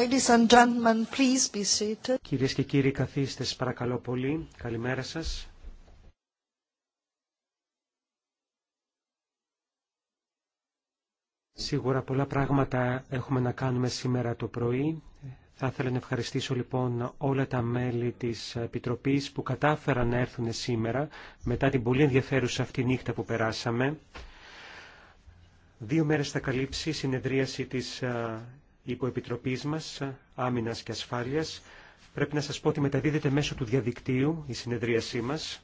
Ladies Κυρίες και κύριοι, καθίστε παρακαλώ πολύ. Καλημέρα σας. Σίγουρα πολλά πράγματα έχουμε να κάνουμε σήμερα το πρωί. Θα ήθελα να ευχαριστήσω λοιπόν όλα τα μέλη της Επιτροπής που κατάφεραν να έρθουν σήμερα μετά την πολύ ενδιαφέρουσα αυτή νύχτα που περάσαμε. Δύο μέρες θα καλύψει η συνεδρίαση της ε, υποεπιτροπής μας Άμυνας και Ασφάλειας. Πρέπει να σας πω ότι μεταδίδεται μέσω του διαδικτύου η συνεδρίασή μας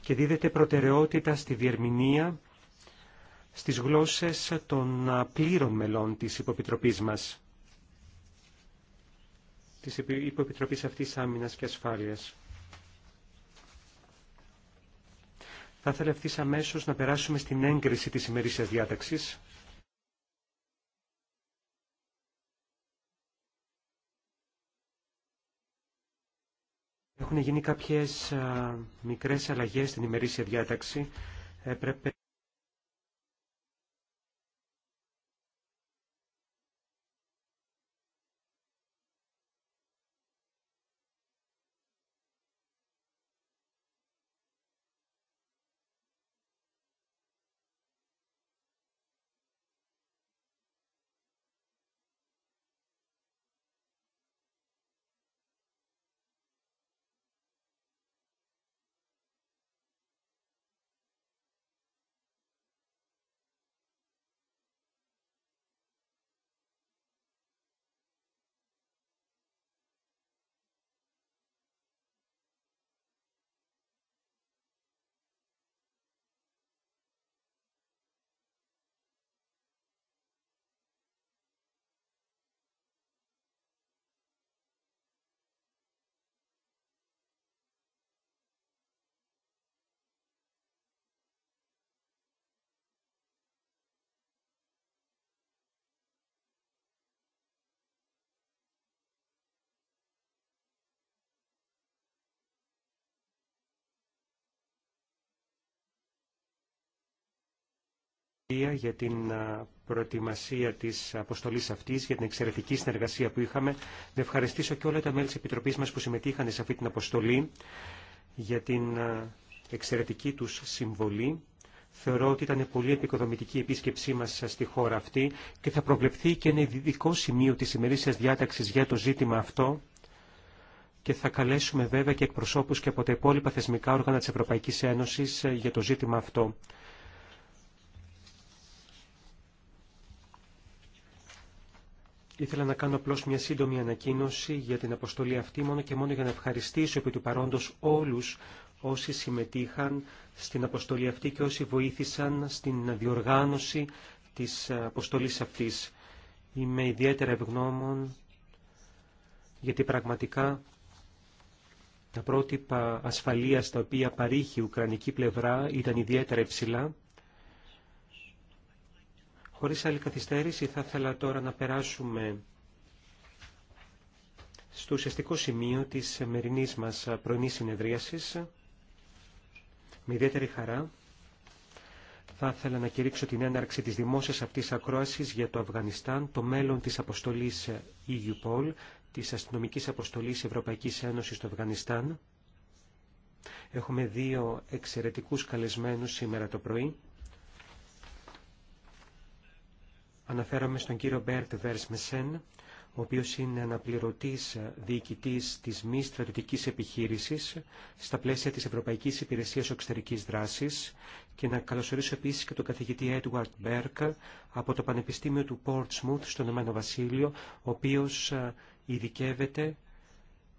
και δίδεται προτεραιότητα στη διερμηνία στις γλώσσες των πλήρων μελών της υποεπιτροπής μας, της υποεπιτροπής αυτής Άμυνας και Ασφάλειας. Θα ήθελα ευθύ αμέσω να περάσουμε στην έγκριση της ημερήσιας διάταξης. Έχουν γίνει κάποιες ε, μικρές αλλαγές στην ημερήσια διάταξη. για την προετοιμασία τη αποστολή αυτή, για την εξαιρετική συνεργασία που είχαμε. Να ευχαριστήσω και όλα τα μέλη τη Επιτροπή μα που συμμετείχαν σε αυτή την αποστολή για την εξαιρετική του συμβολή. Θεωρώ ότι ήταν πολύ επικοδομητική η επίσκεψή μα στη χώρα αυτή και θα προβλεφθεί και ένα ειδικό σημείο τη ημερήσια διάταξη για το ζήτημα αυτό και θα καλέσουμε βέβαια και εκπροσώπους και από τα υπόλοιπα θεσμικά όργανα της Ευρωπαϊκής Ένωσης ε, για το ζήτημα αυτό. Ήθελα να κάνω απλώ μια σύντομη ανακοίνωση για την αποστολή αυτή, μόνο και μόνο για να ευχαριστήσω επί του παρόντος όλους όσοι συμμετείχαν στην αποστολή αυτή και όσοι βοήθησαν στην διοργάνωση της αποστολής αυτής. Είμαι ιδιαίτερα ευγνώμων γιατί πραγματικά τα πρότυπα ασφαλείας τα οποία παρήχει η Ουκρανική πλευρά ήταν ιδιαίτερα υψηλά Χωρίς άλλη καθυστέρηση θα ήθελα τώρα να περάσουμε στο ουσιαστικό σημείο της σημερινής μας πρωινής συνεδρίασης. Με ιδιαίτερη χαρά θα ήθελα να κηρύξω την έναρξη της δημόσιας αυτής ακρόασης για το Αφγανιστάν, το μέλλον της αποστολής EUPOL, της αστυνομικής αποστολής Ευρωπαϊκής Ένωσης στο Αφγανιστάν. Έχουμε δύο εξαιρετικούς καλεσμένους σήμερα το πρωί. Αναφέρομαι στον κύριο Μπέρτ Βέρσμεσεν, ο οποίος είναι αναπληρωτής διοικητής της μη στρατιωτικής επιχείρησης στα πλαίσια της Ευρωπαϊκής Υπηρεσίας Οξτερικής Δράσης και να καλωσορίσω επίσης και τον καθηγητή Έντουαρτ Μπέρκ από το Πανεπιστήμιο του Portsmouth στον Ηνωμένο Βασίλειο, ο οποίος ε, ειδικεύεται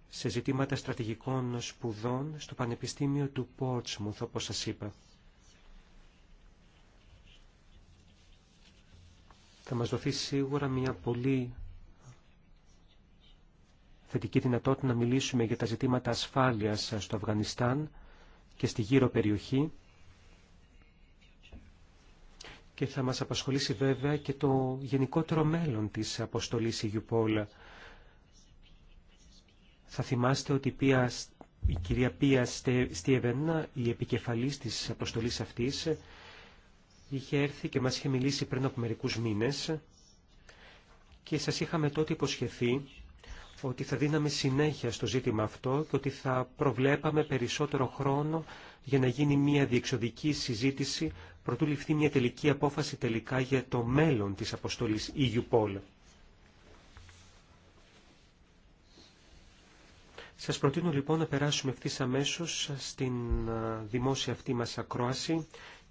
σε ζητήματα στρατηγικών σπουδών στο Πανεπιστήμιο του Portsmouth, όπως σας είπα. θα μας δοθεί σίγουρα μια πολύ θετική δυνατότητα να μιλήσουμε για τα ζητήματα ασφάλειας στο Αφγανιστάν και στη γύρω περιοχή και θα μας απασχολήσει βέβαια και το γενικότερο μέλλον της αποστολής Ιγιουπόλα. Θα θυμάστε ότι η κυρία Πία Στίεβεν, η επικεφαλής της αποστολής αυτής, είχε έρθει και μας είχε μιλήσει πριν από μερικούς μήνες και σας είχαμε τότε υποσχεθεί ότι θα δίναμε συνέχεια στο ζήτημα αυτό και ότι θα προβλέπαμε περισσότερο χρόνο για να γίνει μια διεξοδική συζήτηση προτού ληφθεί μια τελική απόφαση τελικά για το μέλλον της αποστολής EUPOL. Σας προτείνω λοιπόν να περάσουμε ευθύς αμέσω στην δημόσια αυτή μας ακρόαση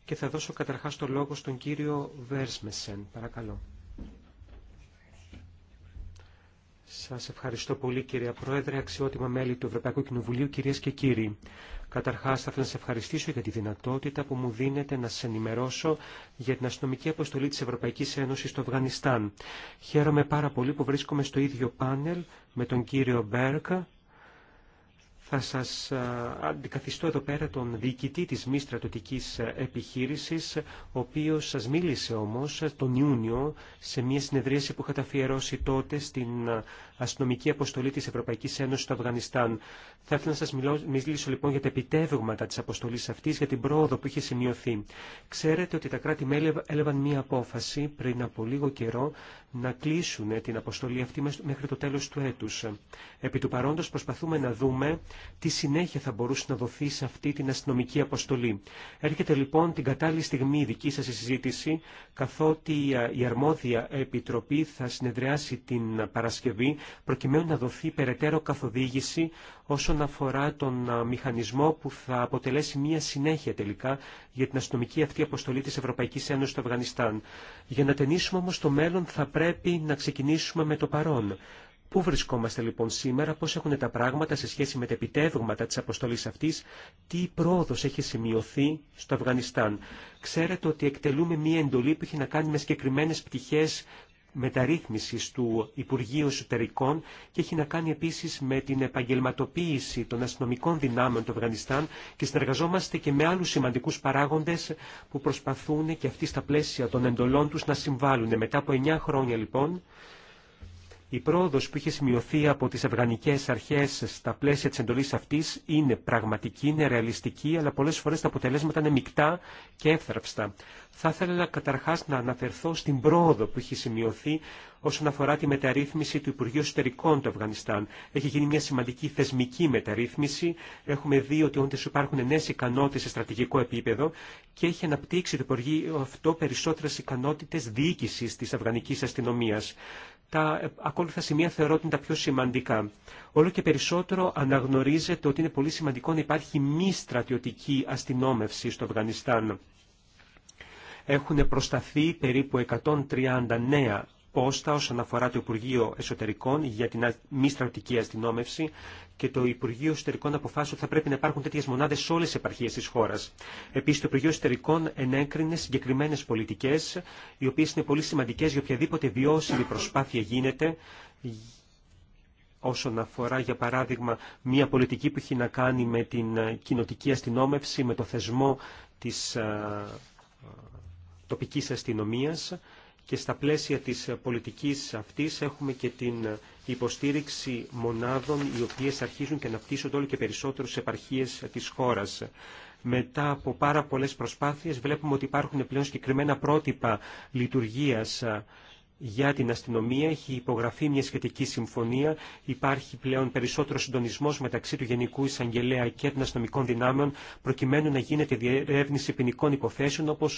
και θα δώσω καταρχάς το λόγο στον κύριο Βέρσμεσεν. Παρακαλώ. Σας ευχαριστώ πολύ κυρία Πρόεδρε, αξιότιμα μέλη του Ευρωπαϊκού Κοινοβουλίου, κυρίες και κύριοι. Καταρχάς θα ήθελα να σε ευχαριστήσω για τη δυνατότητα που μου δίνετε να σε ενημερώσω για την αστυνομική αποστολή της Ευρωπαϊκής Ένωσης στο Αφγανιστάν. Χαίρομαι πάρα πολύ που βρίσκομαι στο ίδιο πάνελ με τον κύριο Μπέρκα, θα σας αντικαθιστώ εδώ πέρα τον διοικητή της μη στρατοτική επιχείρησης, ο οποίος σας μίλησε όμως τον Ιούνιο σε μια συνεδρίαση που είχατε αφιερώσει τότε στην αστυνομική αποστολή της Ευρωπαϊκής Ένωσης στο Αφγανιστάν. Θα ήθελα να σας μιλήσω λοιπόν για τα επιτεύγματα της αποστολής αυτής, για την πρόοδο που είχε σημειωθεί. Ξέρετε ότι τα κράτη-μέλη έλαβαν μία απόφαση πριν από λίγο καιρό να κλείσουν ε, την αποστολή αυτή μέχρι το τέλος του έτους. Επί του παρόντος προσπαθούμε να δούμε τι συνέχεια θα μπορούσε να δοθεί σε αυτή την αστυνομική αποστολή. Έρχεται λοιπόν την κατάλληλη στιγμή η δική σα συζήτηση, καθότι ε, η αρμόδια επιτροπή θα συνεδριάσει την Παρασκευή προκειμένου να δοθεί περαιτέρω καθοδήγηση όσον αφορά τον μηχανισμό που θα αποτελέσει μία συνέχεια τελικά για την αστυνομική αυτή αποστολή της Ευρωπαϊκής Ένωσης στο Αφγανιστάν. Για να ταινίσουμε όμως το μέλλον θα πρέπει να ξεκινήσουμε με το παρόν. Πού βρισκόμαστε λοιπόν σήμερα, πώς έχουν τα πράγματα σε σχέση με τα επιτεύγματα της αποστολής αυτής, τι πρόοδος έχει σημειωθεί στο Αφγανιστάν. Ξέρετε ότι εκτελούμε μία εντολή που έχει να κάνει με συγκεκριμένε πτυχές μεταρρύθμισης του Υπουργείου Εσωτερικών και έχει να κάνει επίσης με την επαγγελματοποίηση των αστυνομικών δυνάμεων του Αφγανιστάν και συνεργαζόμαστε και με άλλους σημαντικούς παράγοντες που προσπαθούν και αυτοί στα πλαίσια των εντολών τους να συμβάλλουν. Μετά από 9 χρόνια λοιπόν η πρόοδο που είχε σημειωθεί από τι αφγανικέ αρχέ στα πλαίσια τη εντολή αυτή είναι πραγματική, είναι ρεαλιστική, αλλά πολλέ φορέ τα αποτελέσματα είναι μεικτά και εύθραυστα. Θα ήθελα καταρχά να αναφερθώ στην πρόοδο που έχει σημειωθεί όσον αφορά τη μεταρρύθμιση του Υπουργείου Εσωτερικών του Αφγανιστάν. Έχει γίνει μια σημαντική θεσμική μεταρρύθμιση. Έχουμε δει ότι όντω υπάρχουν νέε ικανότητε σε στρατηγικό επίπεδο και έχει αναπτύξει το Υπουργείο αυτό περισσότερε ικανότητε διοίκηση τη αφγανική αστυνομία τα ακόλουθα σημεία θεωρώ ότι είναι τα πιο σημαντικά. Όλο και περισσότερο αναγνωρίζεται ότι είναι πολύ σημαντικό να υπάρχει μη στρατιωτική αστυνόμευση στο Αφγανιστάν. Έχουν προσταθεί περίπου 130 νέα όσον αφορά το Υπουργείο Εσωτερικών για την μη στρατιωτική αστυνόμευση και το Υπουργείο Εσωτερικών αποφάσισε ότι θα πρέπει να υπάρχουν τέτοιε μονάδε σε όλε τι επαρχίε τη χώρα. Επίση, το Υπουργείο Εσωτερικών ενέκρινε συγκεκριμένε πολιτικέ, οι οποίε είναι πολύ σημαντικέ για οποιαδήποτε βιώσιμη προσπάθεια γίνεται όσον αφορά για παράδειγμα μια πολιτική που έχει να κάνει με την ε, κοινοτική αστυνόμευση, με το θεσμό τη ε, ε, τοπικής αστυνομίας και στα πλαίσια της πολιτικής αυτής έχουμε και την υποστήριξη μονάδων οι οποίες αρχίζουν και να αναπτύσσονται όλο και περισσότερο σε επαρχίες της χώρας. Μετά από πάρα πολλές προσπάθειες βλέπουμε ότι υπάρχουν πλέον συγκεκριμένα πρότυπα λειτουργίας για την αστυνομία. Έχει υπογραφεί μια σχετική συμφωνία. Υπάρχει πλέον περισσότερο συντονισμό μεταξύ του Γενικού Εισαγγελέα και των αστυνομικών δυνάμεων, προκειμένου να γίνεται διερεύνηση ποινικών υποθέσεων, όπω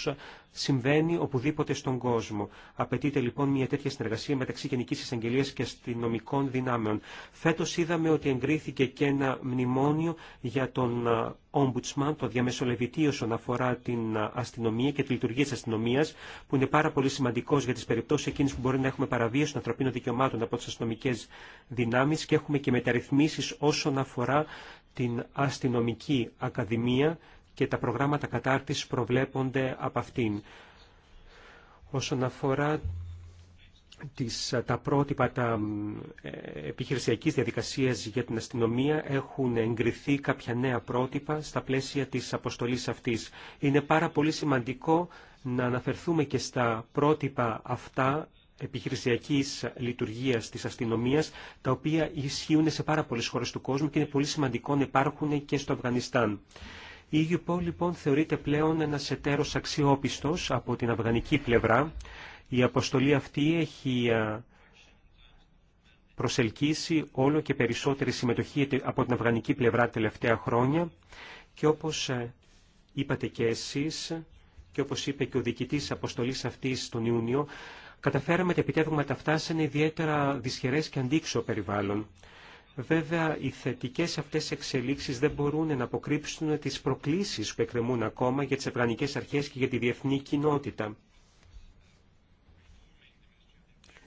συμβαίνει οπουδήποτε στον κόσμο. Απαιτείται λοιπόν μια τέτοια συνεργασία μεταξύ Γενική Εισαγγελία και αστυνομικών δυνάμεων. Φέτο είδαμε ότι εγκρίθηκε και ένα μνημόνιο για τον Ombudsman, το διαμεσολευητή όσον αφορά την αστυνομία και τη λειτουργία τη αστυνομία, που είναι πάρα πολύ σημαντικό για τι περιπτώσει εκείνε που μπορεί να έχουμε παραβίαση των ανθρωπίνων δικαιωμάτων από τι αστυνομικέ δυνάμει και έχουμε και μεταρρυθμίσει όσον αφορά την αστυνομική ακαδημία και τα προγράμματα κατάρτιση προβλέπονται από αυτήν. Όσον αφορά τις, ε, τα πρότυπα, τα ε, επιχειρησιακής διαδικασίας για την αστυνομία έχουν εγκριθεί κάποια νέα πρότυπα στα πλαίσια της αποστολής αυτής. Είναι πάρα πολύ σημαντικό να αναφερθούμε και στα πρότυπα αυτά επιχειρησιακής λειτουργίας της αστυνομίας, τα οποία ισχύουν σε πάρα πολλές χώρες του κόσμου και είναι πολύ σημαντικό να υπάρχουν και στο Αφγανιστάν. Η λοιπόν θεωρείται πλέον ένας εταίρος αξιόπιστος από την αφγανική πλευρά η αποστολή αυτή έχει ε, προσελκύσει όλο και περισσότερη συμμετοχή από την αυγανική πλευρά τελευταία χρόνια και όπως ε, είπατε και εσείς και όπως είπε και ο διοικητής αποστολής αυτής τον Ιούνιο, καταφέραμε τα επιτεύγματα αυτά σε ένα ιδιαίτερα δυσχερές και αντίξω περιβάλλον. Βέβαια, οι θετικές αυτές εξελίξεις δεν μπορούν να αποκρύψουν τις προκλήσεις που εκκρεμούν ακόμα για τις αφγανικές αρχές και για τη διεθνή κοινότητα.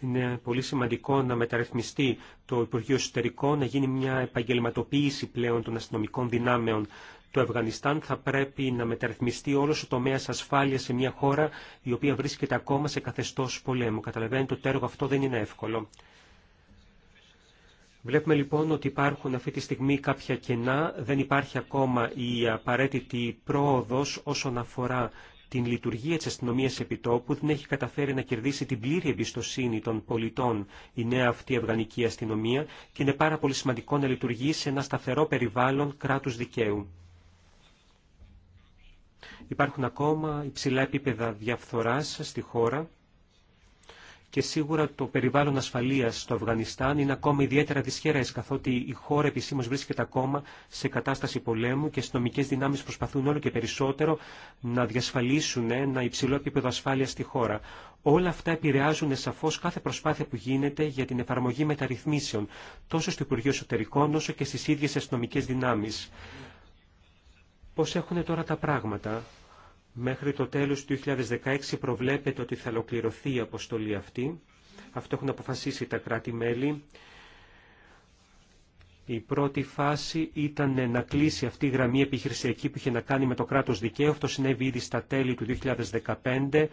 Είναι πολύ σημαντικό να μεταρρυθμιστεί το Υπουργείο Εσωτερικό, να γίνει μια επαγγελματοποίηση πλέον των αστυνομικών δυνάμεων του Αφγανιστάν. Θα πρέπει να μεταρρυθμιστεί όλο ο τομέα ασφάλειας σε μια χώρα η οποία βρίσκεται ακόμα σε καθεστώς πολέμου. Καταλαβαίνετε ότι το έργο αυτό δεν είναι εύκολο. Βλέπουμε λοιπόν ότι υπάρχουν αυτή τη στιγμή κάποια κενά, δεν υπάρχει ακόμα η απαραίτητη πρόοδος όσον αφορά την λειτουργία της αστυνομίας επιτόπου δεν έχει καταφέρει να κερδίσει την πλήρη εμπιστοσύνη των πολιτών η νέα αυτή αφγανική αστυνομία και είναι πάρα πολύ σημαντικό να λειτουργεί σε ένα σταθερό περιβάλλον κράτους δικαίου. Υπάρχουν ακόμα υψηλά επίπεδα διαφθοράς στη χώρα και σίγουρα το περιβάλλον ασφαλείας στο Αφγανιστάν είναι ακόμα ιδιαίτερα δυσχερές, καθότι η χώρα επισήμως βρίσκεται ακόμα σε κατάσταση πολέμου και οι αστυνομικέ δυνάμεις προσπαθούν όλο και περισσότερο να διασφαλίσουν ένα υψηλό επίπεδο ασφάλειας στη χώρα. Όλα αυτά επηρεάζουν σαφώ κάθε προσπάθεια που γίνεται για την εφαρμογή μεταρρυθμίσεων, τόσο στο Υπουργείο Εσωτερικών όσο και στι ίδιε αστυνομικέ δυνάμει. Πώ έχουν τώρα τα πράγματα. Μέχρι το τέλος του 2016 προβλέπεται ότι θα ολοκληρωθεί η αποστολή αυτή. Αυτό έχουν αποφασίσει τα κράτη-μέλη. Η πρώτη φάση ήταν να κλείσει αυτή η γραμμή επιχειρησιακή που είχε να κάνει με το κράτος δικαίου. Αυτό συνέβη ήδη στα τέλη του 2015.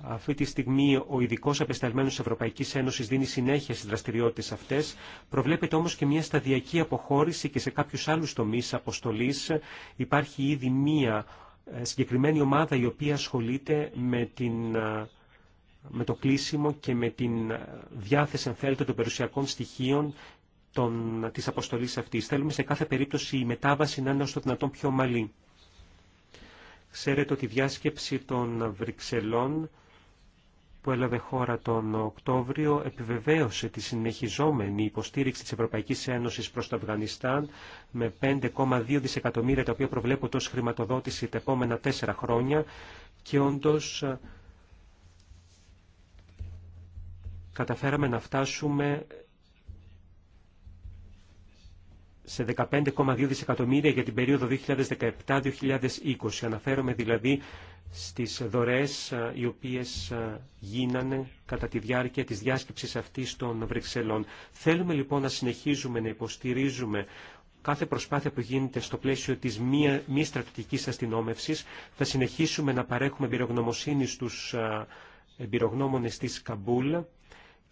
Αυτή τη στιγμή ο ειδικό απεσταλμένο Ευρωπαϊκή Ένωση δίνει συνέχεια στι δραστηριότητε αυτέ. Προβλέπεται όμω και μια σταδιακή αποχώρηση και σε κάποιου άλλου τομεί αποστολή. Υπάρχει ήδη μία ε, συγκεκριμένη ομάδα η οποία ασχολείται με, την, ε, το κλείσιμο και με την ε, διάθεση, αν θέλετε, των περιουσιακών στοιχείων των, της αποστολής αυτής. Θέλουμε σε κάθε περίπτωση η μετάβαση να είναι όσο το δυνατόν πιο ομαλή. Ξέρετε ότι η διάσκεψη των Βρυξελών που έλαβε χώρα τον Οκτώβριο επιβεβαίωσε τη συνεχιζόμενη υποστήριξη της Ευρωπαϊκής Ένωσης προς το Αφγανιστάν με 5,2 δισεκατομμύρια τα οποία προβλέπονται ως χρηματοδότηση τα επόμενα τέσσερα χρόνια και όντως καταφέραμε να φτάσουμε σε 15,2 δισεκατομμύρια για την περίοδο 2017-2020. Αναφέρομαι δηλαδή στις δωρές οι οποίες γίνανε κατά τη διάρκεια της διάσκεψης αυτής των Βρυξελών. Θέλουμε λοιπόν να συνεχίζουμε να υποστηρίζουμε κάθε προσπάθεια που γίνεται στο πλαίσιο της μη, μη στρατιωτικής αστυνόμευσης. Θα συνεχίσουμε να παρέχουμε εμπειρογνωμοσύνη στους εμπειρογνώμονες της Καμπούλα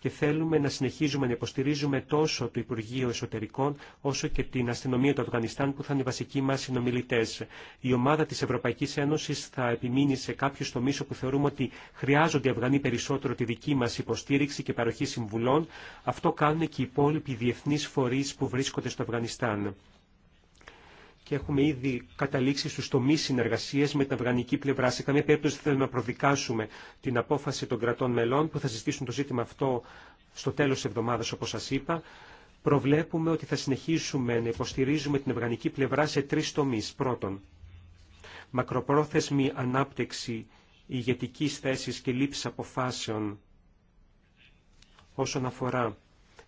και θέλουμε να συνεχίζουμε να υποστηρίζουμε τόσο το Υπουργείο Εσωτερικών όσο και την αστυνομία του Αφγανιστάν που θα είναι οι βασικοί μα συνομιλητέ. Η ομάδα τη Ευρωπαϊκή Ένωση θα επιμείνει σε κάποιου τομεί όπου θεωρούμε ότι χρειάζονται οι Αφγανοί περισσότερο τη δική μα υποστήριξη και παροχή συμβουλών. Αυτό κάνουν και οι υπόλοιποι διεθνεί φορεί που βρίσκονται στο Αφγανιστάν και έχουμε ήδη καταλήξει στους τομείς συνεργασίας με την αυγανική πλευρά. Σε καμία περίπτωση δεν θέλουμε να προδικάσουμε την απόφαση των κρατών μελών που θα συζητήσουν το ζήτημα αυτό στο τέλος της εβδομάδας όπως σας είπα. Προβλέπουμε ότι θα συνεχίσουμε να υποστηρίζουμε την αυγανική πλευρά σε τρεις τομείς. Πρώτον, μακροπρόθεσμη ανάπτυξη ηγετική θέσης και λήψη αποφάσεων όσον αφορά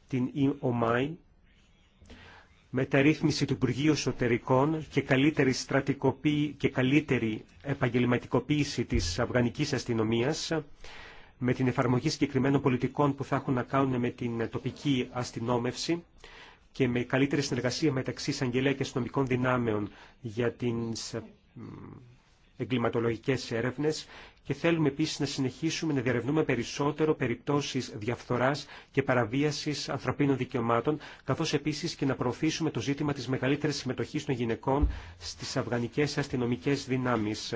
την ΟΜΑΙ, μεταρρύθμιση του Υπουργείου Εσωτερικών και καλύτερη, και καλύτερη επαγγελματικοποίηση της Αφγανικής αστυνομίας με την εφαρμογή συγκεκριμένων πολιτικών που θα έχουν να κάνουν με την τοπική αστυνόμευση και με καλύτερη συνεργασία μεταξύ εισαγγελέα και αστυνομικών δυνάμεων για τις εγκληματολογικές έρευνες και θέλουμε επίσης να συνεχίσουμε να διαρευνούμε περισσότερο περιπτώσεις διαφθοράς και παραβίασης ανθρωπίνων δικαιωμάτων, καθώς επίσης και να προωθήσουμε το ζήτημα της μεγαλύτερης συμμετοχής των γυναικών στις αφγανικές αστυνομικές δυνάμεις.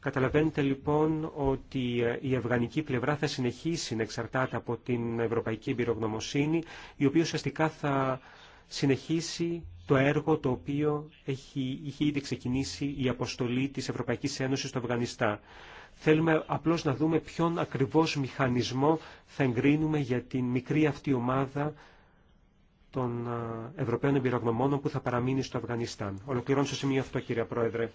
Καταλαβαίνετε λοιπόν ότι ε, η αυγανική πλευρά θα συνεχίσει να εξαρτάται από την ευρωπαϊκή εμπειρογνωμοσύνη, η οποία ουσιαστικά θα συνεχίσει το έργο το οποίο έχει, είχε ήδη ξεκινήσει η αποστολή της Ευρωπαϊκής Ένωσης στο Αφγανιστάν. Θέλουμε απλώς να δούμε ποιον ακριβώς μηχανισμό θα εγκρίνουμε για την μικρή αυτή ομάδα των Ευρωπαίων εμπειρογνωμόνων που θα παραμείνει στο Αφγανιστάν. Ολοκληρώνω σε σημείο αυτό, κύριε Πρόεδρε.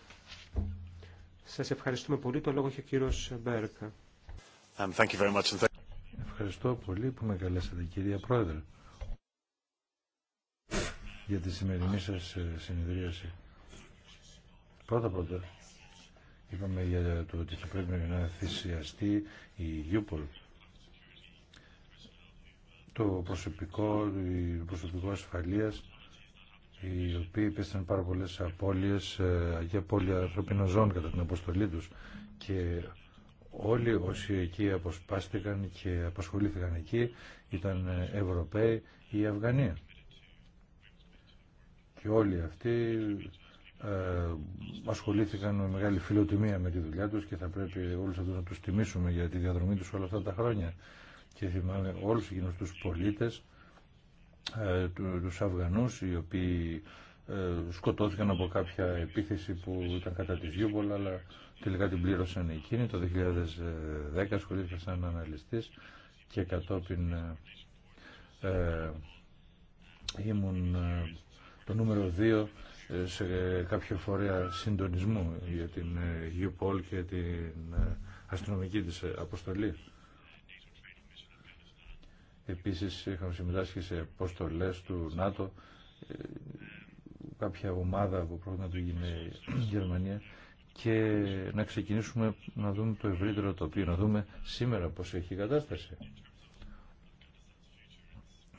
Σας ευχαριστούμε πολύ. Το λόγο έχει ο κύριος Μπέρκα. Um, Ευχαριστώ πολύ που με καλέσατε, κυρία Πρόεδρε, για τη σημερινή σας ε, συνεδρίαση. Πρώτα-πρώτα, Είπαμε για το ότι θα πρέπει να θυσιαστεί η Γιούπολ. Το προσωπικό, η προσωπικό ασφαλείας, οι οποίοι υπέστησαν πάρα πολλέ απώλειες ε, για απώλεια ανθρωπίνων ζώων κατά την αποστολή τους και όλοι όσοι εκεί αποσπάστηκαν και απασχολήθηκαν εκεί ήταν Ευρωπαίοι ή Αφγανοί. Και όλοι αυτοί ε, ασχολήθηκαν με μεγάλη φιλοτιμία με τη δουλειά τους και θα πρέπει όλους αυτούς να τους τιμήσουμε για τη διαδρομή τους όλα αυτά τα χρόνια. Και θυμάμαι όλους εκείνους τους πολίτες, ε, τους Αφγανούς, οι οποίοι ε, σκοτώθηκαν από κάποια επίθεση που ήταν κατά τη Γιούμπολα, αλλά τελικά την πλήρωσαν εκείνοι. Το 2010 ασχολήθηκα σαν αναλυστής και κατόπιν ε, ήμουν το νούμερο 2 σε κάποια φορέα συντονισμού για την UPOL ε, και την ε, αστυνομική της ε, αποστολή. Επίσης είχαμε συμμετάσχει σε αποστολέ του ΝΑΤΟ, κάποια ομάδα που πρόκειται να του γίνει η Γερμανία και να ξεκινήσουμε να δούμε το ευρύτερο τοπίο, να δούμε σήμερα πώς έχει η κατάσταση.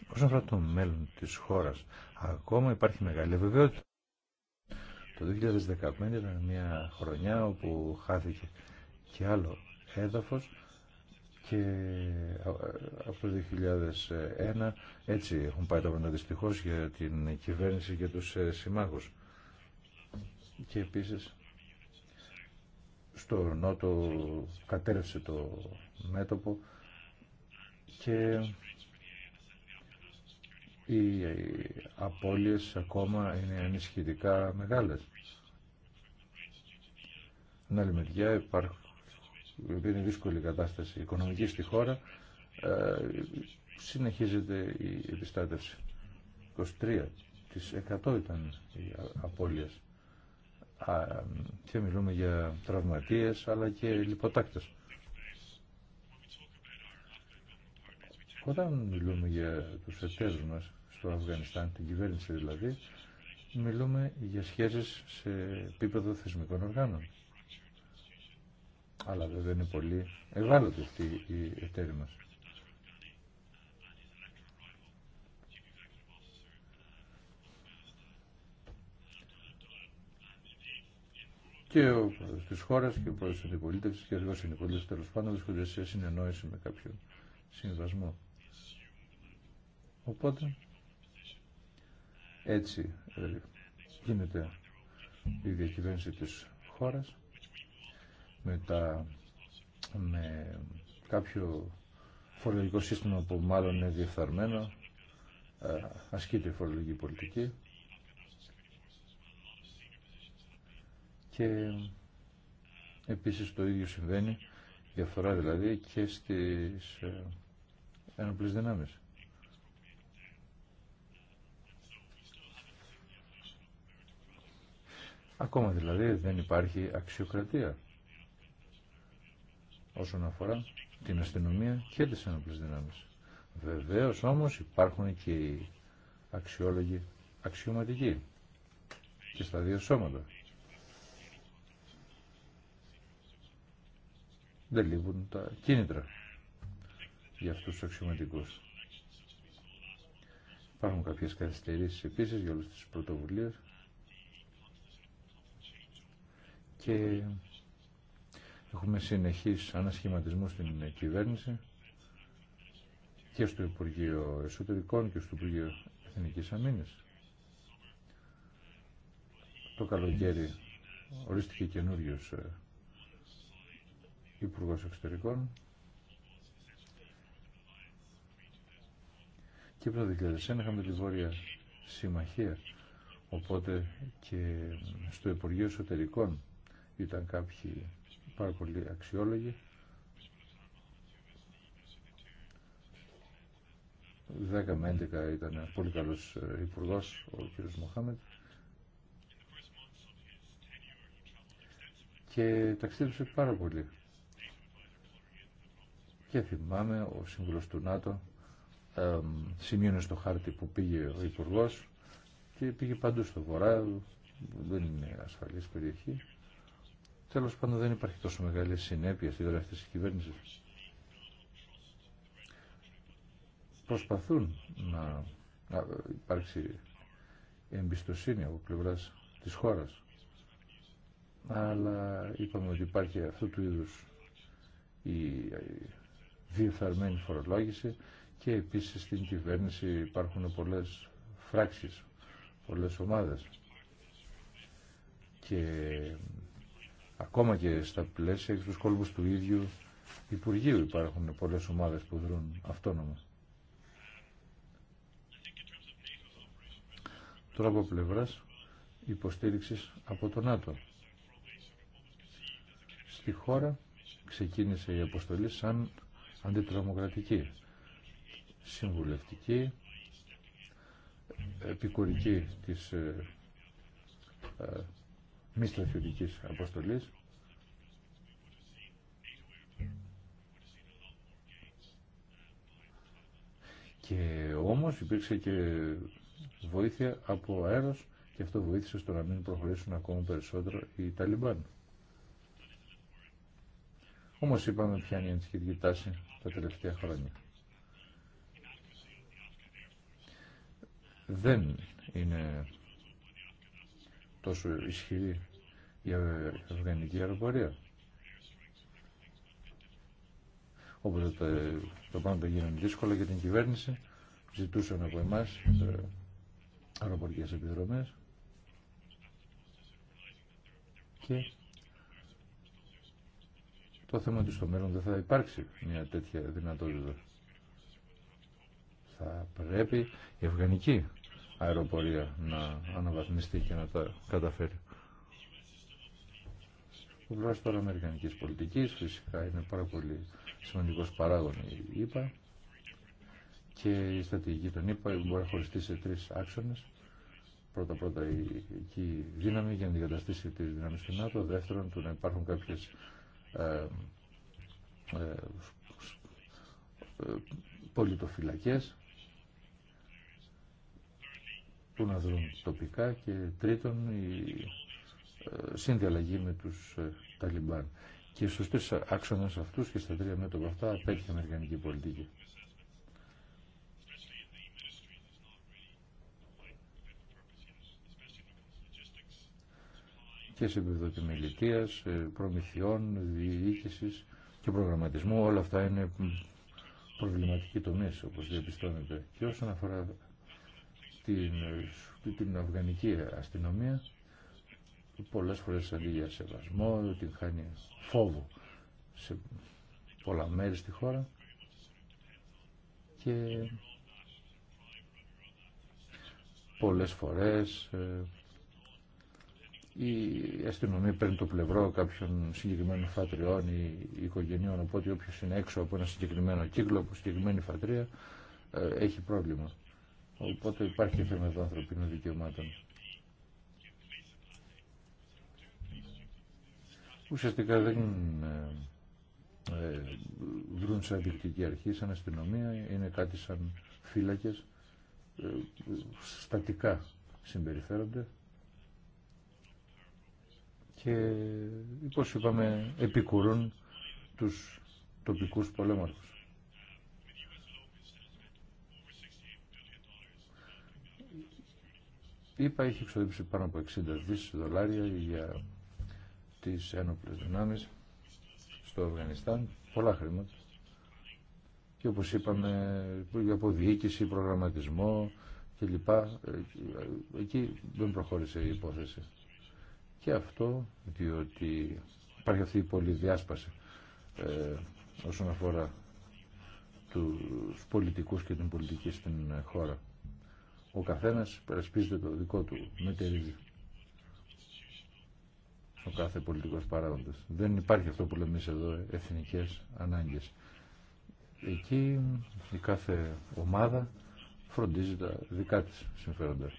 Όσον αφορά το μέλλον της χώρας, ακόμα υπάρχει μεγάλη βεβαιότητα. Το 2015 ήταν μια χρονιά όπου χάθηκε και άλλο έδαφος και από το 2001 έτσι έχουν πάει τα πράγματα για την κυβέρνηση και τους ε, συμμάχους. Και επίσης στο νότο κατέρευσε το μέτωπο και οι απώλειες ακόμα είναι ενισχυτικά μεγάλες. Στην άλλη μεριά υπάρχει είναι δύσκολη κατάσταση οικονομική στη χώρα, ε, συνεχίζεται η επιστάτευση. 23% ήταν οι απώλειες. Α, και μιλούμε για τραυματίες αλλά και λιποτάκτες. Όταν μιλούμε για τους εταίρους μας, στο Αφγανιστάν, την κυβέρνηση δηλαδή, μιλούμε για σχέσεις σε επίπεδο θεσμικών οργάνων. Αλλά βέβαια είναι πολύ ευάλωτη αυτή η εταίρη μας. και ο πρόεδρο τη χώρα και ο πρόεδρο τη αντιπολίτευση και ο αρχηγό αντιπολίτευση τέλο πάντων βρίσκονται σε συνεννόηση με κάποιο συμβασμό. Οπότε έτσι ε, γίνεται η διακυβέρνηση της χώρας με, τα, με κάποιο φορολογικό σύστημα που μάλλον είναι διεφθαρμένο ε, ασκείται η φορολογική πολιτική και επίσης το ίδιο συμβαίνει διαφορά δηλαδή και στις ε, ενοπλές δυνάμεις. Ακόμα δηλαδή δεν υπάρχει αξιοκρατία όσον αφορά την αστυνομία και τις ενόπλες δυνάμεις. Βεβαίως όμως υπάρχουν και οι αξιόλογοι αξιωματικοί και στα δύο σώματα. Δεν λείπουν τα κίνητρα για αυτούς τους αξιωματικούς. Υπάρχουν κάποιες καθυστερήσεις επίσης για όλες τις πρωτοβουλίες και έχουμε συνεχείς άνασχηματισμό στην κυβέρνηση και στο Υπουργείο Εσωτερικών και στο Υπουργείο Εθνικής Αμήνης. Το καλοκαίρι ορίστηκε καινούριο ε, Υπουργό Εξωτερικών και από το 2001 είχαμε τη Βόρεια Συμμαχία οπότε και στο Υπουργείο Εσωτερικών ήταν κάποιοι πάρα πολύ αξιόλογοι. Δέκα με έντεκα ήταν πολύ καλός ε, υπουργό ο κ. Μοχάμετ. και ταξίδευσε πάρα πολύ. Και θυμάμαι ο σύμβουλος του ΝΑΤΟ σημείωνε στο χάρτη που πήγε ο υπουργό και πήγε παντού στο βορρά, δεν είναι ασφαλής περιοχή. Τέλος πάντων δεν υπάρχει τόσο μεγάλη συνέπεια στη δράση της κυβέρνησης. Προσπαθούν να, να υπάρξει εμπιστοσύνη από πλευράς της χώρας. Αλλά είπαμε ότι υπάρχει αυτού του είδους η διεφθαρμένη φορολόγηση και επίσης στην κυβέρνηση υπάρχουν πολλές φράξεις, πολλές ομάδες. Και Ακόμα και στα πλαίσια και στους κόλπους του ίδιου Υπουργείου υπάρχουν πολλές ομάδες που δρούν αυτόνομα. Τώρα από πλευράς υποστήριξης από τον ΝΑΤΟ. Στη χώρα ξεκίνησε η αποστολή σαν αντιτρομοκρατική, συμβουλευτική, επικουρική της ε, ε, μη στρατιωτικής αποστολής. Και όμως υπήρξε και βοήθεια από αέρος και αυτό βοήθησε στο να μην προχωρήσουν ακόμα περισσότερο οι Ταλιμπάν. Όμως είπαμε ποια είναι η αντισχετική τάση τα τελευταία χρόνια. Δεν είναι τόσο ισχυρή η αφγανική αεροπορία. Οπότε τα, τα πράγματα γίνανε δύσκολα για την κυβέρνηση, ζητούσαν από εμάς ε, αεροπορικές επιδρομές και το θέμα ότι στο μέλλον δεν θα υπάρξει μια τέτοια δυνατότητα. Θα πρέπει η αφγανική αεροπορία να αναβαθμιστεί και να τα καταφέρει. Ο πλευρά τώρα Αμερικανική πολιτική φυσικά είναι πάρα πολύ σημαντικό παράγον η και η στρατηγική των ΕΠΑ μπορεί να χωριστεί σε τρει άξονε. Πρώτα-πρώτα η, δύναμη για να αντικαταστήσει τι δύναμη του ΝΑΤΟ. Δεύτερον, του να υπάρχουν κάποιε ε, ε, ε που να δουν τοπικά και τρίτον η ε, συνδιαλλαγή με τους ε, Ταλιμπάν. Και στους τρεις άξονες αυτούς και στα τρία μέτωπα αυτά απέτυχε η Αμερικανική πολιτική. και σε επίπεδο επιμελητίας, ε, προμηθειών, διοίκησης και προγραμματισμού. Όλα αυτά είναι προβληματικοί τομείς, όπως διαπιστώνεται. Και όσον αφορά την την αυγανική αστυνομία πολλές φορές αντί για σεβασμό, την χάνει φόβο σε πολλά μέρη στη χώρα και πολλές φορές ε, η αστυνομία παίρνει το πλευρό κάποιων συγκεκριμένων φατριών ή οικογενειών οπότε όποιος είναι έξω από ένα συγκεκριμένο κύκλο από συγκεκριμένη φατρία ε, έχει πρόβλημα. Οπότε υπάρχει θέμα των ανθρωπίνων δικαιωμάτων. Ουσιαστικά δεν ε, βρουν ε, σαν διοικητική αρχή, σαν αστυνομία, είναι κάτι σαν φύλακες, ε, στατικά συμπεριφέρονται και, ε, όπω είπαμε, επικουρούν τους τοπικούς πολέμαρχους. είπα είχε εξοδέψει πάνω από 60 δις δολάρια για τις ένοπλες δυνάμεις στο Αφγανιστάν, πολλά χρήματα. Και όπως είπαμε, για αποδιοίκηση, προγραμματισμό κλπ. Εκεί δεν προχώρησε η υπόθεση. Και αυτό διότι υπάρχει αυτή η πολυδιάσπαση ε, όσον αφορά τους πολιτικούς και την πολιτική στην χώρα. Ο καθένας περασπίζεται το δικό του μετερίζει. Ο κάθε πολιτικός παράγοντας. Δεν υπάρχει αυτό που λέμε εδώ εθνικές ανάγκες. Εκεί η κάθε ομάδα φροντίζει τα δικά της συμφέροντα.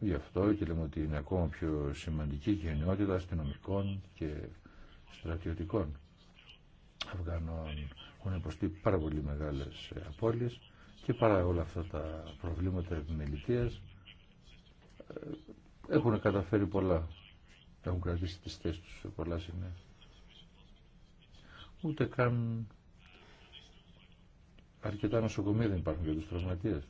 Γι' αυτό και λέμε ότι είναι ακόμα πιο σημαντική η στην αστυνομικών και στρατιωτικών Αφγανών. Έχουν υποστεί πάρα πολύ μεγάλες απώλειες και παρά όλα αυτά τα προβλήματα επιμελητίας ε, έχουν καταφέρει πολλά. Έχουν κρατήσει τις θέσεις τους σε πολλά σημεία. Ούτε καν αρκετά νοσοκομεία δεν υπάρχουν για τους τραυματίες.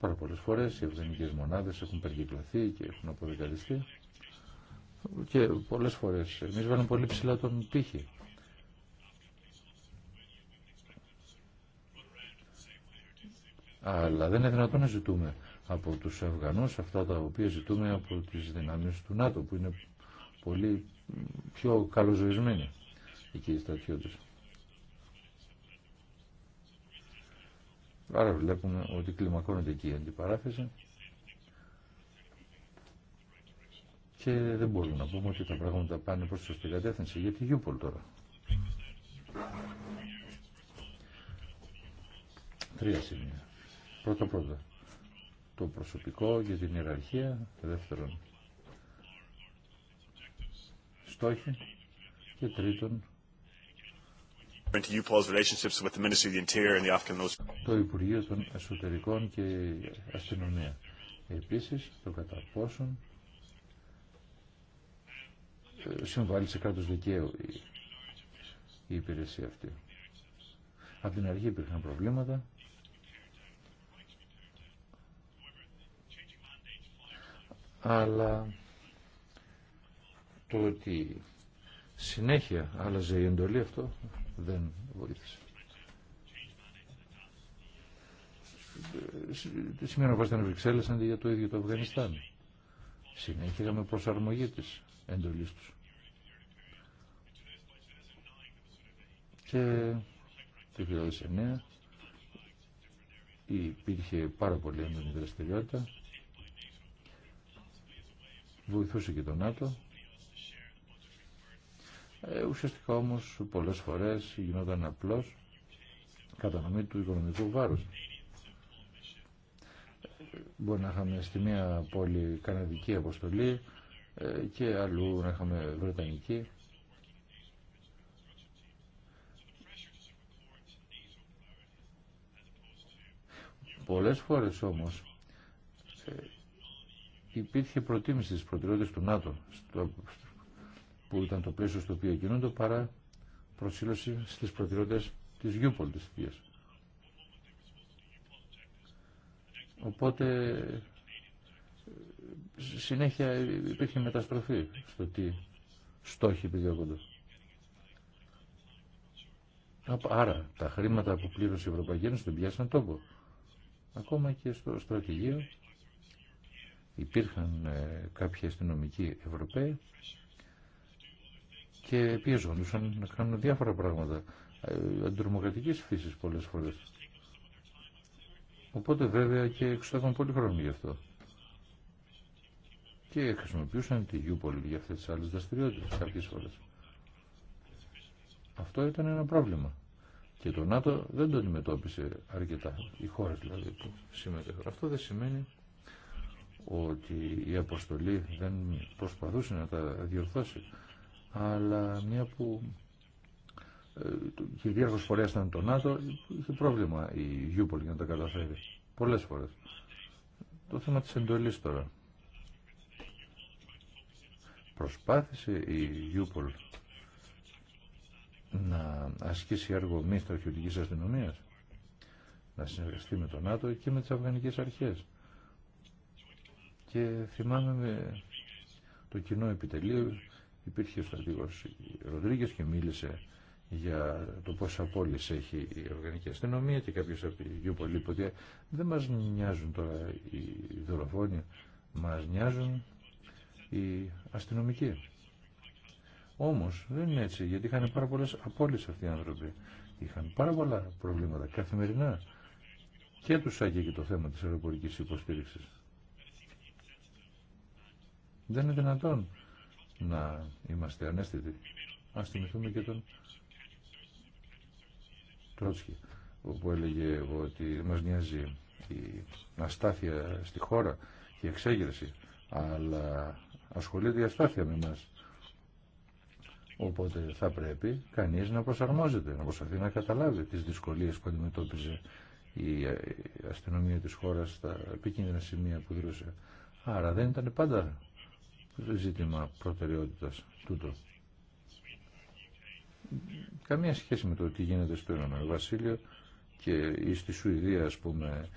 Πάρα πολλές φορές οι ευγενικές μονάδες έχουν περικυκλωθεί και έχουν αποδεκαριστεί και πολλές φορές εμείς βάλουμε πολύ ψηλά τον τύχη. Αλλά δεν είναι δυνατόν να ζητούμε από τους Αφγανούς αυτά τα οποία ζητούμε από τις δυνάμεις του ΝΑΤΟ που είναι πολύ πιο καλοζωισμένοι εκεί οι στρατιώτες. Άρα βλέπουμε ότι κλιμακώνεται εκεί η αντιπαράθεση και δεν μπορούμε να πούμε ότι τα πράγματα πάνε προς σωστή κατεύθυνση γιατί Γιούπολ τώρα. Τρία σημεία. Πρώτο πρώτο, Το προσωπικό για την ιεραρχία. Δεύτερον. Στόχοι. Και τρίτον. Το Υπουργείο των Εσωτερικών και Αστυνομία. Επίσης, το κατά πόσον ε, συμβάλλει σε κράτος δικαίου η υπηρεσία αυτή. Από την αρχή υπήρχαν προβλήματα αλλά το ότι συνέχεια άλλαζε η εντολή αυτό δεν βοήθησε. Σήμερα να Βρυξέλλες αντί για το ίδιο το Αφγανιστάν. Συνέχεια με προσαρμογή της εντολής τους. Και το 2009 υπήρχε πάρα πολύ έντονη δραστηριότητα βοηθούσε και τον ΝΑΤΟ. Ε, ουσιαστικά όμως πολλές φορές γινόταν απλώς κατανομή του οικονομικού βάρους. Μπορεί να είχαμε στη μία πόλη καναδική αποστολή ε, και αλλού να είχαμε βρετανική. Πολλές φορές όμως ε, υπήρχε προτίμηση της προτεραιότητες του ΝΑΤΟ που ήταν το πλαίσιο στο οποίο κινούνται παρά προσήλωση στις προτεραιότητες της γιου πολιτιστικής. Οπότε συνέχεια υπήρχε μεταστροφή στο τι στόχοι επιδιώκονται. Άρα τα χρήματα που πλήρωσε η Ευρωπαϊκή Ένωση δεν πιάσαν τόπο. Ακόμα και στο στρατηγείο υπήρχαν ε, κάποιοι αστυνομικοί Ευρωπαίοι και πιεζόντουσαν να κάνουν διάφορα πράγματα ε, αντιτρομοκρατικής φύσης πολλές φορές. Οπότε βέβαια και εξοδεύαν πολύ χρόνο γι' αυτό. Και χρησιμοποιούσαν τη Γιούπολη για αυτές τις άλλες δραστηριότητες κάποιες φορές. Αυτό ήταν ένα πρόβλημα. Και το ΝΑΤΟ δεν το αντιμετώπισε αρκετά. Οι χώρες δηλαδή που συμμετέχουν. Αυτό δεν σημαίνει ότι η αποστολή δεν προσπαθούσε να τα διορθώσει, αλλά μια που ε, κυρίαρχο φορέα ήταν το ΝΑΤΟ, είχε πρόβλημα η Γιούπολ για να τα καταφέρει. Πολλέ φορέ. Το θέμα τη εντολή τώρα. Προσπάθησε η Γιούπολ να ασκήσει έργο μη στρατιωτική αστυνομία, να συνεργαστεί με το ΝΑΤΟ και με τι αφγανικέ αρχέ. Και θυμάμαι με το κοινό επιτελείο υπήρχε ο στρατηγός Ροντρίγκε και μίλησε για το πόσα απόλυση έχει η οργανική αστυνομία και κάποιος από τη Γιουπολή δεν μας νοιάζουν τώρα οι δολοφόνοι, μας νοιάζουν οι αστυνομικοί. Όμως δεν είναι έτσι, γιατί είχαν πάρα πολλές απόλυες αυτοί οι άνθρωποι. Είχαν πάρα πολλά προβλήματα καθημερινά και τους άγγιγε το θέμα της αεροπορική υποστήριξης. Δεν είναι δυνατόν να είμαστε ανέστητοι. Ας θυμηθούμε και τον Τρότσκι, όπου έλεγε ότι μας νοιάζει η αστάθεια στη χώρα η εξέγερση, αλλά ασχολείται η αστάθεια με μας. Οπότε θα πρέπει κανείς να προσαρμόζεται, να προσπαθεί να καταλάβει τις δυσκολίες που αντιμετώπιζε η ε, αστυνομία της χώρας στα επικίνδυνα σημεία που δρούσε. Άρα δεν ήταν πάντα ζήτημα προτεραιότητας τούτο. Καμία σχέση με το τι γίνεται στο Βασίλειο και στη Σουηδία, ας πούμε,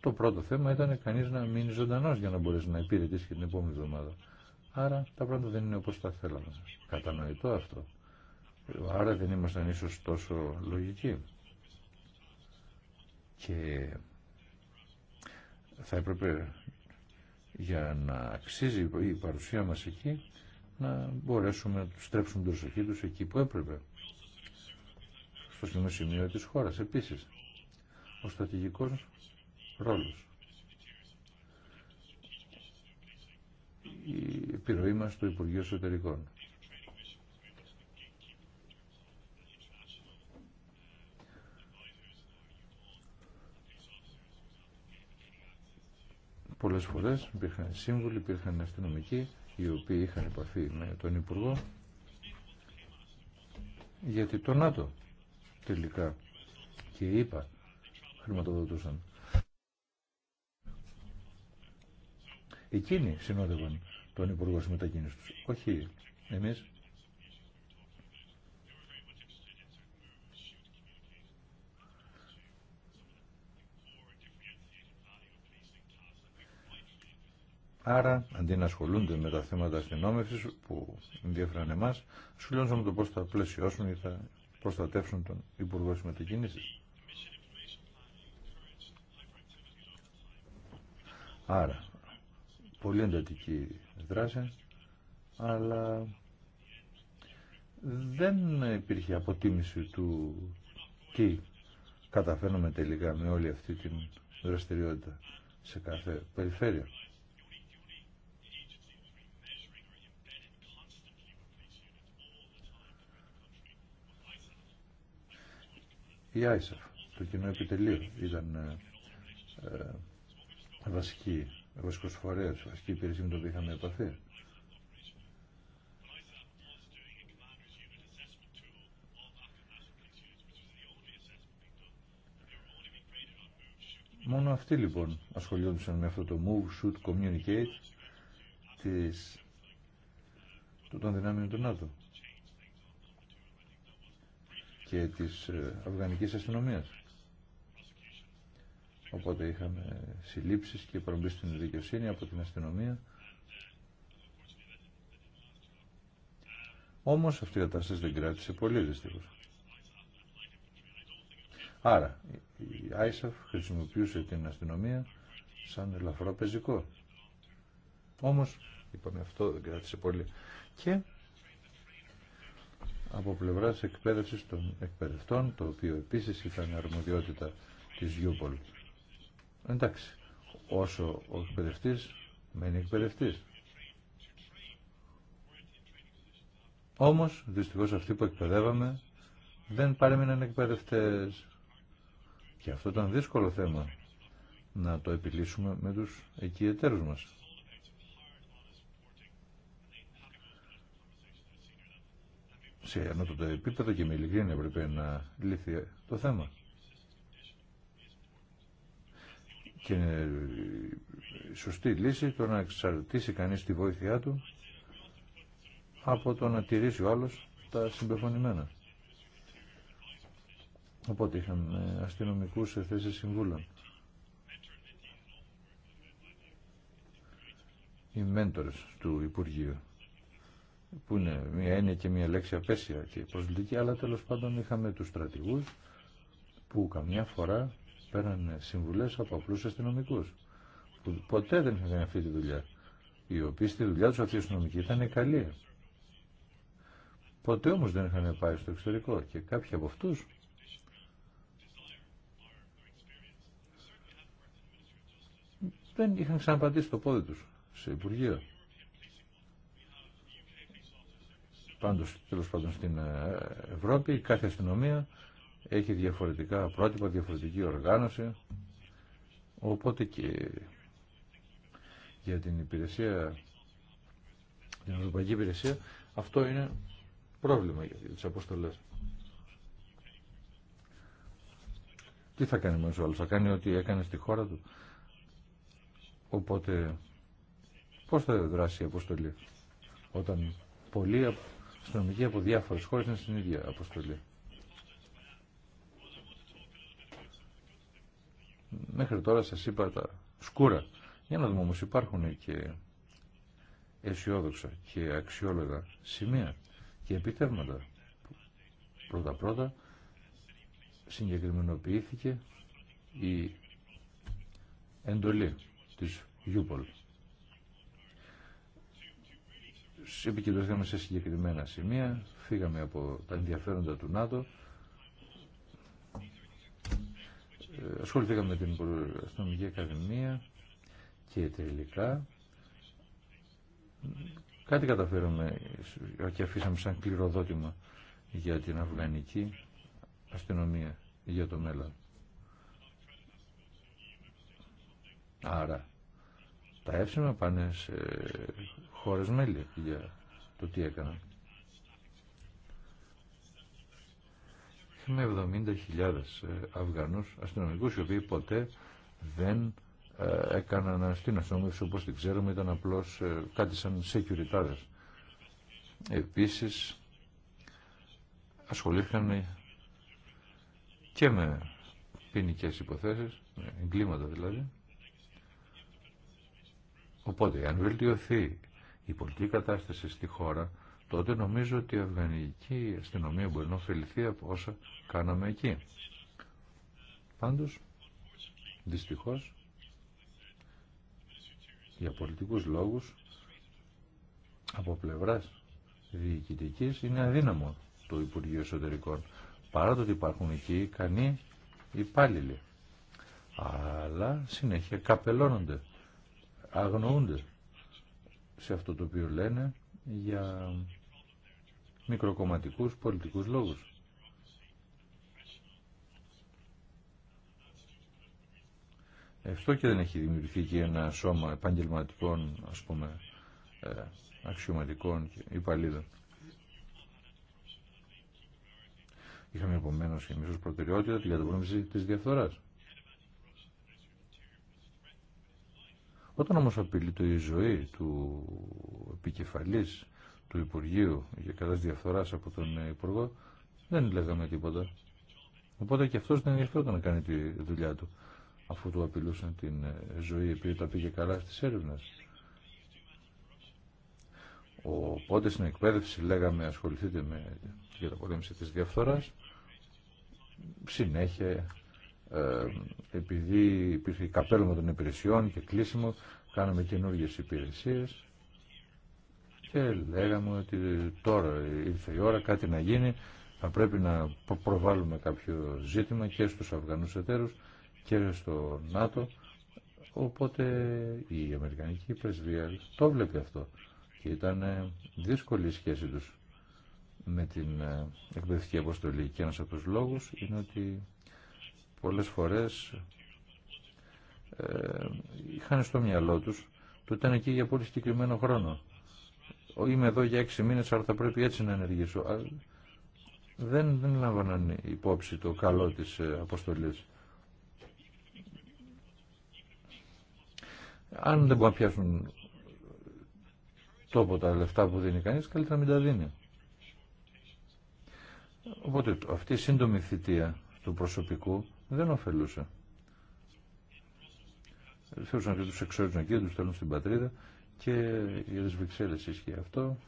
το πρώτο θέμα ήταν κανείς να μείνει ζωντανός για να μπορέσει να υπηρετήσει και την επόμενη εβδομάδα. Άρα τα πράγματα δεν είναι όπως τα θέλαμε. Κατανοητό αυτό. Άρα δεν ήμασταν ίσως τόσο λογικοί. Και θα έπρεπε για να αξίζει η παρουσία μας εκεί να μπορέσουμε να τους στρέψουμε την προσοχή τους εκεί που έπρεπε στο σημείο σημείο της χώρας επίσης ο στρατηγικός ρόλος η επιρροή μας στο Υπουργείο Εσωτερικών Πολλέ φορές υπήρχαν σύμβουλοι, υπήρχαν αστυνομικοί οι οποίοι είχαν επαφή με τον Υπουργό γιατί το ΝΑΤΟ τελικά και είπα χρηματοδοτούσαν. Εκείνοι συνόδευαν τον Υπουργό μετακίνηση του. όχι εμείς. Άρα, αντί να ασχολούνται με τα θέματα αστυνόμευση που ενδιαφέραν εμά, ασχολούνται με το πώ θα πλαισιώσουν ή θα προστατεύσουν τον Υπουργό Συμμετοκίνηση. Άρα, πολύ εντατική δράση, αλλά δεν υπήρχε αποτίμηση του τι καταφέρνουμε τελικά με όλη αυτή την δραστηριότητα σε κάθε περιφέρεια. Η ISAF, το κοινό επιτελείο, ήταν ε, ε, βασική, βασικός φορέας, βασική υπηρεσία με το οποίο είχαμε επαφή. Μόνο αυτοί λοιπόν ασχολιόντουσαν με αυτό το move, shoot, communicate της, των δυνάμεων του ΝΑΤΟ και της Αφγανικής ε, Αστυνομίας. Οπότε είχαμε συλλήψεις και προμπή στην δικαιοσύνη από την αστυνομία. Όμως αυτή η κατάσταση δεν κράτησε πολύ δυστυχώς. Άρα η ISAF χρησιμοποιούσε την αστυνομία σαν ελαφρό πεζικό. Όμως, είπαμε αυτό δεν κράτησε πολύ. Και από πλευράς εκπαίδευσης των εκπαιδευτών, το οποίο επίσης ήταν αρμοδιότητα της Γιούπολ. Εντάξει, όσο ο εκπαιδευτής μένει εκπαιδευτής. Όμως, δυστυχώς αυτοί που εκπαιδεύαμε δεν παρέμειναν εκπαιδευτές. Και αυτό ήταν δύσκολο θέμα να το επιλύσουμε με τους εκεί εταίρους μας. σε ανώτατο επίπεδο και με ειλικρίνεια έπρεπε να λύθει το θέμα. Και σωστή λύση το να εξαρτήσει κανείς τη βοήθειά του από το να τηρήσει ο άλλος τα συμπεφωνημένα. Οπότε είχαμε αστυνομικούς σε θέσεις συμβούλων. Οι μέντορες του Υπουργείου που είναι μια έννοια και μια λέξη απέσια και προσβλητική, αλλά τέλος πάντων είχαμε τους στρατηγούς που καμιά φορά πέραν συμβουλές από απλούς αστυνομικού. που ποτέ δεν είχαν κάνει αυτή τη δουλειά, οι οποίοι στη δουλειά τους αυτοί οι αστυνομικοί ήταν καλοί. Ποτέ όμως δεν είχαν πάει στο εξωτερικό και κάποιοι από αυτούς δεν είχαν ξαναπαντήσει το πόδι τους σε Υπουργείο. Πάντως, τέλος πάντων, στην ε, Ευρώπη κάθε αστυνομία έχει διαφορετικά πρότυπα, διαφορετική οργάνωση. Οπότε και για την υπηρεσία, την Ευρωπαϊκή Υπηρεσία, αυτό είναι πρόβλημα για τις αποστολές. Τι θα κάνει μόνος θα κάνει ό,τι έκανε στη χώρα του. Οπότε, πώς θα δράσει η αποστολή όταν πολλοί αστυνομικοί από διάφορε χώρε είναι στην ίδια αποστολή. Μέχρι τώρα σας είπα τα σκούρα. Για να δούμε όμως υπάρχουν και αισιόδοξα και αξιόλογα σημεία και επιτεύγματα. Πρώτα-πρώτα συγκεκριμενοποιήθηκε η εντολή της Γιούπολης επικεντρωθήκαμε σε συγκεκριμένα σημεία, φύγαμε από τα ενδιαφέροντα του ΝΑΤΟ, ε, ασχοληθήκαμε με την Αστυνομική Ακαδημία και τελικά κάτι καταφέραμε και αφήσαμε σαν κληροδότημα για την αυγανική αστυνομία για το μέλλον. Άρα, τα εύσημα πάνε σε χώρες μέλη για το τι έκαναν. Είχαμε 70.000 ε, Αφγανούς αστυνομικούς οι οποίοι ποτέ δεν ε, έκαναν αστυνομία όπως την ξέρουμε ήταν απλώς ε, κάτι σαν σεκιουριτάδες. Επίσης ασχολήθηκαν και με ποινικέ υποθέσεις, εγκλήματα δηλαδή. Οπότε, αν βελτιωθεί η πολιτική κατάσταση στη χώρα, τότε νομίζω ότι η αυγανική αστυνομία μπορεί να ωφεληθεί από όσα κάναμε εκεί. Πάντως, δυστυχώς, για πολιτικούς λόγους, από πλευράς διοικητικής είναι αδύναμο το Υπουργείο Εσωτερικών, παρά το ότι υπάρχουν εκεί ικανοί υπάλληλοι. Αλλά συνέχεια καπελώνονται, αγνοούνται σε αυτό το οποίο λένε για μικροκομματικούς πολιτικούς λόγους. Ευτό και δεν έχει δημιουργηθεί και ένα σώμα επαγγελματικών, ας πούμε, ε, αξιωματικών και υπαλλήλων. Είχαμε επομένω εμείς ως προτεραιότητα την καταπολέμηση τη διαφθορά. Όταν όμως απειλείται η ζωή του επικεφαλής του Υπουργείου για κατά διαφθοράς από τον Υπουργό, δεν λέγαμε τίποτα. Οπότε και αυτός δεν ενδιαφέρονταν να κάνει τη δουλειά του, αφού του απειλούσαν την ζωή, επειδή τα πήγε καλά στις έρευνες. Οπότε στην εκπαίδευση λέγαμε ασχοληθείτε με την καταπολέμηση της διαφθοράς, συνέχεια ε, επειδή υπήρχε καπέλωμα των υπηρεσιών και κλείσιμο, κάναμε καινούργιε υπηρεσίε και λέγαμε ότι τώρα ήρθε η ώρα κάτι να γίνει, θα πρέπει να προβάλλουμε κάποιο ζήτημα και στους Αφγανούς εταίρους και στο ΝΑΤΟ, οπότε η Αμερικανική Πρεσβεία το βλέπει αυτό και ήταν δύσκολη η σχέση τους με την ε, εκπαιδευτική αποστολή και ένας από τους λόγους είναι ότι πολλές φορές ε, είχαν στο μυαλό τους το ήταν εκεί για πολύ συγκεκριμένο χρόνο. Είμαι εδώ για έξι μήνες, αλλά θα πρέπει έτσι να ενεργήσω. Δεν, δεν λάβαναν υπόψη το καλό της ε, αποστολής. Αν δεν μπορούν να πιάσουν τόπο τα λεφτά που δίνει κανείς, καλύτερα να μην τα δίνει. Οπότε αυτή η σύντομη θητεία του προσωπικού δεν ωφελούσε. Θεωρούσαν και τους εξόριζαν και τους στέλνουν στην πατρίδα και για τις Βρυξέλλες αυτό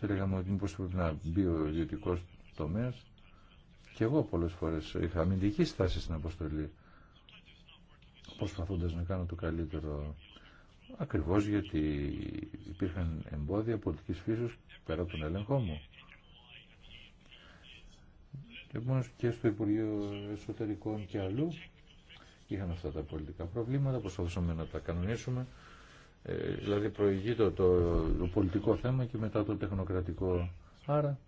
και λέγαμε ότι μήπως πρέπει να μπει ο ιδιωτικό τομέας και εγώ πολλές φορές είχα αμυντική στάση στην αποστολή προσπαθώντα να κάνω το καλύτερο ακριβώς γιατί υπήρχαν εμπόδια πολιτικής φύση πέρα από τον έλεγχό μου. Επομένως και στο Υπουργείο Εσωτερικών και αλλού είχαμε αυτά τα πολιτικά προβλήματα, προσπαθούσαμε να τα κανονίσουμε. Ε, δηλαδή προηγείται το, το, πολιτικό θέμα και μετά το τεχνοκρατικό. Άρα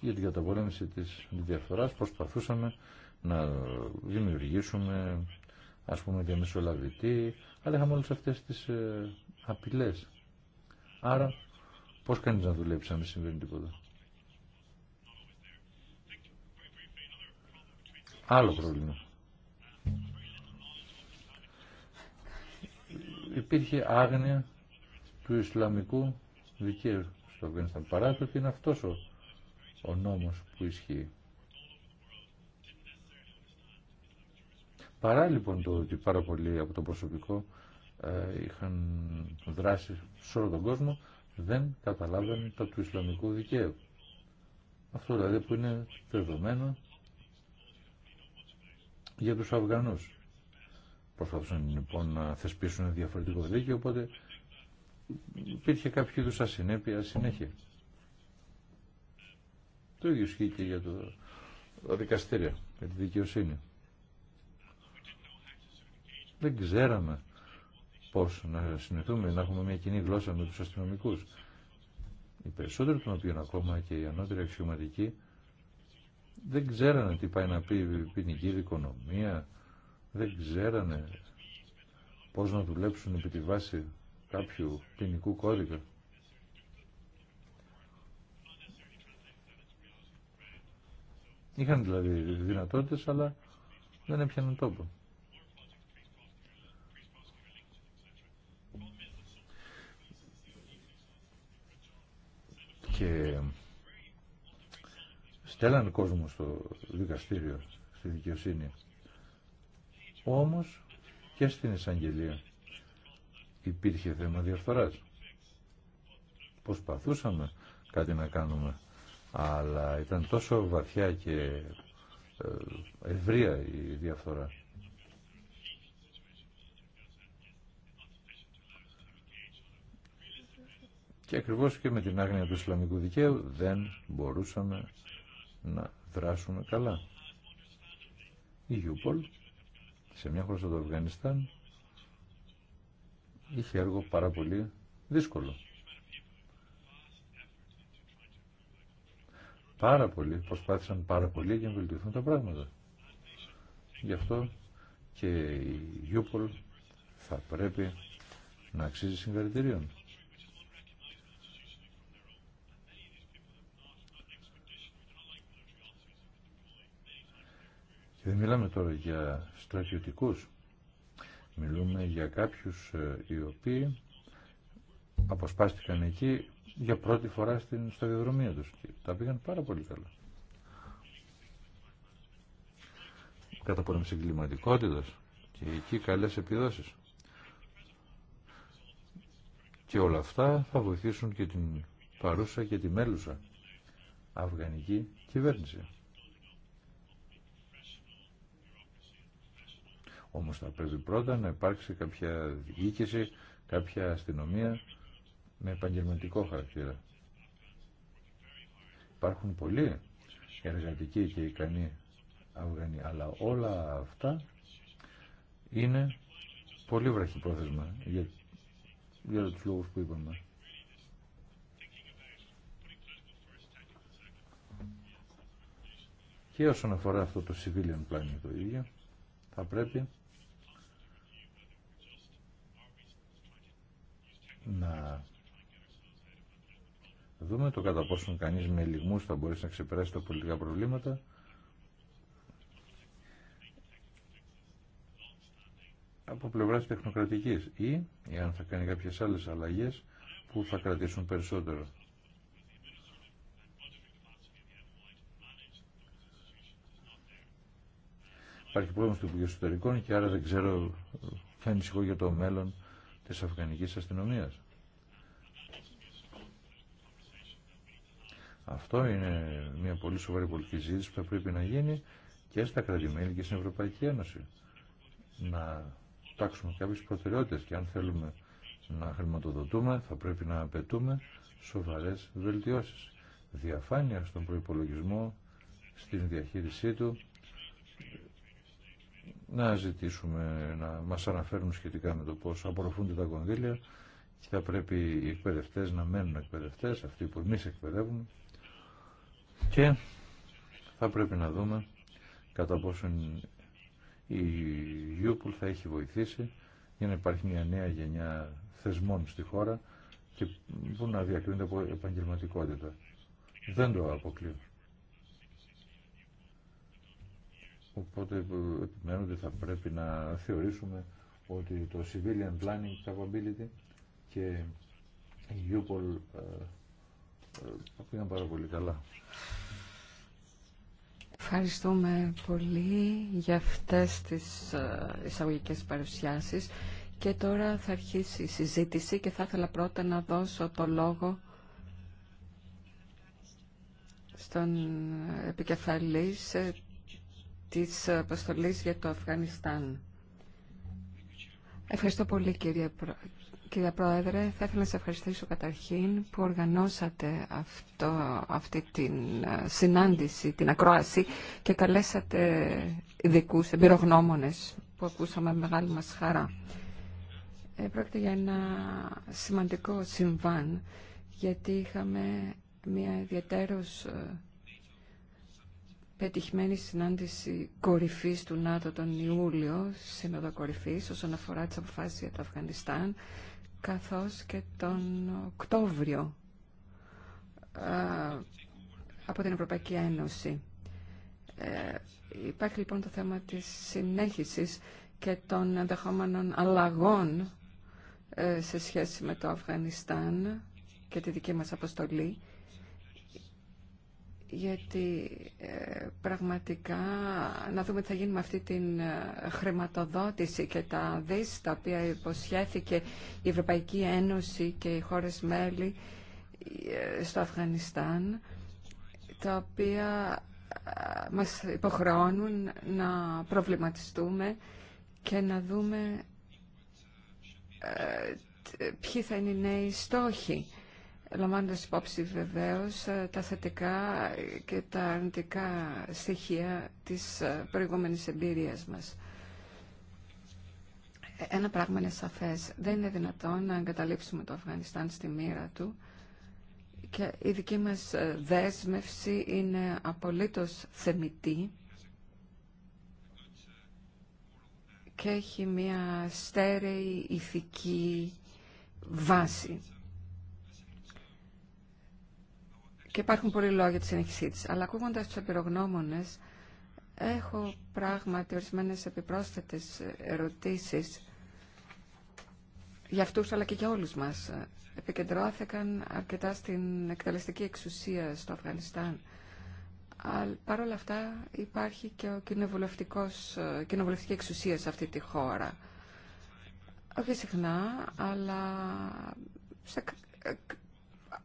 για την καταπολέμηση της διαφθοράς προσπαθούσαμε να δημιουργήσουμε ας πούμε διαμεσολαβητή, αλλά είχαμε όλες αυτές τις ε, απειλές. Άρα πώς κανείς να δουλέψει αν δεν συμβαίνει τίποτα. Άλλο πρόβλημα. Υπήρχε άγνοια του Ισλαμικού δικαίου στο Αφγανιστάν. Παρά το ότι είναι αυτός ο, ο νόμος που ισχύει. Παρά λοιπόν το ότι πάρα πολλοί από το προσωπικό ε, είχαν δράσει σε όλο τον κόσμο, δεν καταλάβαινε τα το του Ισλαμικού δικαίου. Αυτό δηλαδή που είναι δεδομένο για τους Αφγανούς. Προσπαθούσαν λοιπόν να θεσπίσουν διαφορετικό δίκαιο, οπότε υπήρχε κάποιο είδους ασυνέπεια συνέχεια. Το ίδιο ισχύει και για το, δικαστήριο, για τη δικαιοσύνη. Δεν ξέραμε πώς να συνεχθούμε, να έχουμε μια κοινή γλώσσα με τους αστυνομικούς. Οι περισσότεροι των οποίων ακόμα και οι ανώτεροι αξιωματικοί δεν ξέρανε τι πάει να πει η ποινική δικονομία, δεν ξέρανε πώς να δουλέψουν επί τη βάση κάποιου ποινικού κώδικα. Είχαν δηλαδή δυνατότητες, αλλά δεν έπιαναν τόπο. Και στέλναν κόσμο στο δικαστήριο, στη δικαιοσύνη. Όμως και στην εισαγγελία υπήρχε θέμα διαφθοράς. Προσπαθούσαμε κάτι να κάνουμε, αλλά ήταν τόσο βαθιά και ε, ευρία η διαφθορά. Και ακριβώς και με την άγνοια του Ισλαμικού δικαίου δεν μπορούσαμε να δράσουν καλά. Η Γιούπολ σε μια χώρα στο Αφγανιστάν είχε έργο πάρα πολύ δύσκολο. Πάρα πολλοί προσπάθησαν πάρα πολύ για να βελτιωθούν τα πράγματα. Γι' αυτό και η Γιούπολ θα πρέπει να αξίζει συγχαρητηρίων. Και δεν μιλάμε τώρα για στρατιωτικούς. Μιλούμε για κάποιους ε, οι οποίοι αποσπάστηκαν εκεί για πρώτη φορά στην σταδιοδρομία τους. Και τα πήγαν πάρα πολύ καλά. πολλές εγκληματικότητας και εκεί καλές επιδόσεις. Και όλα αυτά θα βοηθήσουν και την παρούσα και τη μέλουσα αφγανική κυβέρνηση. Όμως θα πρέπει πρώτα να υπάρξει κάποια διοίκηση, κάποια αστυνομία με επαγγελματικό χαρακτήρα. Υπάρχουν πολλοί εργατικοί και ικανοί Αυγανοί, αλλά όλα αυτά είναι πολύ βραχυπρόθεσμα για, για τους λόγους που είπαμε. Και όσον αφορά αυτό το civilian planning το ίδιο, θα πρέπει να δούμε το κατά πόσον κανείς με λιγμούς θα μπορέσει να ξεπεράσει τα πολιτικά προβλήματα από πλευράς τεχνοκρατικής ή αν θα κάνει κάποιες άλλες αλλαγές που θα κρατήσουν περισσότερο. Υπάρχει πρόβλημα στο Υπουργείο και άρα δεν ξέρω θα ανησυχώ για το μέλλον της Αφγανικής Αστυνομίας. Αυτό είναι μια πολύ σοβαρή πολιτική ζήτηση που θα πρέπει να γίνει και στα κρατημέλη και στην Ευρωπαϊκή Ένωση. Να τάξουμε κάποιες προτεραιότητες και αν θέλουμε να χρηματοδοτούμε θα πρέπει να απαιτούμε σοβαρές βελτιώσεις. Διαφάνεια στον προϋπολογισμό, στην διαχείρισή του, να ζητήσουμε να μας αναφέρουν σχετικά με το πώς απορροφούνται τα κονδύλια και θα πρέπει οι εκπαιδευτές να μένουν εκπαιδευτές, αυτοί που εμείς εκπαιδεύουμε και θα πρέπει να δούμε κατά πόσον η Ιούπουλ θα έχει βοηθήσει για να υπάρχει μια νέα γενιά θεσμών στη χώρα και που να διακρίνεται από επαγγελματικότητα. Δεν το αποκλείω. Οπότε ε, επιμένω ότι θα πρέπει να θεωρήσουμε ότι το civilian planning capability και η UPOL ε, ε, πήγαν πάρα πολύ καλά. Ευχαριστούμε πολύ για αυτές τις εισαγωγικές παρουσιάσεις και τώρα θα αρχίσει η συζήτηση και θα ήθελα πρώτα να δώσω το λόγο στον επικεφαλής της αποστολής για το Αφγανιστάν. Ευχαριστώ πολύ κύριε, Πρό... κύριε Πρόεδρε. Θα ήθελα να σας ευχαριστήσω καταρχήν που οργανώσατε αυτό, αυτή την ε, συνάντηση, την ακρόαση και καλέσατε ειδικού εμπειρογνώμονες που ακούσαμε μεγάλη μας χαρά. Ε, πρόκειται για ένα σημαντικό συμβάν γιατί είχαμε μια ιδιαίτερος ε, πετυχμένη συνάντηση κορυφή του ΝΑΤΟ τον Ιούλιο, σύνοδο κορυφή όσον αφορά τι αποφάσεις για το Αφγανιστάν, καθώς και τον Οκτώβριο από την Ευρωπαϊκή Ένωση. Ε, υπάρχει λοιπόν το θέμα της συνέχισης και των ενδεχόμενων αλλαγών ε, σε σχέση με το Αφγανιστάν και τη δική μας αποστολή γιατί ε, πραγματικά να δούμε τι θα γίνει με αυτή την ε, χρηματοδότηση και τα δις τα οποία υποσχέθηκε η Ευρωπαϊκή Ένωση και οι χώρες μέλη ε, στο Αφγανιστάν τα οποία ε, μας υποχρεώνουν να προβληματιστούμε και να δούμε ε, ποιοι θα είναι οι νέοι στόχοι λαμβάνοντα υπόψη βεβαίω ε, τα θετικά και τα αρνητικά στοιχεία της ε, προηγούμενης εμπειρία μας. Ε, ένα πράγμα είναι σαφές. Δεν είναι δυνατόν να εγκαταλείψουμε το Αφγανιστάν στη μοίρα του και η δική μας δέσμευση είναι απολύτως θεμητή και έχει μια στέρεη ηθική βάση. και υπάρχουν πολλοί λόγοι για τη συνέχισή τη. Αλλά ακούγοντα του απειρογνώμονε έχω πράγματι ορισμένε επιπρόσθετε ερωτήσεις για αυτού, αλλά και για όλου μας. Επικεντρώθηκαν αρκετά στην εκτελεστική εξουσία στο Αφγανιστάν. Παρ' όλα αυτά υπάρχει και ο κοινοβουλευτικός, κοινοβουλευτική εξουσία σε αυτή τη χώρα. Όχι συχνά, αλλά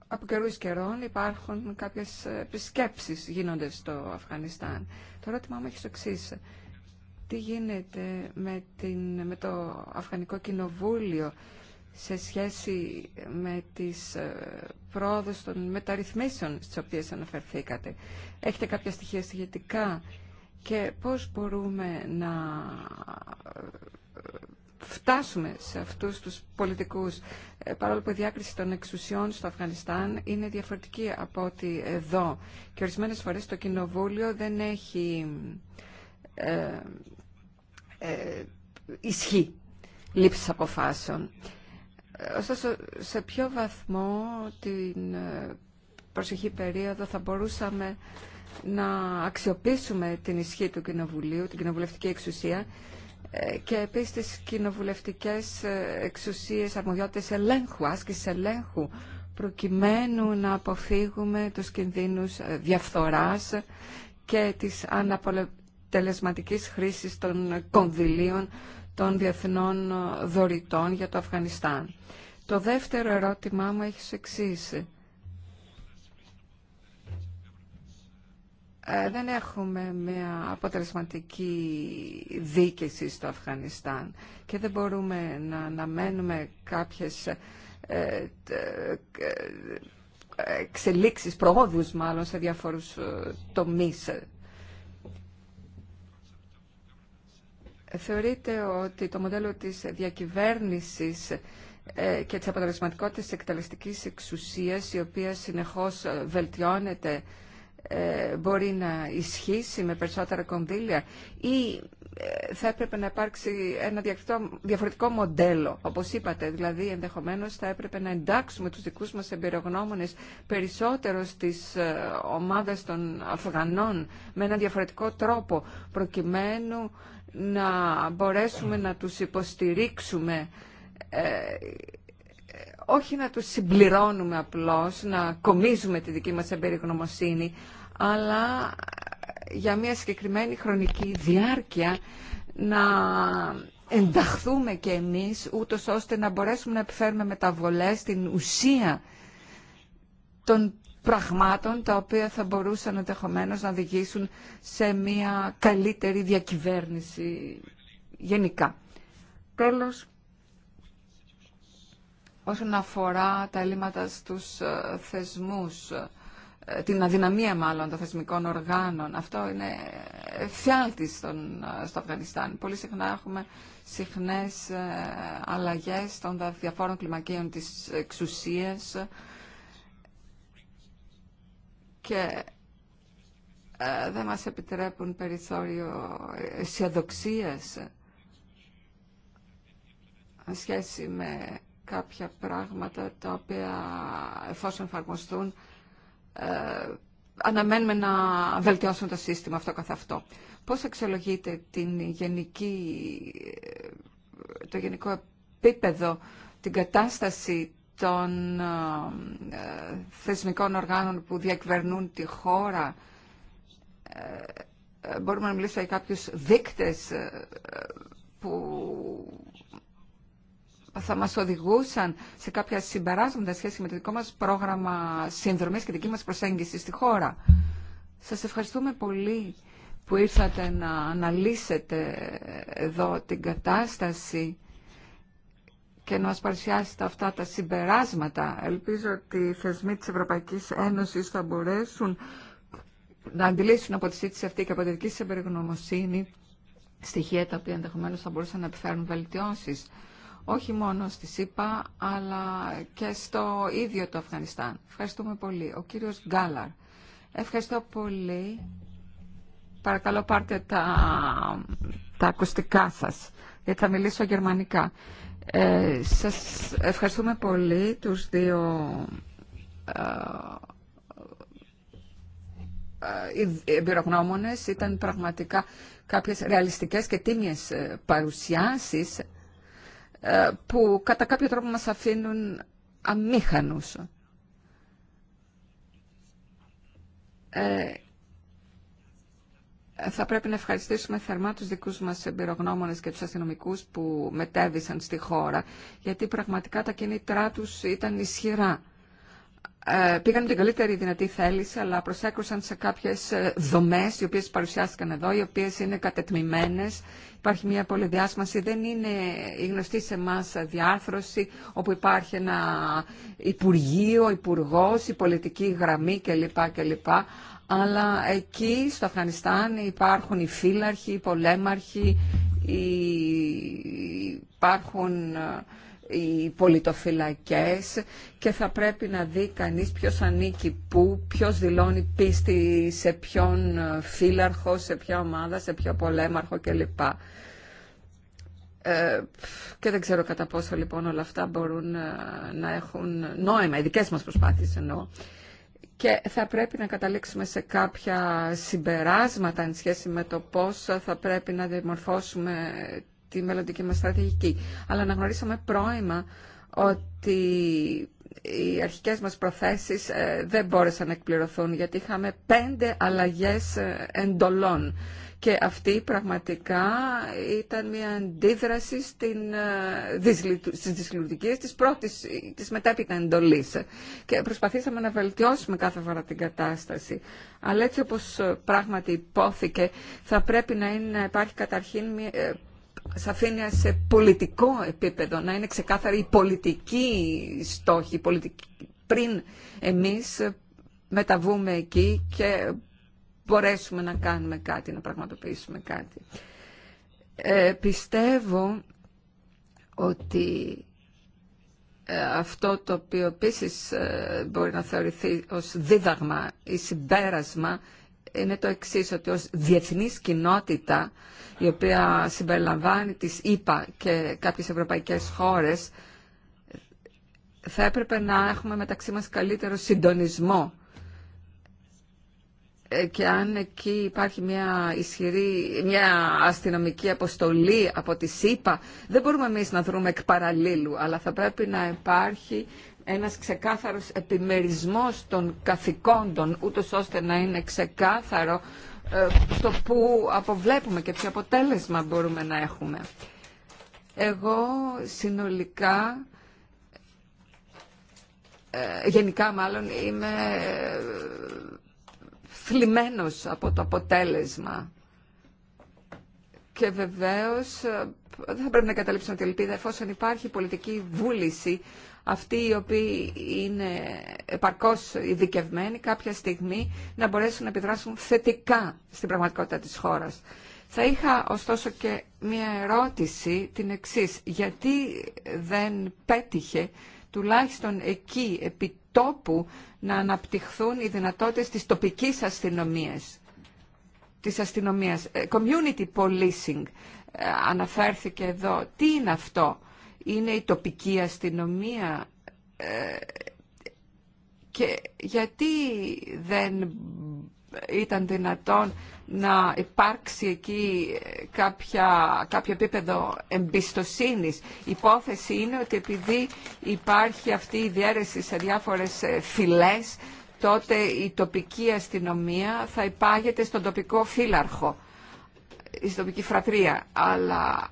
από καιρού καιρών υπάρχουν κάποιες ε, επισκέψει γίνονται στο Αφγανιστάν. Το ερώτημά μου έχει στο εξή. Τι γίνεται με, την, με το Αφγανικό Κοινοβούλιο σε σχέση με τις ε, πρόοδους των μεταρρυθμίσεων στις οποίες αναφερθήκατε. Έχετε κάποια στοιχεία σχετικά και πώς μπορούμε να φτάσουμε σε αυτούς τους πολιτικούς. Ε, παρόλο που η διάκριση των εξουσιών στο Αφγανιστάν είναι διαφορετική από ό,τι εδώ. Και ορισμένες φορές το Κοινοβούλιο δεν έχει ε, ε ισχύ λήψης αποφάσεων. Ε, ωστόσο, σε ποιο βαθμό την προσεχή περίοδο θα μπορούσαμε να αξιοποιήσουμε την ισχύ του Κοινοβουλίου, την κοινοβουλευτική εξουσία ε, και επίσης τις κοινοβουλευτικές ε, εξουσίες αρμοδιότητες ελέγχου, άσκηση ελέγχου, προκειμένου να αποφύγουμε τους κινδύνους ε, διαφθοράς και της αναπολετελεσματικής χρήσης των κονδυλίων των διεθνών δωρητών για το Αφγανιστάν. Το δεύτερο ερώτημά μου έχει εξής. Ε, δεν έχουμε μια αποτελεσματική δίκηση στο Αφγανιστάν και δεν μπορούμε να αναμένουμε κάποιες ε, ε, εξελίξεις, προόδους μάλλον σε διάφορους τομείς. Θεωρείτε ότι το μοντέλο της διακυβέρνησης και της αποτελεσματικότητας της εκτελεστικής εξουσίας, η οποία συνεχώς βελτιώνεται, ε, μπορεί να ισχύσει με περισσότερα κονδύλια ή ε, θα έπρεπε να υπάρξει ένα διαφορετικό μοντέλο, όπως είπατε. Δηλαδή, ενδεχομένως θα έπρεπε να εντάξουμε τους δικούς μας εμπειρογνώμονες περισσότερο στις ε, ομάδες των Αφγανών με ένα διαφορετικό τρόπο, προκειμένου να μπορέσουμε να τους υποστηρίξουμε όχι να τους συμπληρώνουμε απλώς, να κομίζουμε τη δική μας εμπειρογνωμοσύνη, αλλά για μια συγκεκριμένη χρονική διάρκεια να ενταχθούμε και εμείς ούτως ώστε να μπορέσουμε να επιφέρουμε μεταβολές στην ουσία των πραγμάτων τα οποία θα μπορούσαν ενδεχομένω να οδηγήσουν σε μια καλύτερη διακυβέρνηση γενικά. Τέλος, όσον αφορά τα ελλείμματα στους ε, θεσμούς, την αδυναμία μάλλον των θεσμικών οργάνων. Αυτό είναι φιάλτη στον, στο Αφγανιστάν. Πολύ συχνά έχουμε συχνές ε, αλλαγές των διαφόρων κλιμακίων της εξουσίας και ε, δεν μας επιτρέπουν περιθώριο αισιοδοξία σε σχέση με κάποια πράγματα τα οποία εφόσον εφαρμοστούν ε, αναμένουμε να βελτιώσουν το σύστημα αυτό καθ' αυτό. Πώς αξιολογείτε την γενική, ε, το γενικό επίπεδο, την κατάσταση των ε, θεσμικών οργάνων που διακυβερνούν τη χώρα. Ε, μπορούμε να μιλήσουμε για κάποιους δείκτες που θα μας οδηγούσαν σε κάποια συμπεράσματα σχέση με το δικό μας πρόγραμμα συνδρομής και δική μας προσέγγιση στη χώρα. Σας ευχαριστούμε πολύ που ήρθατε να αναλύσετε εδώ την κατάσταση και να μας παρουσιάσετε αυτά τα συμπεράσματα. Ελπίζω ότι οι θεσμοί της Ευρωπαϊκής Ένωσης θα μπορέσουν να αντιλήσουν από τη σύντηση αυτή και από τη δική σας εμπεριγνωμοσύνη στοιχεία τα οποία ενδεχομένω θα μπορούσαν να επιφέρουν βελτιώσεις όχι μόνο στη ΣΥΠΑ, αλλά και στο ίδιο το Αφγανιστάν. Ευχαριστούμε πολύ. Ο κύριος Γκάλαρ. Ευχαριστώ πολύ. Παρακαλώ πάρτε τα, τα ακουστικά σας, γιατί θα μιλήσω γερμανικά. Ε, σας ευχαριστούμε πολύ τους δύο ε, ε, ε εμπειρογνώμονες ήταν πραγματικά κάποιες ρεαλιστικές και τίμιες ε, παρουσιάσεις ε, που κατά κάποιο τρόπο μας αφήνουν αμήχανους. Ε, θα πρέπει να ευχαριστήσουμε θερμά τους δικούς μας εμπειρογνώμονες και τους αστυνομικούς που μετέβησαν στη χώρα, γιατί πραγματικά τα κινήτρά τους ήταν ισχυρά. Ε, πήγαν την καλύτερη δυνατή θέληση, αλλά προσέκρουσαν σε κάποιες δομές, οι οποίες παρουσιάστηκαν εδώ, οι οποίες είναι κατετμημένες, υπάρχει μια πολυδιάσμαση, δεν είναι η γνωστή σε εμά διάρθρωση όπου υπάρχει ένα υπουργείο, υπουργό, η πολιτική γραμμή κλπ. Αλλά εκεί στο Αφγανιστάν υπάρχουν οι φύλαρχοι, οι πολέμαρχοι, υπάρχουν ε, οι πολιτοφυλακές και θα πρέπει να δει κανείς ποιος ανήκει πού, ποιος δηλώνει πίστη σε ποιον ε, φύλαρχο, σε ποια ομάδα, σε ποιο πολέμαρχο κλπ. Ε, και δεν ξέρω κατά πόσο λοιπόν όλα αυτά μπορούν ε, να έχουν νόημα, οι δικές μας προσπάθειες εννοώ. Και θα πρέπει να καταλήξουμε σε κάποια συμπεράσματα εν σχέση με το πώς θα πρέπει να διαμορφώσουμε τη μελλοντική μας στρατηγική. Αλλά να γνωρίσαμε πρώιμα ότι οι αρχικές μας προθέσεις ε, δεν μπόρεσαν να εκπληρωθούν γιατί είχαμε πέντε αλλαγές εντολών και αυτή πραγματικά ήταν μια αντίδραση στην, ε, στις τη της πρώτης, της μετέπειτα εντολής. Και προσπαθήσαμε να βελτιώσουμε κάθε φορά την κατάσταση. Αλλά έτσι όπως ε, πράγματι υπόθηκε, θα πρέπει να, είναι, να υπάρχει καταρχήν μια, ε, σαφήνεια σε πολιτικό επίπεδο, να είναι ξεκάθαρη η πολιτική στόχη, πολιτική, πριν εμείς μεταβούμε εκεί και μπορέσουμε να κάνουμε κάτι, να πραγματοποιήσουμε κάτι. Ε, πιστεύω ότι ε, αυτό το οποίο επίση ε, μπορεί να θεωρηθεί ως δίδαγμα ή συμπέρασμα είναι το εξή ότι ως διεθνής κοινότητα η οποία συμπεριλαμβάνει τις ΗΠΑ και κάποιες ευρωπαϊκές χώρες θα έπρεπε να έχουμε μεταξύ μας καλύτερο συντονισμό ε, και αν εκεί υπάρχει μια ισχυρή, μια αστυνομική αποστολή από τη ΣΥΠΑ, δεν μπορούμε εμείς να δρούμε εκ παραλίλου, αλλά θα πρέπει να υπάρχει ένας ξεκάθαρος επιμερισμός των καθηκόντων, ούτως ώστε να είναι ξεκάθαρο ε, το που αποβλέπουμε και τι αποτέλεσμα μπορούμε να έχουμε. Εγώ συνολικά ε, γενικά μάλλον είμαι θλιμμένος από το αποτέλεσμα. Και βεβαίως ε, δεν θα πρέπει να καταλήψουμε τη ελπίδα εφόσον υπάρχει πολιτική βούληση αυτοί οι οποίοι είναι επαρκώς ειδικευμένοι κάποια στιγμή να μπορέσουν να επιδράσουν θετικά στην πραγματικότητα της χώρας. Θα είχα ωστόσο και μία ερώτηση την εξής. Γιατί δεν πέτυχε τουλάχιστον εκεί επί τόπου να αναπτυχθούν οι δυνατότητες της τοπικής αστυνομίας. Της αστυνομίας. Ε, community policing ε, αναφέρθηκε εδώ. Τι είναι αυτό. Είναι η τοπική αστυνομία ε, και γιατί δεν ήταν δυνατόν να υπάρξει εκεί κάποια, κάποιο επίπεδο εμπιστοσύνης. Η υπόθεση είναι ότι επειδή υπάρχει αυτή η διαίρεση σε διάφορες ε, φυλές, τότε η τοπική αστυνομία θα υπάγεται στον τοπικό φύλαρχο, στην τοπική φρατρία. Αλλά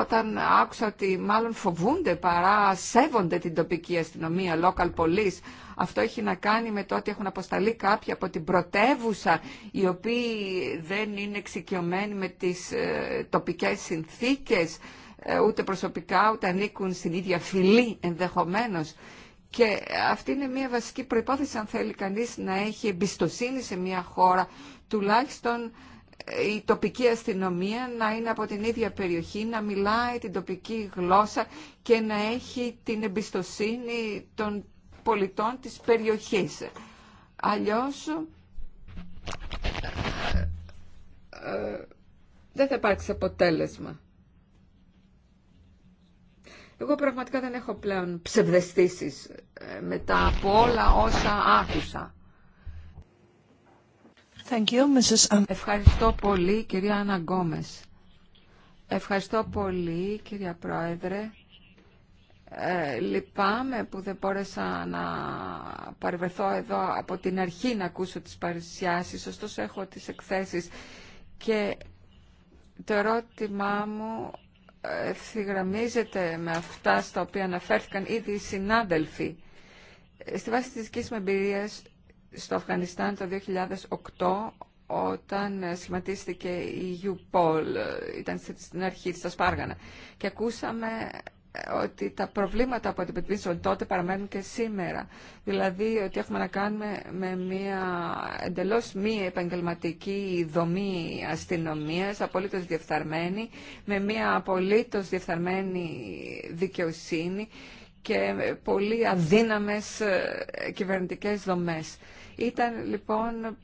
όταν άκουσα ότι μάλλον φοβούνται παρά σέβονται την τοπική αστυνομία, local police, αυτό έχει να κάνει με το ότι έχουν αποσταλεί κάποιοι από την πρωτεύουσα, οι οποίοι δεν είναι εξοικειωμένοι με τις ε, τοπικές συνθήκες, ε, ούτε προσωπικά, ούτε ανήκουν στην ίδια φυλή ενδεχομένως. Και αυτή είναι μια βασική προϋπόθεση αν θέλει κανείς να έχει εμπιστοσύνη σε μια χώρα, τουλάχιστον ε, η τοπική αστυνομία να είναι από την ίδια περιοχή, να μιλάει την τοπική γλώσσα και να έχει την εμπιστοσύνη των πολιτών της περιοχής. Αλλιώς ε, δεν θα υπάρξει αποτέλεσμα. Εγώ πραγματικά δεν έχω πλέον ψευδεστήσεις ε, μετά από όλα όσα άκουσα. Thank you, Mrs. Ευχαριστώ πολύ, κυρία Αναγκόμες. Ευχαριστώ πολύ, κυρία Πρόεδρε. Ε, λυπάμαι που δεν μπόρεσα να παρευρεθώ εδώ από την αρχή να ακούσω τις παρουσιάσεις, ωστόσο έχω τις εκθέσεις και το ερώτημά μου ε, ευθυγραμμίζεται με αυτά στα οποία αναφέρθηκαν ήδη οι συνάδελφοι. Ε, στη βάση της δικής μου εμπειρίας στο Αφγανιστάν το 2008 όταν ε, σχηματίστηκε η UPOL, ήταν στην αρχή της τα Σπάργανα και ακούσαμε ότι τα προβλήματα που αντιμετωπίζουν τότε παραμένουν και σήμερα. Δηλαδή ότι έχουμε να κάνουμε με μια εντελώς μη επαγγελματική δομή αστυνομίας, απολύτως διεφθαρμένη, με μια απολύτως διεφθαρμένη δικαιοσύνη και πολύ αδύναμες ε, κυβερνητικές δομές. Ήταν λοιπόν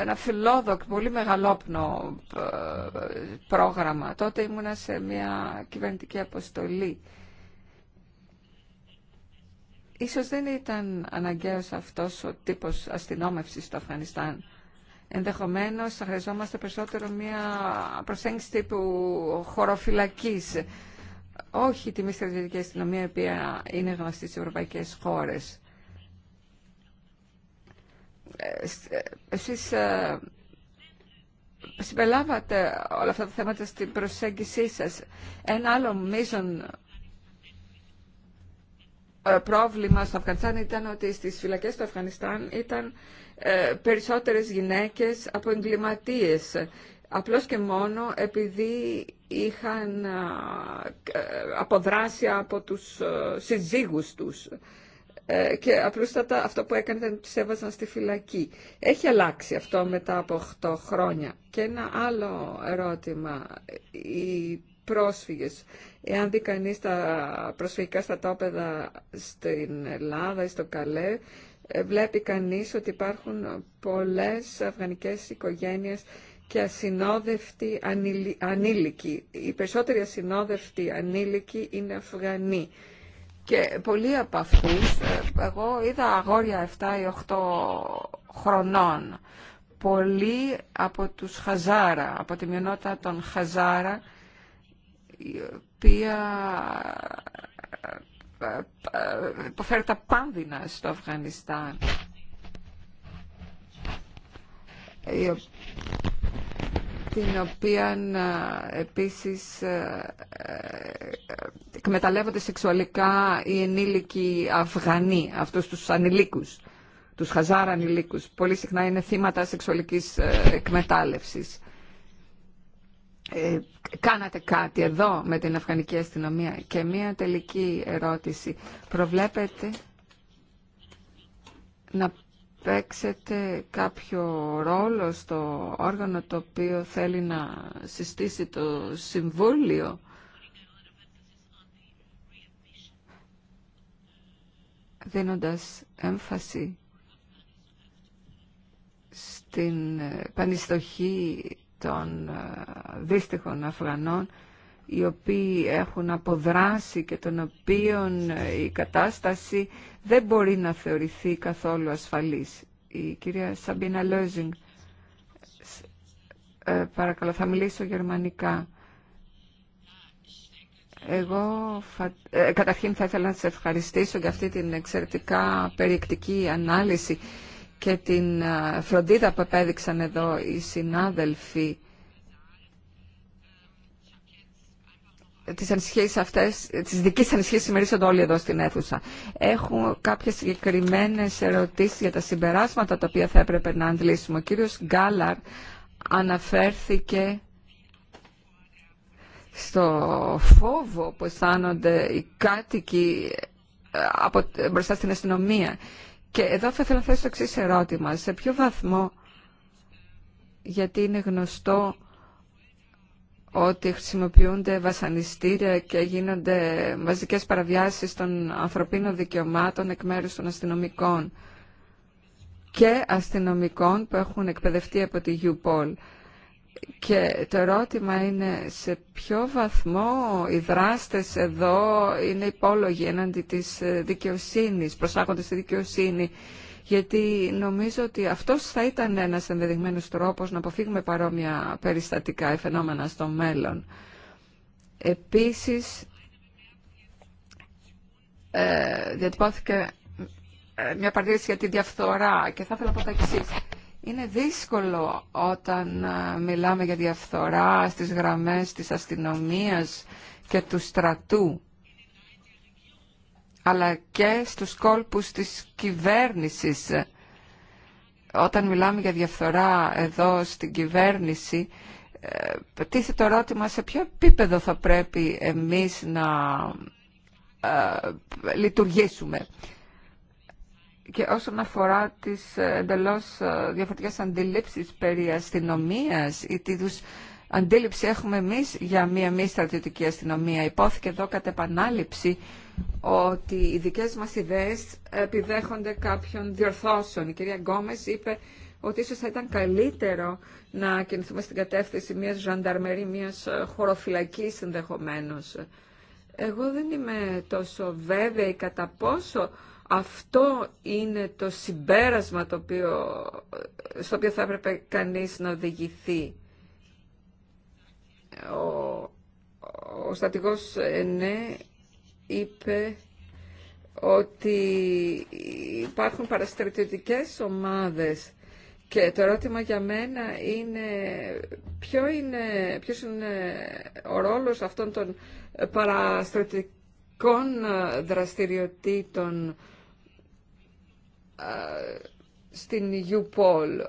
ένα φιλόδοξο, πολύ μεγαλόπνο ε, πρόγραμμα. Τότε ήμουνα σε μια κυβερνητική αποστολή. Ίσως δεν ήταν αναγκαίος αυτός ο τύπος αστυνόμευσης στο Αφγανιστάν. Ενδεχομένως θα χρειαζόμαστε περισσότερο μια προσέγγιση τύπου χωροφυλακής. Όχι τη μη στρατιωτική αστυνομία, η οποία είναι γνωστή στις ευρωπαϊκές χώρες. Ε, ε, εσείς ε, συμπελάβατε όλα αυτά τα θέματα στην προσέγγισή σας. Ένα άλλο μείζον ε, πρόβλημα στο Αφγανιστάν ήταν ότι στις φυλακές του Αφγανιστάν ήταν ε, περισσότερες γυναίκες από εγκληματίες απλώς και μόνο επειδή είχαν ε, αποδράσει από τους συζύγους τους και απλούστατα αυτό που έκανε ήταν τους έβαζαν στη φυλακή. Έχει αλλάξει αυτό μετά από 8 χρόνια. Και ένα άλλο ερώτημα, οι πρόσφυγες. Εάν δει κανεί τα προσφυγικά στατόπεδα στην Ελλάδα ή στο Καλέ, ε, βλέπει κανείς ότι υπάρχουν πολλέ αφγανικές οικογένειες και ασυνόδευτοι ανήλικοι. Οι περισσότεροι ασυνόδευτοι ανήλικοι είναι Αφγανοί. Και πολλοί από αυτού, ε, εγώ είδα αγόρια 7 ή 8 χρονών. Πολλοί από τους Χαζάρα, από τη μειονότητα των Χαζάρα, η οποία ε, ε, υποφέρει τα πάνδυνα στο Αφγανιστάν την οποία ε, επίσης εκμεταλλεύονται σεξουαλικά οι ενήλικοι Αφγανοί, αυτούς τους ανηλίκους, τους χαζάρα ανηλίκους. Πολύ συχνά είναι θύματα σεξουαλικής εκμετάλλευσης. Ε, κάνατε κάτι εδώ με την Αφγανική αστυνομία. Και μία τελική ερώτηση. Προβλέπετε να παίξετε κάποιο ρόλο στο όργανο το οποίο θέλει να συστήσει το Συμβούλιο. δίνοντας έμφαση στην πανιστοχή των ε, δύστιχων Αφγανών οι οποίοι έχουν αποδράσει και των οποίων η κατάσταση δεν μπορεί να θεωρηθεί καθόλου ασφαλής. Η κυρία Σαμπίνα Λόζινγκ, ε, παρακαλώ θα μιλήσω γερμανικά. Εγώ ε, καταρχήν θα ήθελα να σας ευχαριστήσω για αυτή την εξαιρετικά περιεκτική ανάλυση και την ε, φροντίδα που επέδειξαν εδώ οι συνάδελφοι τις ανησυχίες αυτές, τις δικές ανησυχίες συμμερίζονται όλοι εδώ στην αίθουσα. Έχω κάποιες συγκεκριμένες ερωτήσεις για τα συμπεράσματα τα οποία θα έπρεπε να αντλήσουμε. Ο κύριος Γκάλαρ αναφέρθηκε στο φόβο που αισθάνονται οι κάτοικοι ε, από, ε, μπροστά στην αστυνομία. Και εδώ θα ήθελα να θέσω το εξή ερώτημα. Σε ποιο βαθμό, γιατί είναι γνωστό ότι χρησιμοποιούνται βασανιστήρια και γίνονται μαζικές παραβιάσεις των ανθρωπίνων δικαιωμάτων εκ μέρους των αστυνομικών και αστυνομικών που έχουν εκπαιδευτεί από τη UPOL. Και το ερώτημα είναι σε ποιο βαθμό οι δράστες εδώ είναι υπόλογοι έναντι της δικαιοσύνης, προσάγονται στη δικαιοσύνη γιατί νομίζω ότι αυτός θα ήταν ένας ενδεδειγμένος τρόπος να αποφύγουμε παρόμοια περιστατικά ή φαινόμενα στο μέλλον. Επίσης, ε, διατυπώθηκε ε, μια παρατήρηση για τη διαφθορά και θα ήθελα να πω τα εξή. Είναι δύσκολο όταν ε, μιλάμε για διαφθορά στις γραμμές της αστυνομίας και του στρατού αλλά και στους κόλπους της κυβέρνησης. Όταν μιλάμε για διαφθορά εδώ στην κυβέρνηση, ε, τίθε το ερώτημα σε ποιο επίπεδο θα πρέπει εμείς να ε, λειτουργήσουμε. Και όσον αφορά τις εντελώς ε, διαφορετικές αντιλήψεις περί αστυνομίας ή τι τους αντίληψη έχουμε εμείς για μία μη στρατιωτική αστυνομία, υπόθηκε εδώ κατ' επανάληψη ότι οι δικές μας ιδέες επιδέχονται κάποιων διορθώσεων. Η κυρία Γκόμες είπε ότι ίσως θα ήταν καλύτερο να κινηθούμε στην κατεύθυνση μιας ζανταρμερή, μιας χωροφυλακής ενδεχομένω. Εγώ δεν είμαι τόσο βέβαιη κατά πόσο αυτό είναι το συμπέρασμα το οποίο, στο οποίο θα έπρεπε κανείς να οδηγηθεί. Ο, ο στατηγός ναι είπε ότι υπάρχουν παραστρατιωτικές ομάδες και το ερώτημα για μένα είναι, ποιο είναι ποιος είναι ο ρόλος αυτών των παραστρατιωτικών δραστηριοτήτων στην UPOL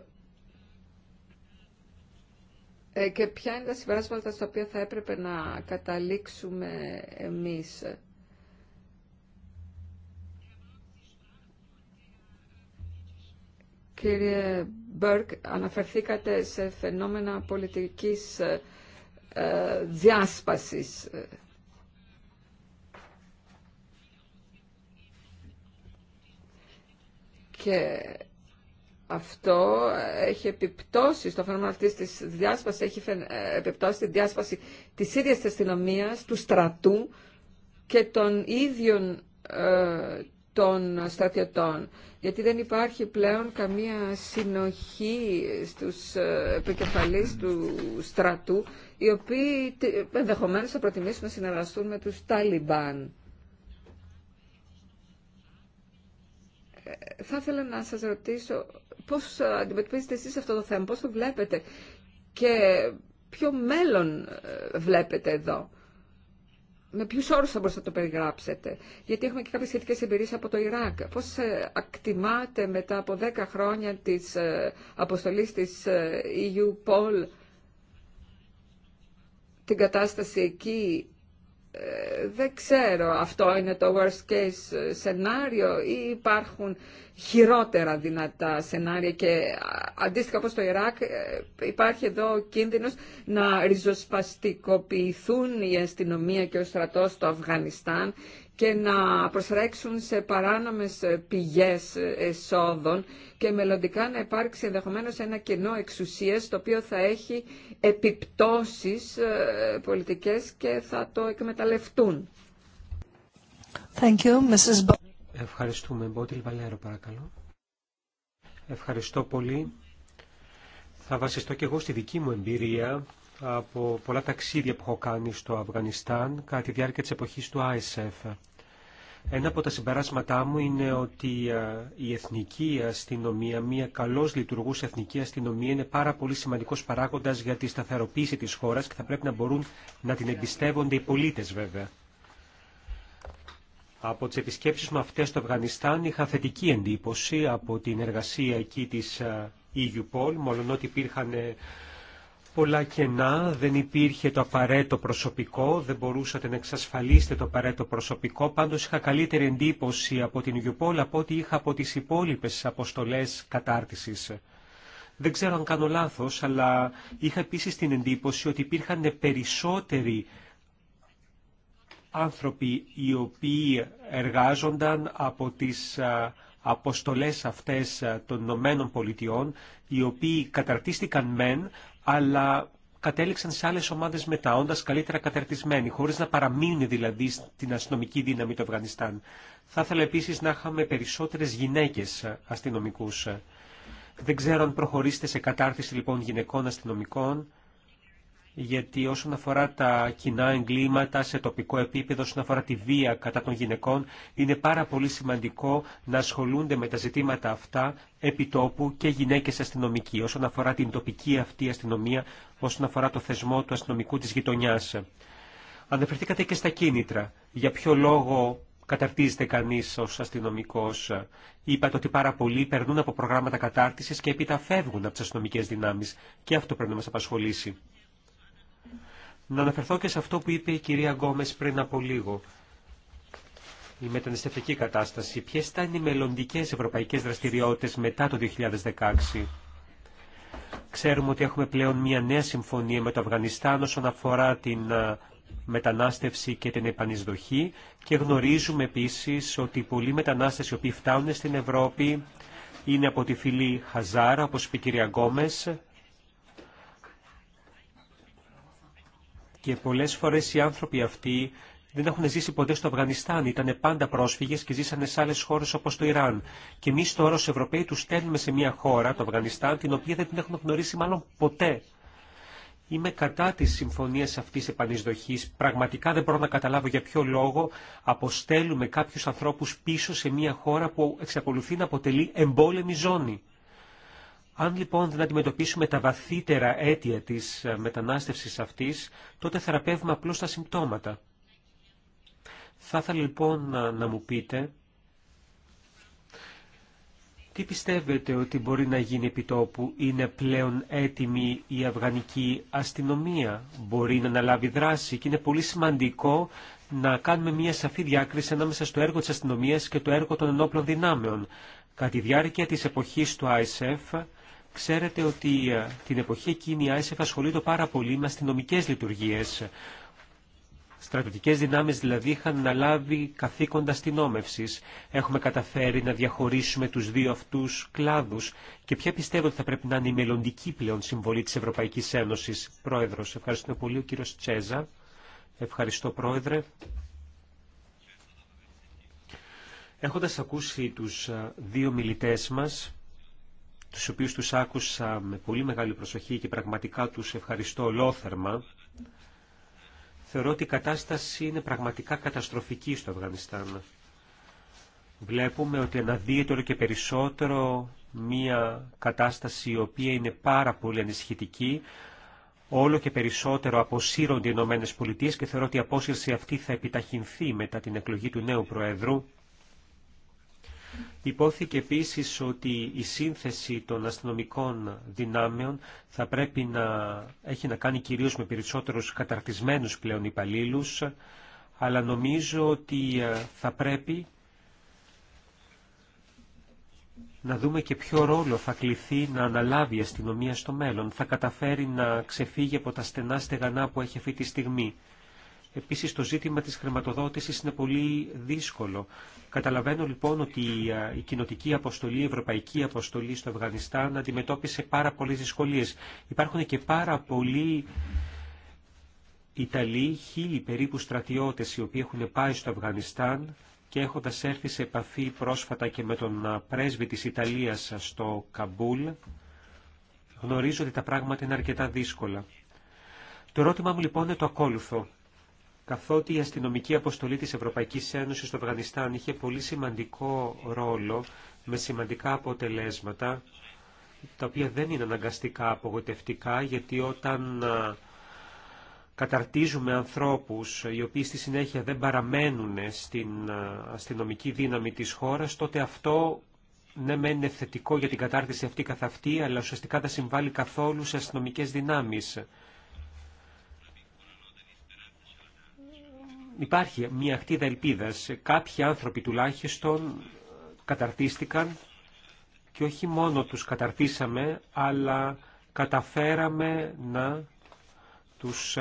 ε, και ποια είναι τα συμπεράσματα στα οποία θα έπρεπε να καταλήξουμε εμείς. Κύριε Μπέρκ, αναφερθήκατε σε φαινόμενα πολιτικής ε, ε, διάσπασης. Και αυτό έχει επιπτώσει, το φαινόμενο αυτής της διάσπασης έχει ε, επιπτώσει τη διάσπαση της ίδιας της αστυνομία, του στρατού και των ίδιων των στρατιωτών. Γιατί δεν υπάρχει πλέον καμία συνοχή στους ε, επικεφαλείς του στρατού, οι οποίοι ενδεχομένως θα προτιμήσουν να συνεργαστούν με τους Ταλιμπάν. Ε, θα ήθελα να σας ρωτήσω πώς αντιμετωπίζετε εσείς αυτό το θέμα, πώς το βλέπετε και ποιο μέλλον ε, βλέπετε εδώ με ποιου όρου θα μπορούσατε να το περιγράψετε. Γιατί έχουμε και κάποιε σχετικέ εμπειρίε από το Ιράκ. Πώ ακτιμάτε ε, μετά από 10 χρόνια τη ε, αποστολή τη ε, EU Pol την κατάσταση εκεί ε, δεν ξέρω, αυτό είναι το worst case σενάριο ή υπάρχουν χειρότερα δυνατά σενάρια και αντίστοιχα όπως το Ιράκ ε, υπάρχει εδώ κίνδυνος να ριζοσπαστικοποιηθούν η αστυνομία και ο στρατός στο Αφγανιστάν και να προσρέξουν σε παράνομες πηγές εσόδων και μελλοντικά να υπάρξει ενδεχομένω ένα κενό εξουσίας το οποίο θα έχει επιπτώσεις ε, πολιτικές και θα το εκμεταλλευτούν. Ευχαριστούμε. Μπότιλ Βαλέρο παρακαλώ. Ευχαριστώ πολύ. Θα βασιστώ και εγώ στη δική μου εμπειρία από πολλά ταξίδια που έχω κάνει στο Αφγανιστάν κατά τη διάρκεια της εποχής του ISF. Ένα από τα συμπεράσματά μου είναι ότι ε, η εθνική αστυνομία, μια καλώς λειτουργούσα εθνική αστυνομία είναι πάρα πολύ σημαντικός παράγοντας για τη σταθεροποίηση της χώρας και θα πρέπει να μπορούν να την εμπιστεύονται οι πολίτες βέβαια. Από τις επισκέψεις μου αυτές στο Αφγανιστάν είχα θετική εντύπωση από την εργασία εκεί της EUPOL, ε, μόλον ότι ε, πολλά κενά, δεν υπήρχε το απαραίτητο προσωπικό, δεν μπορούσατε να εξασφαλίσετε το απαραίτητο προσωπικό. Πάντως είχα καλύτερη εντύπωση από την Ιουπόλ από ό,τι είχα από τις υπόλοιπες αποστολές κατάρτισης. Δεν ξέρω αν κάνω λάθος, αλλά είχα επίσης την εντύπωση ότι υπήρχαν περισσότεροι άνθρωποι οι οποίοι εργάζονταν από τις αποστολές αυτές των Ηνωμένων Πολιτειών, οι οποίοι καταρτίστηκαν μεν, αλλά κατέληξαν σε άλλες ομάδες μετά, όντας καλύτερα καταρτισμένοι, χωρίς να παραμείνει δηλαδή στην αστυνομική δύναμη του Αφγανιστάν. Θα ήθελα επίσης να είχαμε περισσότερες γυναίκες αστυνομικούς. Δεν ξέρω αν προχωρήσετε σε κατάρτιση λοιπόν γυναικών αστυνομικών γιατί όσον αφορά τα κοινά εγκλήματα σε τοπικό επίπεδο, όσον αφορά τη βία κατά των γυναικών, είναι πάρα πολύ σημαντικό να ασχολούνται με τα ζητήματα αυτά επιτόπου και γυναίκες αστυνομικοί, όσον αφορά την τοπική αυτή αστυνομία, όσον αφορά το θεσμό του αστυνομικού της γειτονιάς. Αναφερθήκατε και στα κίνητρα. Για ποιο λόγο καταρτίζεται κανείς ως αστυνομικός. Είπατε ότι πάρα πολλοί περνούν από προγράμματα κατάρτισης και έπειτα φεύγουν από τις αστυνομικές δυνάμεις. Και αυτό πρέπει να μας απασχολήσει. Να αναφερθώ και σε αυτό που είπε η κυρία Γκόμες πριν από λίγο. Η μεταναστευτική κατάσταση. Ποιε θα είναι οι μελλοντικέ ευρωπαϊκέ δραστηριότητε μετά το 2016. Ξέρουμε ότι έχουμε πλέον μια νέα συμφωνία με το Αφγανιστάν όσον αφορά την μετανάστευση και την επανεισδοχή και γνωρίζουμε επίσης ότι πολλοί μετανάστες οι οποίοι φτάνουν στην Ευρώπη είναι από τη φυλή Χαζάρα, όπως είπε η κυρία Γκόμες, Και πολλές φορές οι άνθρωποι αυτοί δεν έχουν ζήσει ποτέ στο Αφγανιστάν, ήταν πάντα πρόσφυγες και ζήσανε σε άλλες χώρες όπως το Ιράν. Και εμείς τώρα ως Ευρωπαίοι τους στέλνουμε σε μια χώρα, το Αφγανιστάν, την οποία δεν την έχουν γνωρίσει μάλλον ποτέ. Είμαι κατά της συμφωνίας αυτής επανεισδοχής. Πραγματικά δεν μπορώ να καταλάβω για ποιο λόγο αποστέλουμε κάποιους ανθρώπους πίσω σε μια χώρα που εξακολουθεί να αποτελεί εμπόλεμη ζώνη. Αν λοιπόν δεν αντιμετωπίσουμε τα βαθύτερα αίτια της ε, μετανάστευσης αυτής, τότε θεραπεύουμε απλώς τα συμπτώματα. Θα ήθελα λοιπόν να, μου πείτε τι πιστεύετε ότι μπορεί να γίνει επί τόπου. Είναι πλέον έτοιμη η αυγανική αστυνομία. Μπορεί να αναλάβει δράση και είναι πολύ σημαντικό να κάνουμε μια σαφή διάκριση ανάμεσα στο έργο της αστυνομίας και το έργο των ενόπλων δυνάμεων. Κατά τη διάρκεια της εποχής του ISF Ξέρετε ότι ε, την εποχή εκείνη η ΆΕΣΕΦ ασχολείται πάρα πολύ με αστυνομικέ λειτουργίε. Στρατιωτικέ δυνάμει δηλαδή είχαν αναλάβει καθήκοντα αστυνόμευση. Έχουμε καταφέρει να διαχωρίσουμε του δύο αυτού κλάδου. Και ποια πιστεύω ότι θα πρέπει να είναι η μελλοντική πλέον συμβολή τη Ευρωπαϊκή Ένωση. Πρόεδρο, ευχαριστούμε πολύ. Ο κύριο Τσέζα. Ευχαριστώ, Πρόεδρε. Έχοντας ακούσει τους ε, δύο μιλητές μας, τους οποίους τους άκουσα με πολύ μεγάλη προσοχή και πραγματικά τους ευχαριστώ ολόθερμα. Θεωρώ ότι η κατάσταση είναι πραγματικά καταστροφική στο Αφγανιστάν. Βλέπουμε ότι αναδύεται όλο και περισσότερο μία κατάσταση η οποία είναι πάρα πολύ ανησυχητική. Όλο και περισσότερο αποσύρονται οι Ηνωμένε και θεωρώ ότι η απόσυρση αυτή θα επιταχυνθεί μετά την εκλογή του νέου Προέδρου. Υπόθηκε επίσης ότι η σύνθεση των αστυνομικών δυνάμεων θα πρέπει να έχει να κάνει κυρίως με περισσότερους καταρτισμένους πλέον υπαλλήλου, αλλά νομίζω ότι ε, θα πρέπει να δούμε και ποιο ρόλο θα κληθεί να αναλάβει η αστυνομία στο μέλλον. Θα καταφέρει να ξεφύγει από τα στενά στεγανά που έχει αυτή τη στιγμή. Επίσης το ζήτημα της χρηματοδότησης είναι πολύ δύσκολο. Καταλαβαίνω λοιπόν ότι η κοινοτική αποστολή, η ευρωπαϊκή αποστολή στο Αφγανιστάν αντιμετώπισε πάρα πολλές δυσκολίες. Υπάρχουν και πάρα πολλοί Ιταλοί, χίλιοι περίπου στρατιώτες οι οποίοι έχουν πάει στο Αφγανιστάν και έχοντας έρθει σε επαφή πρόσφατα και με τον πρέσβη της Ιταλίας στο Καμπούλ, γνωρίζω ότι τα πράγματα είναι αρκετά δύσκολα. Το ερώτημά μου λοιπόν είναι το ακόλουθο καθότι η αστυνομική αποστολή της Ευρωπαϊκής Ένωσης στο Αφγανιστάν είχε πολύ σημαντικό ρόλο με σημαντικά αποτελέσματα, τα οποία δεν είναι αναγκαστικά απογοητευτικά, γιατί όταν καταρτίζουμε ανθρώπους οι οποίοι στη συνέχεια δεν παραμένουν στην αστυνομική δύναμη της χώρας, τότε αυτό ναι μεν είναι θετικό για την κατάρτιση αυτή καθ' αυτή, αλλά ουσιαστικά δεν συμβάλλει καθόλου σε αστυνομικές δυνάμεις. υπάρχει μια ακτίδα ελπίδας. Κάποιοι άνθρωποι τουλάχιστον καταρτίστηκαν και όχι μόνο τους καταρτήσαμε, αλλά καταφέραμε να τους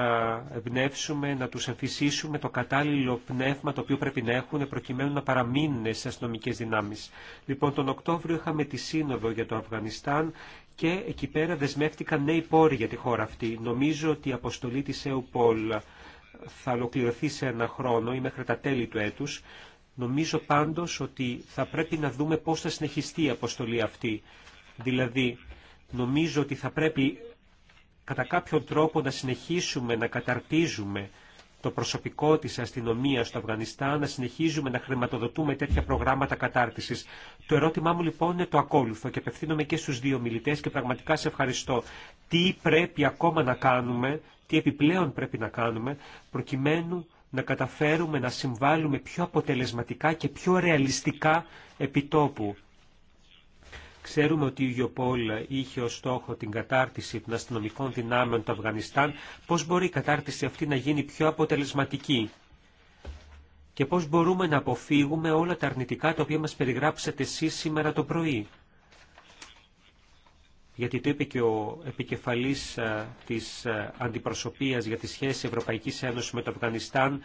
εμπνεύσουμε, να τους εμφυσίσουμε το κατάλληλο πνεύμα το οποίο πρέπει να έχουν προκειμένου να παραμείνουν σε αστυνομικέ δυνάμεις. Λοιπόν, τον Οκτώβριο είχαμε τη σύνοδο για το Αφγανιστάν και εκεί πέρα δεσμεύτηκαν νέοι πόροι για τη χώρα αυτή. Νομίζω ότι η αποστολή της ΕΟΠΟΛ θα ολοκληρωθεί σε ένα χρόνο ή μέχρι τα τέλη του έτους. Νομίζω πάντως ότι θα πρέπει να δούμε πώς θα συνεχιστεί η αποστολή αυτή. Δηλαδή, νομίζω ότι θα πρέπει κατά κάποιον τρόπο να δουμε πως θα συνεχιστει η αποστολη αυτη δηλαδη νομιζω οτι θα πρεπει κατα καποιο τροπο να καταρτίζουμε το προσωπικό της αστυνομίας στο Αφγανιστάν, να συνεχίζουμε να χρηματοδοτούμε τέτοια προγράμματα κατάρτισης. Το προσωπικο της αστυνομια μου λοιπόν είναι το ακόλουθο και απευθύνομαι και στους δύο μιλητές και πραγματικά σε ευχαριστώ. Τι πρέπει ακόμα να κάνουμε τι επιπλέον πρέπει να κάνουμε προκειμένου να καταφέρουμε να συμβάλλουμε πιο αποτελεσματικά και πιο ρεαλιστικά επιτόπου. Ξέρουμε ότι η Ιωπόλ είχε ως στόχο την κατάρτιση των αστυνομικών δυνάμεων του Αφγανιστάν. Πώς μπορεί η κατάρτιση αυτή να γίνει πιο αποτελεσματική και πώς μπορούμε να αποφύγουμε όλα τα αρνητικά τα οποία μας περιγράψατε εσείς σήμερα το πρωί γιατί το είπε και ο επικεφαλής ε, της ε, αντιπροσωπείας για τη σχέση Ευρωπαϊκής Ένωσης με το Αφγανιστάν,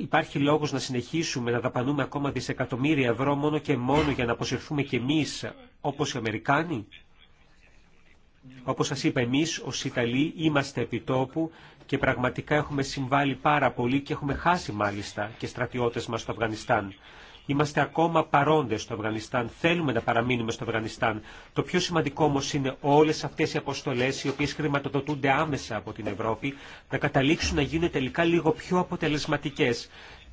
υπάρχει λόγος να συνεχίσουμε να δαπανούμε ακόμα δισεκατομμύρια ευρώ μόνο και μόνο για να αποσυρθούμε κι εμείς όπως οι Αμερικάνοι. Όπως σας είπα εμείς ως Ιταλοί είμαστε επιτόπου και πραγματικά έχουμε συμβάλει πάρα πολύ και έχουμε χάσει μάλιστα και στρατιώτες μας στο Αφγανιστάν. Είμαστε ακόμα παρόντε στο Αφγανιστάν. Θέλουμε να παραμείνουμε στο Αφγανιστάν. Το πιο σημαντικό όμω είναι όλε αυτέ οι αποστολέ, οι οποίε χρηματοδοτούνται άμεσα από την Ευρώπη, να καταλήξουν να γίνουν τελικά λίγο πιο αποτελεσματικέ.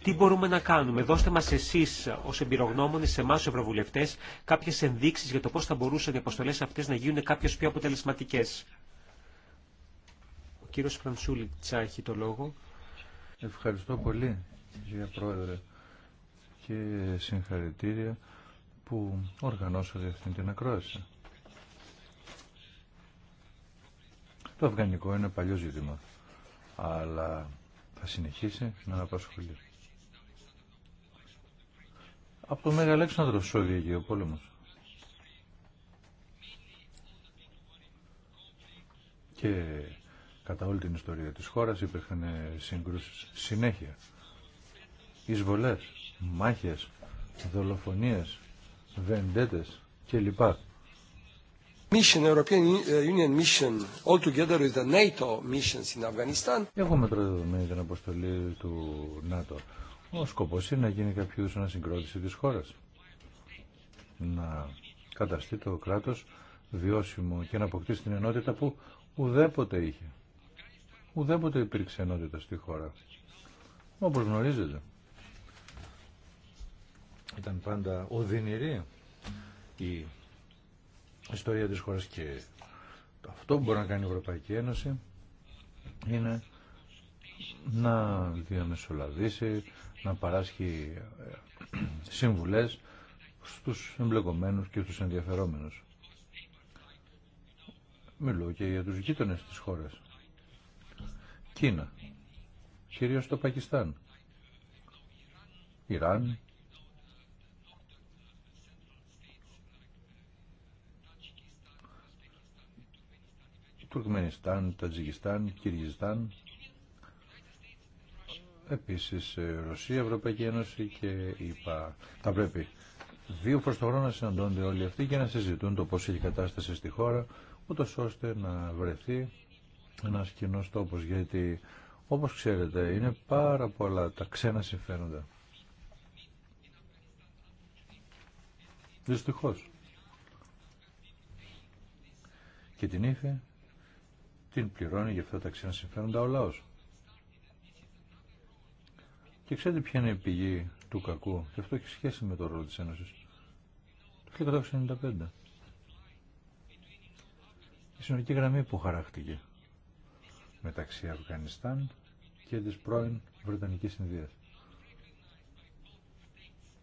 Τι μπορούμε να κάνουμε, δώστε μας εσείς ως εμπειρογνώμονες, εμά εμάς ευρωβουλευτές, κάποιες ενδείξεις για το πώς θα μπορούσαν οι αποστολές αυτές να γίνουν κάποιες πιο αποτελεσματικές. Ο κύριος Φρανσούλη έχει το λόγο. Ευχαριστώ πολύ, κυρία Πρόεδρε και συγχαρητήρια που οργανώσατε αυτήν την ακρόαση. Το αφγανικό είναι παλιό ζήτημα, αλλά θα συνεχίσει να απασχολεί. Από το Μέγα Αλέξανδρο ο πόλεμος. Και κατά όλη την ιστορία της χώρας υπήρχαν σύγκρουσεις συνέχεια. Εισβολές, μάχες, δολοφονίες, βεντέτες κλπ. Mission, European ε, Union with the NATO missions in Afghanistan. Έχουμε τώρα την αποστολή του ΝΑΤΟ. Ο σκοπός είναι να γίνει κάποιο είδους ανασυγκρότηση της χώρας. Να καταστεί το κράτος βιώσιμο και να αποκτήσει την ενότητα που ουδέποτε είχε. Ουδέποτε υπήρξε ενότητα στη χώρα. Όπως γνωρίζετε. Ήταν πάντα οδυνηρή η ιστορία της χώρας και αυτό που μπορεί να κάνει η Ευρωπαϊκή Ένωση είναι να διαμεσολαβήσει, να παράσχει ε, συμβουλές στους εμπλεκομένους και στους ενδιαφερόμενους. Μιλώ και για τους γείτονες της χώρας. Κίνα, κυρίως το Πακιστάν, Ιράν, Τουρκμενιστάν, Τατζικιστάν, Κυργιστάν, επίσης ε, Ρωσία, Ευρωπαϊκή Ένωση και είπα Θα πρέπει δύο προς το χρόνο να συναντώνται όλοι αυτοί και να συζητούν το πώς έχει κατάσταση στη χώρα, ούτω ώστε να βρεθεί ένα κοινό τόπος, γιατί όπως ξέρετε είναι πάρα πολλά τα ξένα συμφέροντα. Δυστυχώς. Και την ύφη την πληρώνει για αυτά τα ξένα συμφέροντα ο λαός. Και ξέρετε ποια είναι η πηγή του κακού. Και αυτό έχει σχέση με το ρόλο της Ένωσης. Το 1995. Η συνολική γραμμή που χαράχτηκε μεταξύ Αφγανιστάν και της πρώην Βρετανικής Ινδίας.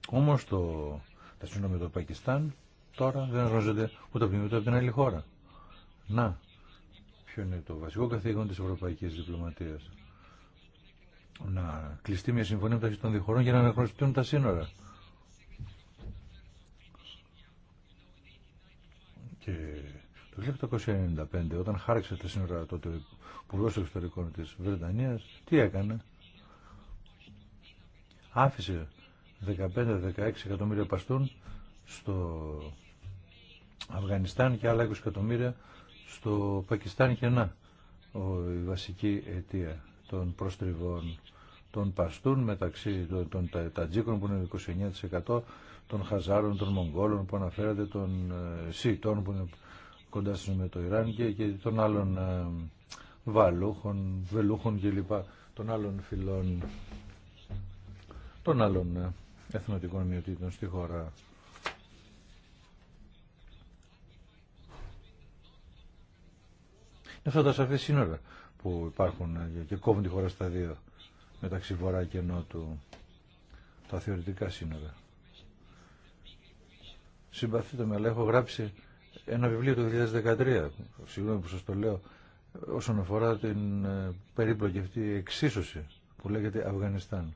Όμως το, τα σύνορα με το Πακιστάν τώρα δεν γνωρίζονται ούτε από την άλλη χώρα. Να, ποιο είναι το βασικό καθήκον της ευρωπαϊκής διπλωματίας. Να κλειστεί μια συμφωνία μεταξύ των χωρών για να αναγνωριστούν τα σύνορα. Και το 1795 όταν χάριξε τα σύνορα τότε ο Υπουργό Εξωτερικών της Βρετανίας, τι έκανε. Άφησε 15-16 εκατομμύρια παστούν στο Αφγανιστάν και άλλα 20 εκατομμύρια στο Πακιστάν και να η βασική αιτία των προστριβών των Παστούν μεταξύ των, των Τατζίκων που είναι 29% των Χαζάρων, των Μογγόλων που αναφέρατε, των ε, που είναι κοντά με το Ιράν και, και των άλλων ε, Βαλούχων, Βελούχων κλπ. των άλλων φυλών των άλλων ε, εθνοτικών μειοτήτων στη χώρα. αυτά τα σαφή σύνορα που υπάρχουν και κόβουν τη χώρα στα δύο μεταξύ βορρά και νότου τα θεωρητικά σύνορα. Συμπαθείτε με, αλλά έχω γράψει ένα βιβλίο το 2013, συγγνώμη που σα το λέω, όσον αφορά την ε, περίπλοκη αυτή εξίσωση που λέγεται Αφγανιστάν.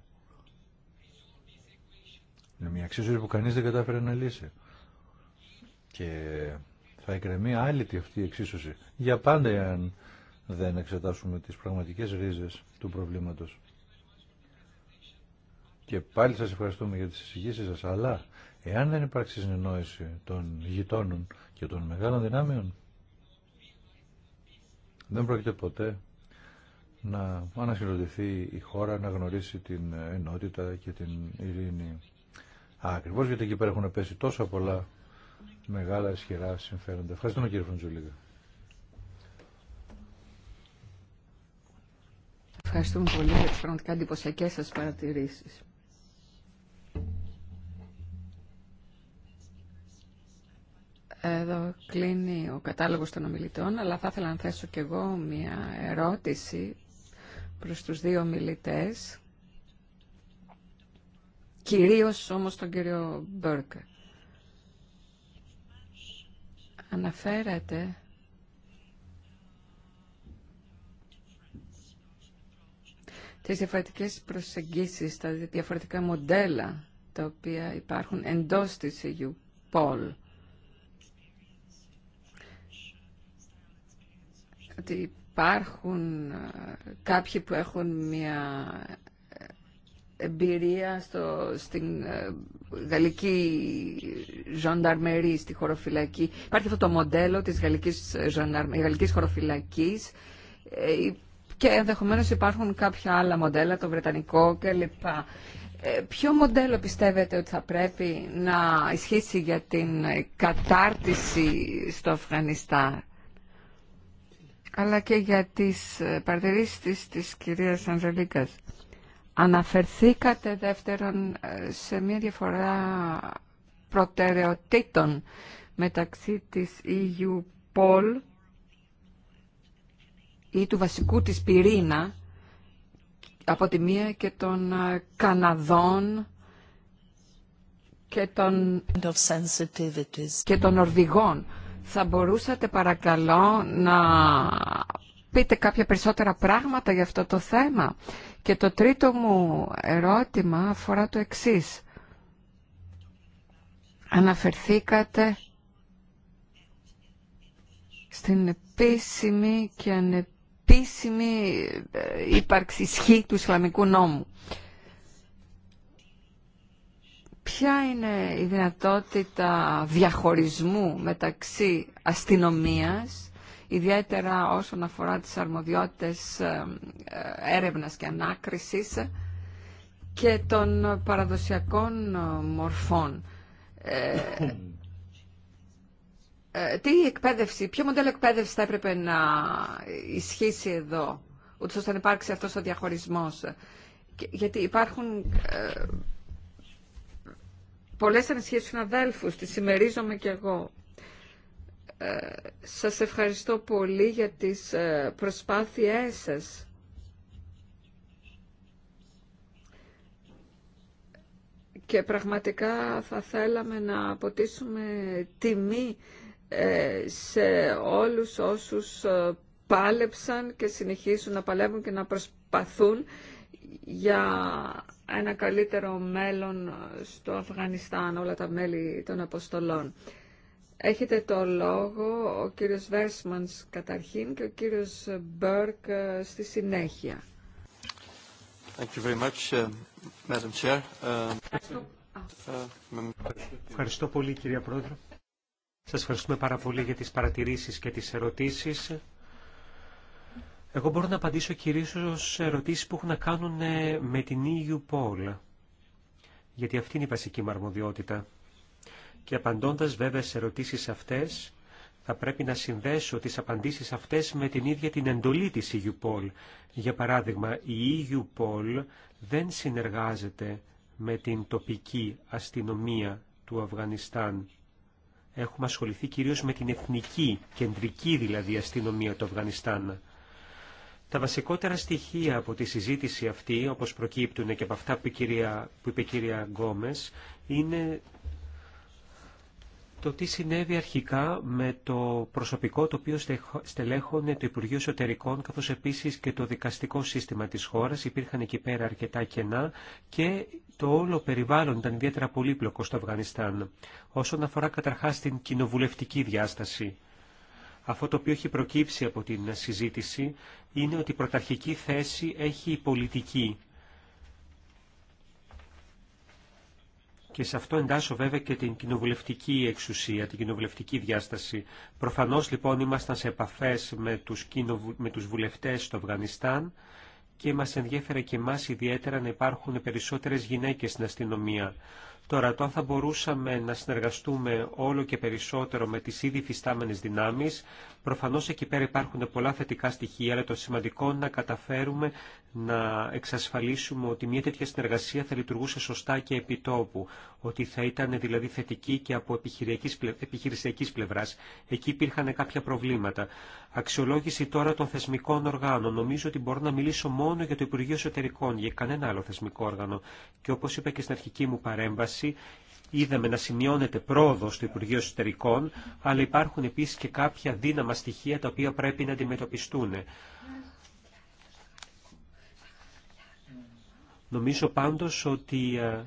Είναι μια εξίσωση που κανείς δεν κατάφερε να λύσει. Και θα εκρεμεί άλυτη αυτή η εξίσωση. Για πάντα εάν δεν εξετάσουμε τις πραγματικές ρίζες του προβλήματος. Και πάλι σας ευχαριστούμε για τις εισηγήσεις σας, αλλά εάν δεν υπάρξει συνεννόηση των γειτόνων και των μεγάλων δυνάμεων, δεν πρόκειται ποτέ να ανασυρωτηθεί η χώρα, να γνωρίσει την ενότητα και την ειρήνη. Ακριβώς γιατί εκεί πέρα έχουν πέσει τόσα πολλά μεγάλα ισχυρά συμφέροντα. Ευχαριστούμε κύριε Φροντζουλίγα. Ευχαριστούμε πολύ για τις πραγματικά εντυπωσιακέ σας παρατηρήσεις. Εδώ κλείνει ο κατάλογος των ομιλητών, αλλά θα ήθελα να θέσω κι εγώ μια ερώτηση προς τους δύο ομιλητές, κυρίως όμως τον κύριο Μπέρκερ αναφέρατε τις διαφορετικές προσεγγίσεις, τα διαφορετικά μοντέλα τα οποία υπάρχουν εντός της eu Ότι υπάρχουν ε, κάποιοι που έχουν μια εμπειρία στο, στην ε, γαλλική ζωνταρμερή, στη χωροφυλακή. Υπάρχει αυτό το μοντέλο της γαλλικής, γαλλικής χωροφυλακής ε, και ενδεχομένως υπάρχουν κάποια άλλα μοντέλα, το βρετανικό κλπ. Ε, ποιο μοντέλο πιστεύετε ότι θα πρέπει να ισχύσει για την κατάρτιση στο Αφγανιστάν αλλά και για τις ε, παρατηρήσεις της, της κυρίας Ανζελίκας. Αναφερθήκατε δεύτερον ε, σε μια διαφορά προτεραιοτήτων μεταξύ της EU Pol ή του βασικού της πυρήνα από τη μία και των ε, Καναδών και των, και των Ορβηγών. Θα μπορούσατε παρακαλώ να πείτε κάποια περισσότερα πράγματα για αυτό το θέμα και το τρίτο μου ερώτημα αφορά το εξής. Αναφερθήκατε στην επίσημη και ανεπίσημη ε, ύπαρξη ισχύ του Ισλαμικού νόμου. Ποια είναι η δυνατότητα διαχωρισμού μεταξύ αστυνομίας ιδιαίτερα όσον αφορά τις αρμοδιότητες ε, ε, έρευνας και ανάκρισης και των παραδοσιακών ε, μορφών. Τι εκπαίδευση, ποιο μοντέλο εκπαίδευση θα έπρεπε να ισχύσει εδώ, ούτως ώστε να υπάρξει αυτός ο διαχωρισμός. Γιατί υπάρχουν πολλές ανησυχίες συναδέλφους, τις συμμερίζομαι και εγώ σας ευχαριστώ πολύ για τις ε, προσπάθειές σας. Και πραγματικά θα θέλαμε να αποτίσουμε τιμή ε, σε όλους όσους ε, πάλεψαν και συνεχίζουν να παλεύουν και να προσπαθούν για ένα καλύτερο μέλλον στο Αφγανιστάν, όλα τα μέλη των Αποστολών. Έχετε το λόγο ο κύριος Βέρσμανς καταρχήν και ο κύριος Μπέρκ ε, στη συνέχεια. ευχαριστώ πολύ κυρία Πρόεδρε. Σας ευχαριστούμε πάρα πολύ για τις παρατηρήσεις και τις ερωτήσεις. Εγώ μπορώ να απαντήσω κυρίως σε ερωτήσεις που έχουν να κάνουν ε, με την EU Poll, γιατί αυτή είναι η βασική μαρμοδιότητα και απαντώντας βέβαια σε ερωτήσεις αυτές, θα πρέπει να συνδέσω τις απαντήσεις αυτές με την ίδια την εντολή της EUPOL. Για παράδειγμα, η EUPOL δεν συνεργάζεται με την τοπική αστυνομία του Αφγανιστάν. Έχουμε ασχοληθεί κυρίως με την εθνική, κεντρική δηλαδή αστυνομία του Αφγανιστάν. Τα βασικότερα στοιχεία από τη συζήτηση αυτή, όπως προκύπτουν και από αυτά που, είπε η κυρία Γκόμες, είναι το τι συνέβη αρχικά με το προσωπικό το οποίο στελέχωνε το Υπουργείο Εσωτερικών καθώς επίσης και το δικαστικό σύστημα της χώρας. Υπήρχαν εκεί πέρα αρκετά κενά και το όλο περιβάλλον ήταν ιδιαίτερα πολύπλοκο στο Αφγανιστάν. Όσον αφορά καταρχάς την κοινοβουλευτική διάσταση. Αυτό το οποίο έχει προκύψει από την συζήτηση είναι ότι η πρωταρχική θέση έχει η πολιτική Και σε αυτό εντάσσω βέβαια και την κοινοβουλευτική εξουσία, την κοινοβουλευτική διάσταση. Προφανώς λοιπόν ήμασταν σε επαφές με τους, κοινοβου... με τους βουλευτές στο Αφγανιστάν και μας ενδιέφερε και εμάς ιδιαίτερα να υπάρχουν περισσότερες γυναίκες στην αστυνομία. Τώρα, το αν θα μπορούσαμε να συνεργαστούμε όλο και περισσότερο με τις ήδη φυστάμενες δυνάμεις, Προφανώς εκεί πέρα υπάρχουν πολλά θετικά στοιχεία, αλλά το σημαντικό είναι να καταφέρουμε να εξασφαλίσουμε ότι μια τέτοια συνεργασία θα λειτουργούσε σωστά και επί τόπου, ότι θα ήταν δηλαδή θετική και από επιχειρησιακής πλευράς. Εκεί υπήρχαν κάποια προβλήματα. Αξιολόγηση τώρα των θεσμικών οργάνων. Νομίζω ότι μπορώ να μιλήσω μόνο για το Υπουργείο Εσωτερικών, για κανένα άλλο θεσμικό όργανο. Και όπως είπα και στην αρχική μου παρέμβαση, Είδαμε να σημειώνεται πρόοδο του Υπουργείου Εσωτερικών, αλλά υπάρχουν επίσης και κάποια δύναμα στοιχεία τα οποία πρέπει να αντιμετωπιστούν. Νομίζω πάντως ότι ε,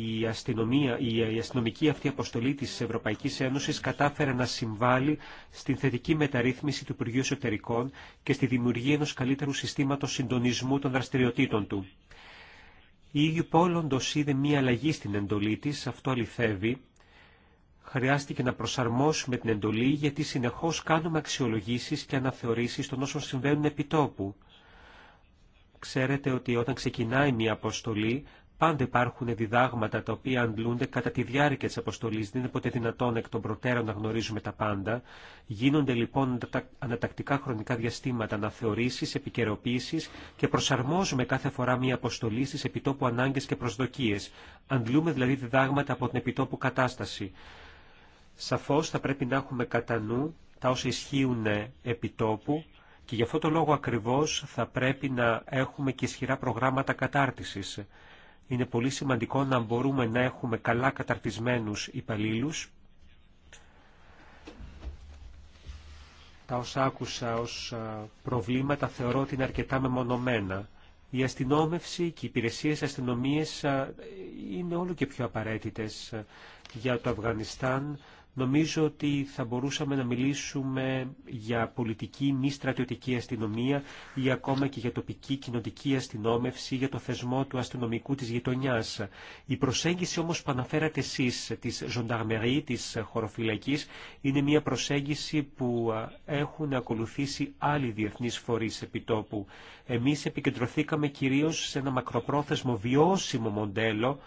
η, αστυνομία, ε, η αστυνομική αυτή αποστολή της Ευρωπαϊκής Ένωσης κατάφερε να συμβάλλει στην θετική μεταρρύθμιση του Υπουργείου Εσωτερικών και στη δημιουργία ενός καλύτερου συστήματος συντονισμού των δραστηριοτήτων του. Η ίδιο πόλοντο είδε μία αλλαγή στην εντολή της, αυτό αληθεύει. Χρειάστηκε να προσαρμόσουμε την εντολή γιατί συνεχώς κάνουμε αξιολογήσεις και αναθεωρήσεις των όσων συμβαίνουν επί Ξέρετε ότι όταν ξεκινάει μία αποστολή Πάντα υπάρχουν διδάγματα τα οποία αντλούνται κατά τη διάρκεια της αποστολής, δεν είναι ποτέ δυνατόν εκ των προτέρων να γνωρίζουμε τα πάντα. Γίνονται λοιπόν ανατακτικά χρονικά διαστήματα αναθεωρήσεις, επικαιροποίησει και προσαρμόζουμε κάθε φορά μία αποστολή στις επιτόπου ανάγκες και προσδοκίες. Αντλούμε δηλαδή διδάγματα από την επιτόπου κατάσταση. Σαφώς θα πρέπει να έχουμε κατά νου τα όσα ισχύουν επιτόπου και γι' αυτό το λόγο ακριβώς θα πρέπει να έχουμε και ισχυρά προγράμματα κατάρτισης είναι πολύ σημαντικό να μπορούμε να έχουμε καλά καταρτισμένους υπαλλήλους. Τα όσα άκουσα ως προβλήματα θεωρώ ότι είναι αρκετά μεμονωμένα. Η αστυνόμευση και οι υπηρεσίες αστυνομίες είναι όλο και πιο απαραίτητες για το Αφγανιστάν νομίζω ότι θα μπορούσαμε να μιλήσουμε για πολιτική μη στρατιωτική αστυνομία ή ακόμα και για τοπική κοινοτική αστυνόμευση, για το θεσμό του αστυνομικού της γειτονιάς. Η προσέγγιση όμως που αναφέρατε εσείς της ζωνταγμερή, της χωροφυλακής, είναι μια προσέγγιση που έχουν ακολουθήσει άλλοι διεθνείς φορείς επιτόπου. Εμείς επικεντρωθήκαμε κυρίως σε ένα μακροπρόθεσμο βιώσιμο μοντέλο,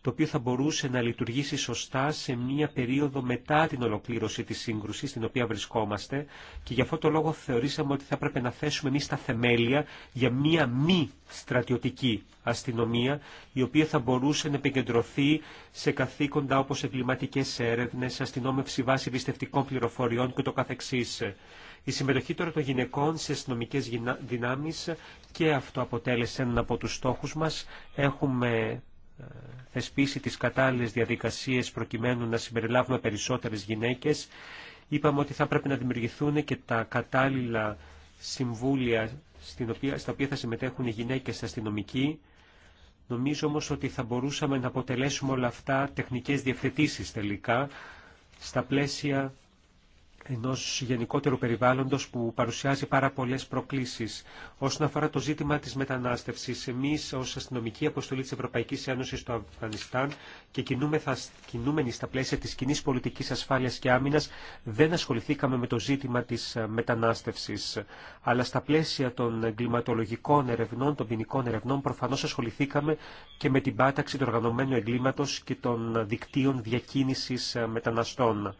το οποίο θα μπορούσε να λειτουργήσει σωστά σε μία περίοδο μετά την ολοκλήρωση της σύγκρουσης στην οποία βρισκόμαστε και γι' αυτό το λόγο θεωρήσαμε ότι θα έπρεπε να θέσουμε εμεί τα θεμέλια για μία μη στρατιωτική αστυνομία η οποία θα μπορούσε να επικεντρωθεί σε καθήκοντα όπως εγκληματικές έρευνες, αστυνόμευση βάση βιστευτικών πληροφοριών και το καθεξής. Η συμμετοχή τώρα των γυναικών σε αστυνομικέ δυνάμεις και αυτό αποτέλεσε έναν από τους στόχους μας. Έχουμε ε, θεσπίσει τις κατάλληλες διαδικασίες προκειμένου να συμπεριλάβουμε περισσότερες γυναίκες. Είπαμε ότι θα πρέπει να δημιουργηθούν και τα κατάλληλα συμβούλια στην οποία, στα οποία θα συμμετέχουν οι γυναίκες αστυνομικοί. Νομίζω όμως ότι θα μπορούσαμε να αποτελέσουμε όλα αυτά τεχνικές διευθετήσεις τελικά στα πλαίσια ενός γενικότερου περιβάλλοντος που παρουσιάζει πάρα πολλές προκλήσεις. Όσον αφορά το ζήτημα της μετανάστευσης, εμείς ως αστυνομική αποστολή της Ευρωπαϊκής Ένωσης στο Αφγανιστάν και κινούμενοι στα πλαίσια της κοινή πολιτικής ασφάλειας και άμυνας δεν ασχοληθήκαμε με το ζήτημα της μετανάστευσης. Αλλά στα πλαίσια των εγκληματολογικών ερευνών, των ποινικών ερευνών, προφανώς ασχοληθήκαμε και με την πάταξη του οργανωμένου εγκλήματος και των δικτύων διακίνηση μεταναστών.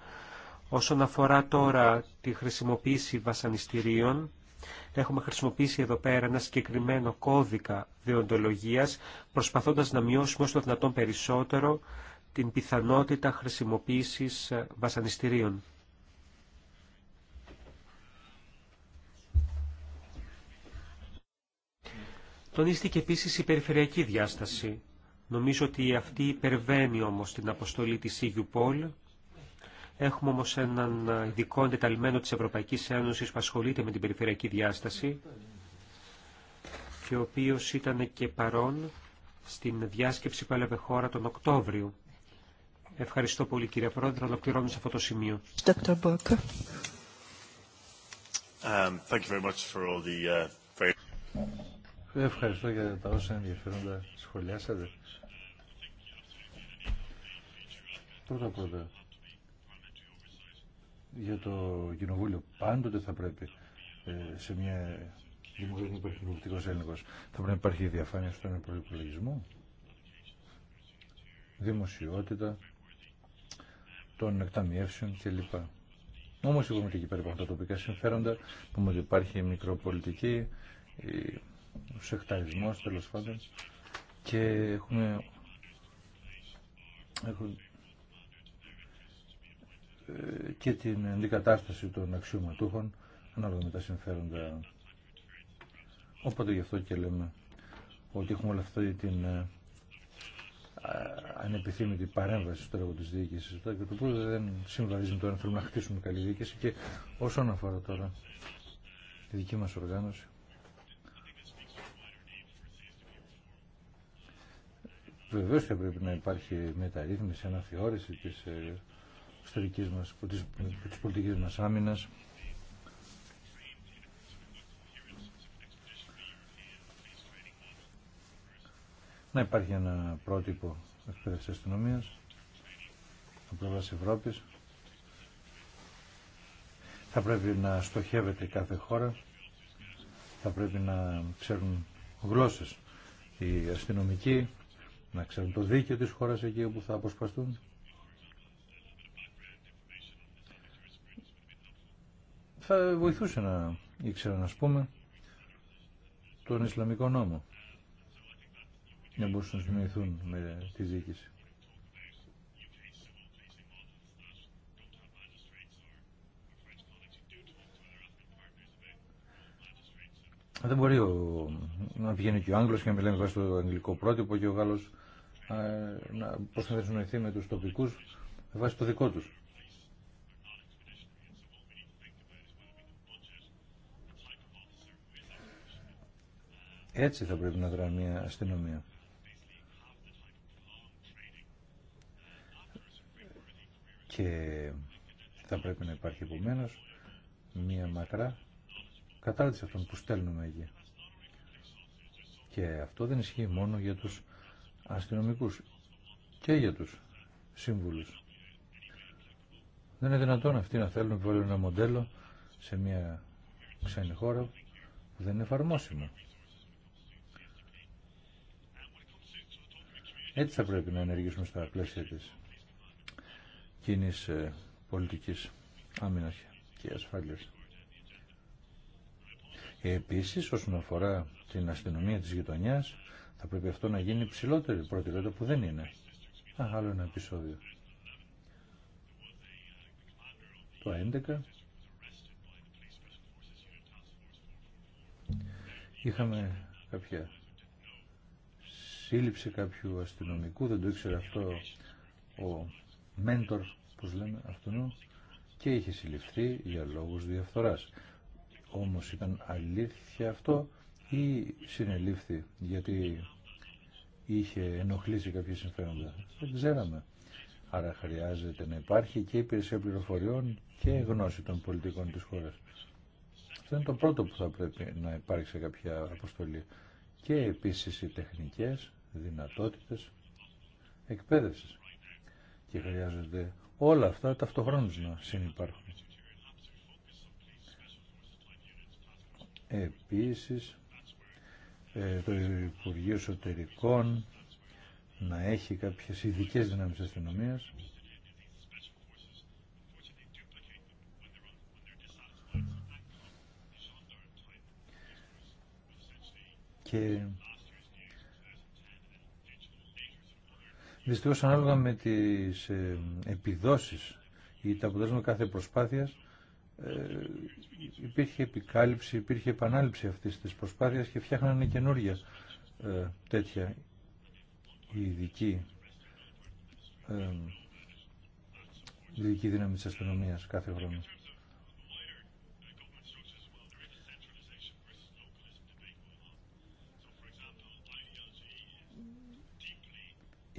Όσον αφορά τώρα τη χρησιμοποίηση βασανιστήριων, έχουμε χρησιμοποιήσει εδώ πέρα ένα συγκεκριμένο κώδικα δεοντολογίας, προσπαθώντας να μειώσουμε όσο το δυνατόν περισσότερο την πιθανότητα χρησιμοποίησης βασανιστήριων. Τονίστηκε επίσης η περιφερειακή διάσταση. Νομίζω ότι αυτή υπερβαίνει όμως την αποστολή της Ιγιουπόλ. Έχουμε όμως έναν ειδικό εντεταλμένο της Ευρωπαϊκής Ένωσης που ασχολείται με την περιφερειακή διάσταση και ο οποίος ήταν και παρόν στην διάσκεψη που έλαβε χώρα τον Οκτώβριο. Ευχαριστώ πολύ κύριε Πρόεδρε, ολοκληρώνω σε αυτό το σημείο. Ευχαριστώ για τα όσα ενδιαφέροντα σχολιάσατε. Πρώτα για το Κοινοβούλιο πάντοτε θα πρέπει ε, σε μια δημοκρατία που υπάρχει πολιτικό έλεγχο, θα πρέπει να υπάρχει διαφάνεια στον προπολογισμό δημοσιότητα των εκταμιεύσεων κλπ. Όμω είπαμε και εκεί πέρα τα τοπικά συμφέροντα που ότι υπάρχει μικροπολιτική ο σεκταρισμό τέλο πάντων και έχουμε, και την αντικατάσταση των αξιωματούχων ανάλογα με τα συμφέροντα. Οπότε γι' αυτό και λέμε ότι έχουμε όλη αυτή την ε, ε, ανεπιθύμητη παρέμβαση στο έργο τη Και Το που δεν συμβαδίζει με το αν θέλουμε να χτίσουμε καλή διοίκηση. Και όσον αφορά τώρα τη δική μας οργάνωση, βεβαίω θα πρέπει να υπάρχει μεταρρύθμιση, αναθεώρηση τη ε, ιστορικής μας, της, πολιτικής μας άμυνας. Να υπάρχει ένα πρότυπο εκπαίδευση αστυνομία από πλευρά Ευρώπη. Θα πρέπει να στοχεύεται κάθε χώρα. Θα πρέπει να ξέρουν γλώσσε οι αστυνομικοί, να ξέρουν το δίκαιο της χώρας εκεί όπου θα αποσπαστούν. θα βοηθούσε να ήξερα να πούμε τον Ισλαμικό νόμο να μπορούσαν να συνοηθούν με τη διοίκηση. Δεν μπορεί ο, να βγαίνει και ο Άγγλος και να μιλάει με το αγγλικό πρότυπο και ο Γάλλος ε, να, πώς να με τους τοπικούς με βάση το δικό τους. Έτσι θα πρέπει να δρά μια αστυνομία. Και θα πρέπει να υπάρχει επομένω μια μακρά κατάρτιση αυτών που στέλνουμε εκεί. Και αυτό δεν ισχύει μόνο για τους αστυνομικούς και για τους σύμβουλους. Δεν είναι δυνατόν αυτοί να θέλουν να ένα μοντέλο σε μια ξένη χώρα που δεν είναι εφαρμόσιμο. Έτσι θα πρέπει να ενεργήσουμε στα πλαίσια της κοινή ε, πολιτικής άμυνας και ασφάλειας. Επίσης, όσον αφορά την αστυνομία της γειτονιάς, θα πρέπει αυτό να γίνει ψηλότερη προτεραιότητα που δεν είναι. Α, άλλο ένα επεισόδιο. Το 11 είχαμε κάποια σύλληψη κάποιου αστυνομικού, δεν το ήξερε αυτό ο μέντορ, πως λέμε, αυτού και είχε συλληφθεί για λόγους διαφθοράς. Όμως ήταν αλήθεια αυτό ή συνελήφθη γιατί είχε ενοχλήσει κάποια συμφέροντα. Δεν ξέραμε. Άρα χρειάζεται να υπάρχει και υπηρεσία πληροφοριών και γνώση των πολιτικών της χώρας. Αυτό είναι το πρώτο που θα πρέπει να υπάρξει κάποια αποστολή. Και επίσης οι τεχνικές δυνατότητες εκπαίδευσης. Και χρειάζονται όλα αυτά ταυτοχρόνως να συνεπάρχουν. Επίσης, ε, το Υπουργείο Εσωτερικών να έχει κάποιες ειδικές δυνάμεις αστυνομία. και Δυστυχώ, ανάλογα με τις ε, επιδόσεις ή τα αποτέλεσματα κάθε προσπάθειας ε, υπήρχε επικάλυψη, υπήρχε επανάληψη αυτής της προσπάθειας και φτιάχνανε καινούργια ε, τέτοια η ειδική, η ειδική επαναληψη αυτή της προσπάθεια και φτιαχνανε καινουργια τετοια η ειδικη ειδικη δυναμη της αστυνομία καθε χρονο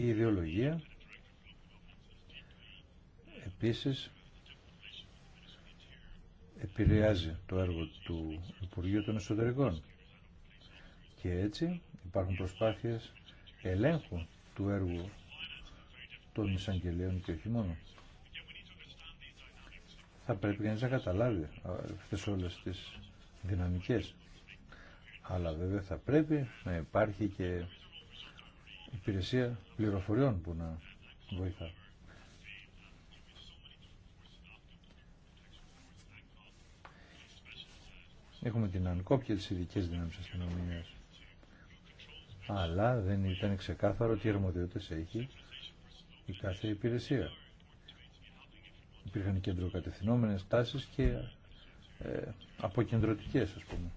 Η ιδεολογία επίσης επηρεάζει το έργο του Υπουργείου των Εσωτερικών και έτσι υπάρχουν προσπάθειες ελέγχου του έργου των εισαγγελίων και όχι μόνο. Θα πρέπει κανείς να καταλάβει αυτές όλες τις δυναμικές. Αλλά βέβαια θα πρέπει να υπάρχει και υπηρεσία πληροφοριών που να βοηθά. Έχουμε την ανκόπια και τις ειδικές δυνάμεις αστυνομίας. Αλλά δεν ήταν ξεκάθαρο τι αρμοδιότητες έχει η κάθε υπηρεσία. Υπήρχαν κεντροκατευθυνόμενες τάσεις και ε, αποκεντρωτικές, ας πούμε.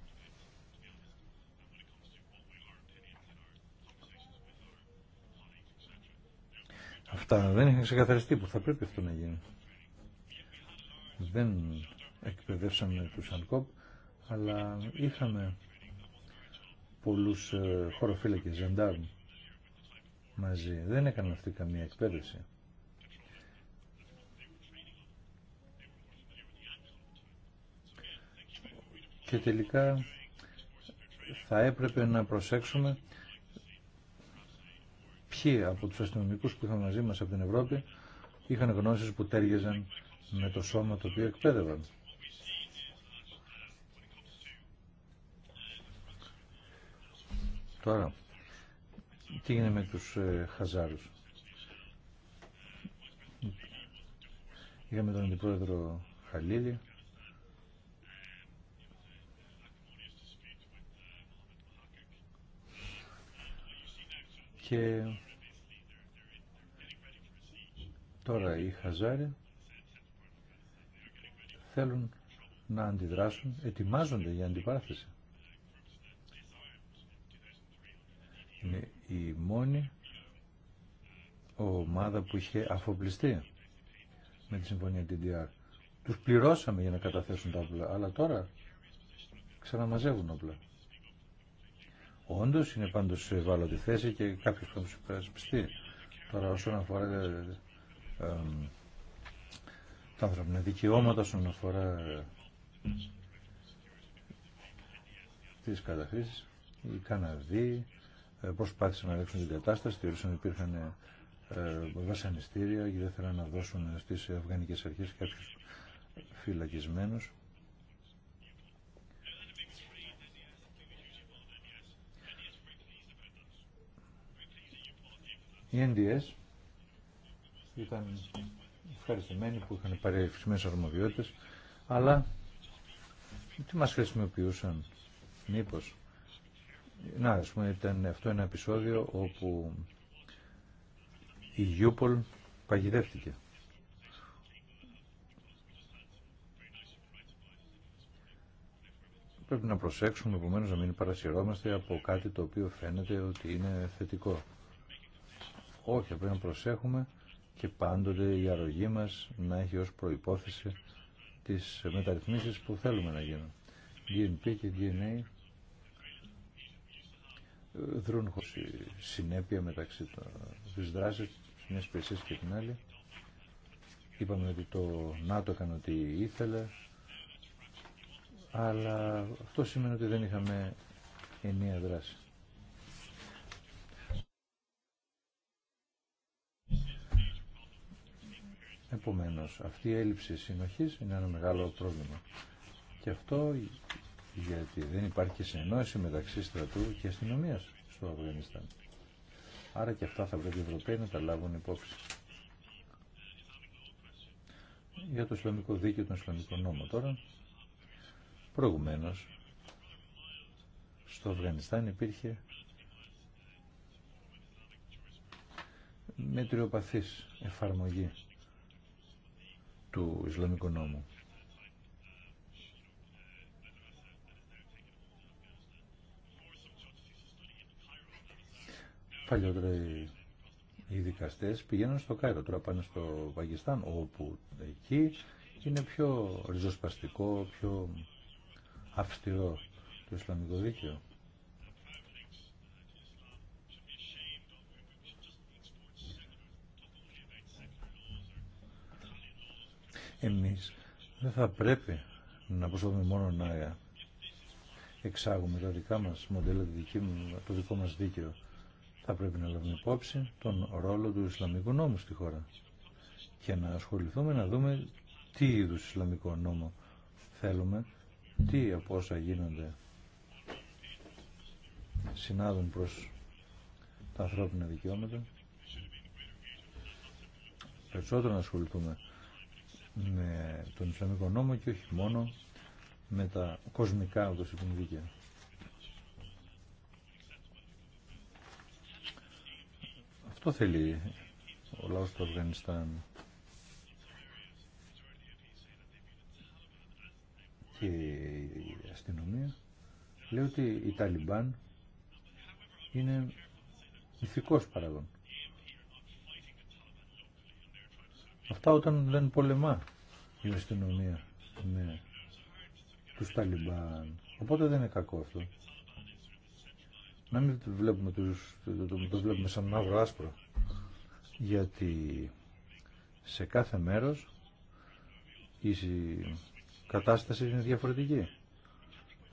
Αυτά δεν είχαν ξεκαθαριστεί που θα πρέπει αυτό να γίνει. Δεν εκπαιδεύσαμε τους ΑΝΚΟΠ, αλλά είχαμε πολλούς ε, χωροφύλακες, ζεντάρμ μαζί. Δεν έκαναν αυτή καμία εκπαίδευση. Και τελικά θα έπρεπε να προσέξουμε ποιοι από τους αστυνομικούς που είχαν μαζί μας από την Ευρώπη είχαν γνώσεις που τέριαζαν με το σώμα το οποίο εκπαίδευαν. Τώρα, τι γίνεται με τους ε, Χαζάρους. Είχαμε τον αντιπρόεδρο Χαλίλη. Και Τώρα οι Χαζάρι θέλουν να αντιδράσουν, ετοιμάζονται για αντιπαράθεση. Είναι η μόνη ομάδα που είχε αφοπλιστεί με τη συμφωνία TDR. Τους πληρώσαμε για να καταθέσουν τα όπλα, αλλά τώρα ξαναμαζεύουν όπλα. Όντως είναι πάντως σε ευάλωτη θέση και κάποιος θα τους υπερασπιστεί. Τώρα όσον αφορά ε, τα ανθρώπινα δικαιώματα όσον αφορά ε, τις καταχρήσεις. Οι Καναδοί ε, προσπάθησαν να αλλάξουν την κατάσταση, θεωρούσαν ότι υπήρχαν ε, βασανιστήρια και δεν θέλαν να δώσουν στις αφγανικές αρχές κάποιους φυλακισμένους. Η NDS ήταν ευχαριστημένοι που είχαν πάρει αυξημένες αρμοδιότητες, αλλά τι μας χρησιμοποιούσαν, μήπως. Να, ας πούμε, ήταν αυτό ένα επεισόδιο όπου η Γιούπολ παγιδεύτηκε. Πρέπει να προσέξουμε, επομένως, να μην παρασυρώμαστε από κάτι το οποίο φαίνεται ότι είναι θετικό. Όχι, πρέπει να προσέχουμε και πάντοτε η αρρωγή μας να έχει ως προϋπόθεση τις μεταρρυθμίσεις που θέλουμε να γίνουν. DNP και DNA δρούν χωρίς συνέπεια μεταξύ της δράσης της μιας περισσίας και την άλλη. Είπαμε ότι το ΝΑΤΟ έκανε ό,τι ήθελε, αλλά αυτό σημαίνει ότι δεν είχαμε ενιαία δράση. Επομένως, αυτή η έλλειψη συνοχής είναι ένα μεγάλο πρόβλημα. Και αυτό γιατί δεν υπάρχει συνεννόηση μεταξύ στρατού και αστυνομία στο Αφγανιστάν. Άρα και αυτά θα πρέπει οι Ευρωπαίοι να τα λάβουν υπόψη. Για το Ισλαμικό Δίκαιο, τον Ισλαμικό νόμο τώρα, προηγουμένως στο Αφγανιστάν υπήρχε μετριοπαθής εφαρμογή του Ισλαμικού νόμου. Παλιότερα οι δικαστές πηγαίνουν στο Κάιρο, τώρα πάνε στο Πακιστάν, όπου εκεί είναι πιο ριζοσπαστικό, πιο αυστηρό το Ισλαμικό δίκαιο. Εμείς δεν θα πρέπει να προσπαθούμε μόνο να εξάγουμε τα δικά μας μοντέλα, το δικό μας δίκαιο. Θα πρέπει να λάβουμε υπόψη τον ρόλο του Ισλαμικού νόμου στη χώρα και να ασχοληθούμε να δούμε τι είδου Ισλαμικό νόμο θέλουμε, τι από όσα γίνονται συνάδουν προς τα ανθρώπινα δικαιώματα. Περισσότερο να ασχοληθούμε με τον Ισλαμικό νόμο και όχι μόνο με τα κοσμικά όπως έχουν δίκαια. Αυτό θέλει ο λαός του Αφγανιστάν. Και η αστυνομία λέει ότι η Ταλιμπάν είναι ηθικός παραγόν. Αυτά όταν δεν πολεμά η αστυνομία με ναι, τους Ταλιμπάν. Οπότε δεν είναι κακό αυτό. Να μην το βλέπουμε, τους, το, το, βλέπουμε σαν μαύρο άσπρο. Γιατί σε κάθε μέρος η κατάσταση είναι διαφορετική.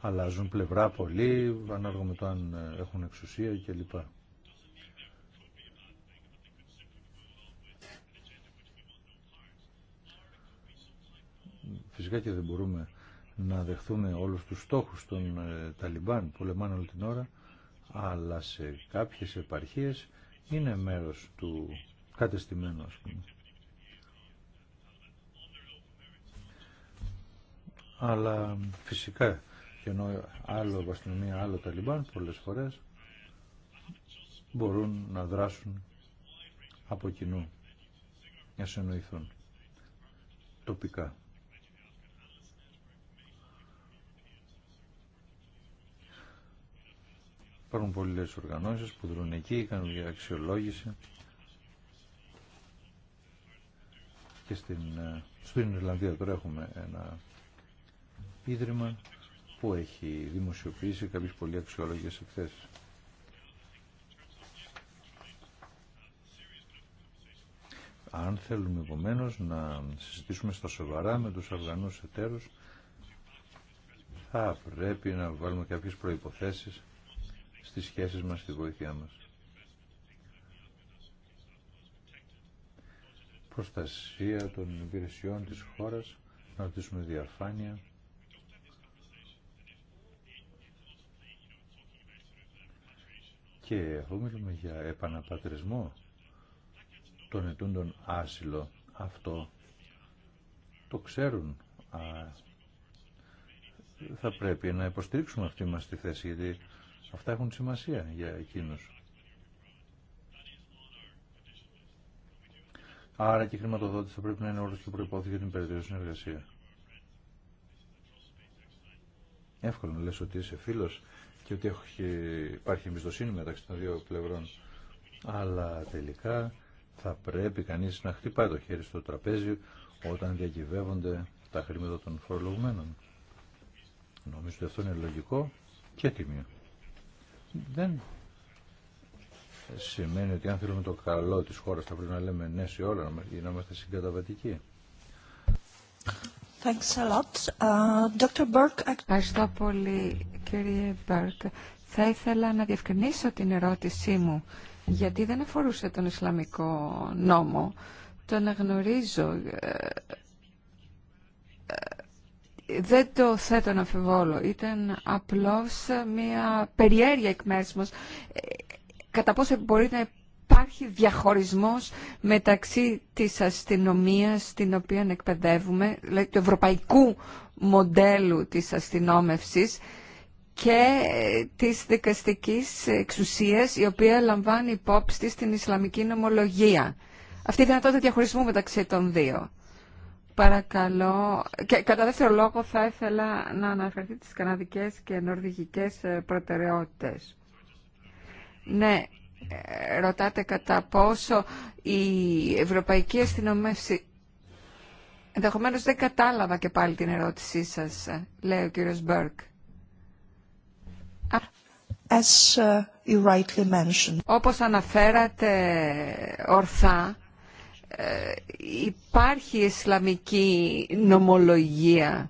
Αλλάζουν πλευρά πολύ, ανάλογα με το αν έχουν εξουσία κλπ. Φυσικά και δεν μπορούμε να δεχθούμε όλους τους στόχους των ε, Ταλιμπάν που λεμάνε όλη την ώρα, αλλά σε κάποιες επαρχίες είναι μέρος του κατεστημένου, ας πούμε. Αλλά φυσικά και ενώ άλλο αστυνομία, άλλο Ταλιμπάν πολλές φορές μπορούν να δράσουν από κοινού, να συνοηθούν τοπικά. Υπάρχουν πολλέ οργανώσει που δρούν εκεί, κάνουν για αξιολόγηση. Και στην, ε, στην Ιρλανδία τώρα έχουμε ένα ίδρυμα που έχει δημοσιοποιήσει κάποιες πολύ αξιολόγες εκθέσεις. Αν θέλουμε επομένω να συζητήσουμε στα σοβαρά με τους Αυγανού εταίρους, θα πρέπει να βάλουμε κάποιες προϋποθέσεις στις σχέσεις μας, στη βοήθειά μας. Προστασία των υπηρεσιών της χώρας, να ρωτήσουμε διαφάνεια. Και αφού μιλούμε για επαναπατρισμό των ετούντων άσυλο, αυτό το ξέρουν. θα πρέπει να υποστηρίξουμε αυτή μας τη θέση, γιατί Αυτά έχουν σημασία για εκείνους. Άρα και η χρηματοδότηση θα πρέπει να είναι όρος και προϋπόθηκε για την περαιτέρω συνεργασία. Εύκολο να λες ότι είσαι φίλος και ότι υπάρχει εμπιστοσύνη μεταξύ των δύο πλευρών. Αλλά τελικά θα πρέπει κανείς να χτυπάει το χέρι στο τραπέζι όταν διακυβεύονται τα χρήματα των φορολογουμένων. Νομίζω ότι αυτό είναι λογικό και τιμίο δεν σημαίνει ότι αν θέλουμε το καλό της χώρας θα πρέπει να λέμε ναι σε όλα να είμαστε συγκαταβατικοί. Thanks a lot. Uh, Burke... Ευχαριστώ πολύ κύριε Μπέρκ. Θα ήθελα να διευκρινίσω την ερώτησή μου γιατί δεν αφορούσε τον Ισλαμικό νόμο. Το αναγνωρίζω ε, δεν το θέτω να αμφιβόλω. Ήταν απλώς μια περιέργεια εκ μέρους μας. Κατά πόσο μπορεί να υπάρχει διαχωρισμός μεταξύ της αστυνομίας την οποία εκπαιδεύουμε, δηλαδή του ευρωπαϊκού μοντέλου της αστυνόμευσης και της δικαστικής εξουσίας η οποία λαμβάνει υπόψη στην Ισλαμική νομολογία. Αυτή η δυνατότητα διαχωρισμού μεταξύ των δύο. Παρακαλώ. Και κατά δεύτερο λόγο θα ήθελα να αναφερθεί τις καναδικές και νορβηγικές ε, προτεραιότητες. Ναι, ε, ρωτάτε κατά πόσο η Ευρωπαϊκή Αστυνομεύση... Ενδεχομένως δεν κατάλαβα και πάλι την ερώτησή σας, ε, λέει ο κύριος Μπέρκ. As Όπως αναφέρατε ορθά, ε, υπάρχει Ισλαμική νομολογία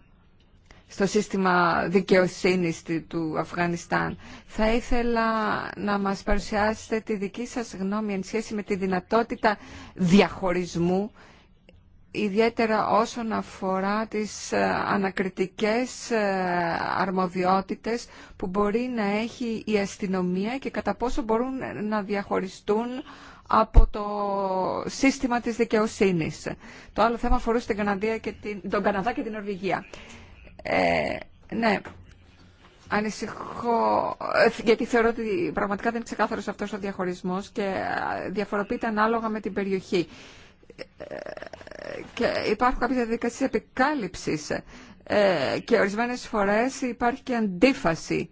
στο σύστημα δικαιοσύνης του Αφγανιστάν. Θα ήθελα να μας παρουσιάσετε τη δική σας γνώμη εν σχέση με τη δυνατότητα διαχωρισμού, ιδιαίτερα όσον αφορά τις ε, ανακριτικές ε, αρμοδιότητες που μπορεί να έχει η αστυνομία και κατά πόσο μπορούν να διαχωριστούν από το σύστημα της δικαιοσύνης. Το άλλο θέμα αφορούσε την και την, τον Καναδά και την Νορβηγία. Ε, ναι, ανησυχώ, ε, γιατί θεωρώ ότι πραγματικά δεν είναι ξεκάθαρος αυτός ο διαχωρισμός και διαφοροποιείται ανάλογα με την περιοχή. Ε, και υπάρχουν κάποιες διαδικασίες επικάλυψης ε, και ορισμένες φορές υπάρχει και αντίφαση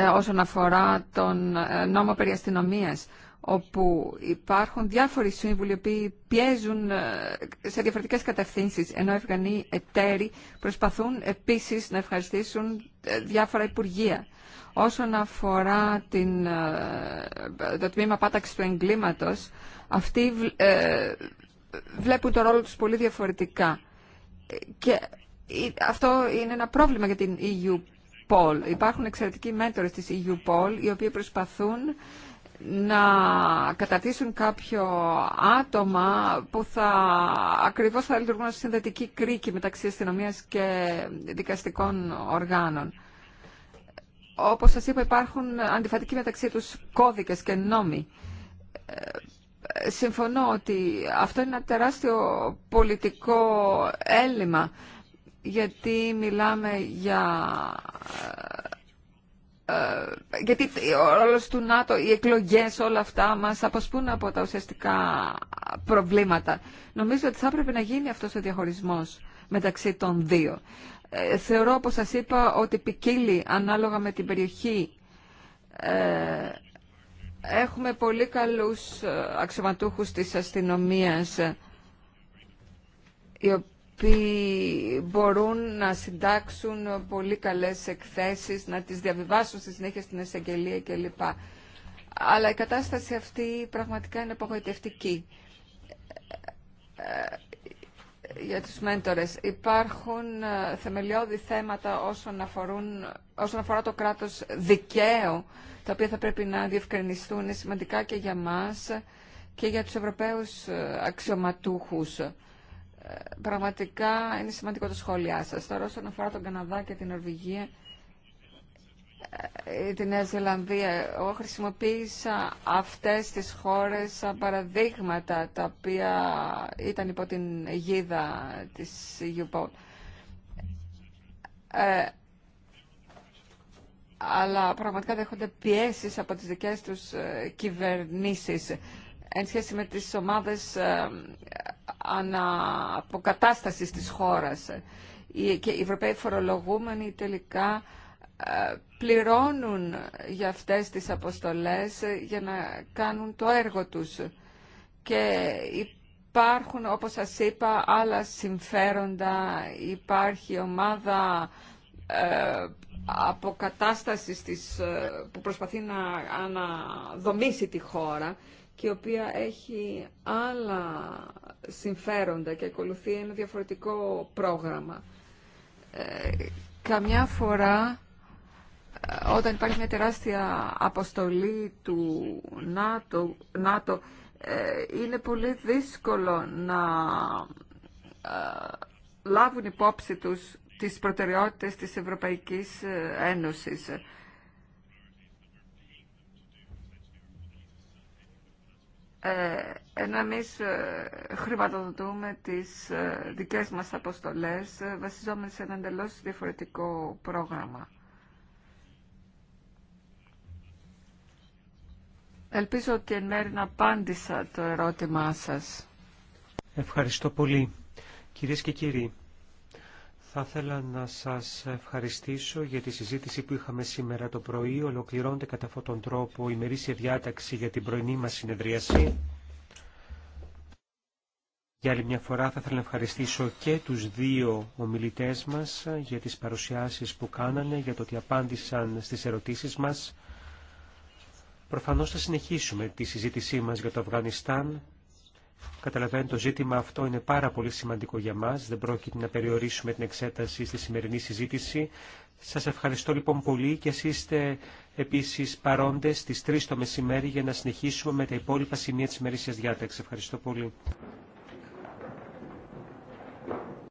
ε, όσον αφορά τον ε, νόμο περί αστυνομίας, όπου υπάρχουν διάφοροι σύμβουλοι οι οποίοι πιέζουν ε, σε διαφορετικές κατευθύνσεις, ενώ οι Αφγανοί εταίροι προσπαθούν επίσης να ευχαριστήσουν διάφορα υπουργεία. Όσον αφορά την, το τμήμα πάταξης του εγκλήματος, αυτοί βλέπουν το ρόλο τους πολύ διαφορετικά. Και αυτό είναι ένα πρόβλημα για την EU Υπάρχουν εξαιρετικοί μέντορες της EUPOL οι οποίοι προσπαθούν να κατατήσουν κάποιο άτομα που θα ακριβώς θα λειτουργούν ως συνδετική κρίκη μεταξύ αστυνομία και δικαστικών οργάνων. Όπως σας είπα υπάρχουν αντιφατικοί μεταξύ τους κώδικες και νόμοι. Ε, συμφωνώ ότι αυτό είναι ένα τεράστιο πολιτικό έλλειμμα γιατί μιλάμε για... Ε, ε, γιατί ο ρόλος του ΝΑΤΟ, οι εκλογές, όλα αυτά μας αποσπούν από τα ουσιαστικά προβλήματα. Νομίζω ότι θα έπρεπε να γίνει αυτός ο διαχωρισμός μεταξύ των δύο. Ε, θεωρώ, όπως σας είπα, ότι ποικίλει ανάλογα με την περιοχή έχουμε πολύ καλούς αξιωματούχους της αστυνομίας οι οποίοι οποίοι μπορούν να συντάξουν πολύ καλές εκθέσεις, να τις διαβιβάσουν στη συνέχεια στην εισαγγελία κλπ. Αλλά η κατάσταση αυτή πραγματικά είναι απογοητευτική. Για τους μέντορες υπάρχουν ε, θεμελιώδη θέματα όσον, αφορούν, όσον αφορά το κράτος δικαίου, τα οποία θα πρέπει να διευκρινιστούν σημαντικά και για μας και για τους Ευρωπαίους ε, αξιωματούχους πραγματικά είναι σημαντικό το σχόλιά σας. Τώρα όσον αφορά τον Καναδά και την Ορβηγία ή ε, ε, τη Νέα Ζηλανδία, εγώ χρησιμοποίησα αυτές τις χώρες σαν παραδείγματα τα οποία ήταν υπό την αιγίδα της UPOL. Ε, αλλά πραγματικά δέχονται πιέσεις από τις δικές τους κυβερνήσεις εν σχέση με τις ομάδες αναποκατάστασης της χώρας. Και οι Ευρωπαίοι φορολογούμενοι τελικά ε, πληρώνουν για αυτές τις αποστολές ε, για να κάνουν το έργο τους. Και υπάρχουν, όπως σας είπα, άλλα συμφέροντα. Υπάρχει ομάδα ε, αποκατάστασης της, που προσπαθεί να αναδομήσει τη χώρα και η οποία έχει άλλα συμφέροντα και ακολουθεί ένα διαφορετικό πρόγραμμα. Ε, καμιά φορά ε, όταν υπάρχει μια τεράστια αποστολή του ΝΑΤΟ, ΝΑΤΟ ε, είναι πολύ δύσκολο να λάβουν υπόψη τους τις προτεραιότητες της Ευρωπαϊκής Ένωσης. Ε, ενώ εμείς ε, χρηματοδοτούμε τις ε, δικές μας αποστολές βασιζόμενοι σε ένα εντελώ διαφορετικό πρόγραμμα. Ελπίζω ότι εν μέρει να απάντησα το ερώτημά σας. Ευχαριστώ πολύ. Κυρίες και κύριοι, θα ήθελα να σας ευχαριστήσω για τη συζήτηση που είχαμε σήμερα το πρωί. Ολοκληρώνεται κατά αυτόν τον τρόπο η μερίσια διάταξη για την πρωινή μας συνεδρίαση. Για άλλη μια φορά θα ήθελα να ευχαριστήσω και τους δύο ομιλητές μας για τις παρουσιάσεις που κάνανε, για το ότι απάντησαν στις ερωτήσεις μας. Προφανώς θα συνεχίσουμε τη συζήτησή μας για το Αφγανιστάν Καταλαβαίνετε το ζήτημα αυτό είναι πάρα πολύ σημαντικό για μας. Δεν πρόκειται να περιορίσουμε την εξέταση στη σημερινή συζήτηση. Σας ευχαριστώ λοιπόν πολύ και εσείς είστε επίσης παρόντες στις 3 το μεσημέρι για να συνεχίσουμε με τα υπόλοιπα σημεία της ημερήσιας διάταξης. Ευχαριστώ πολύ.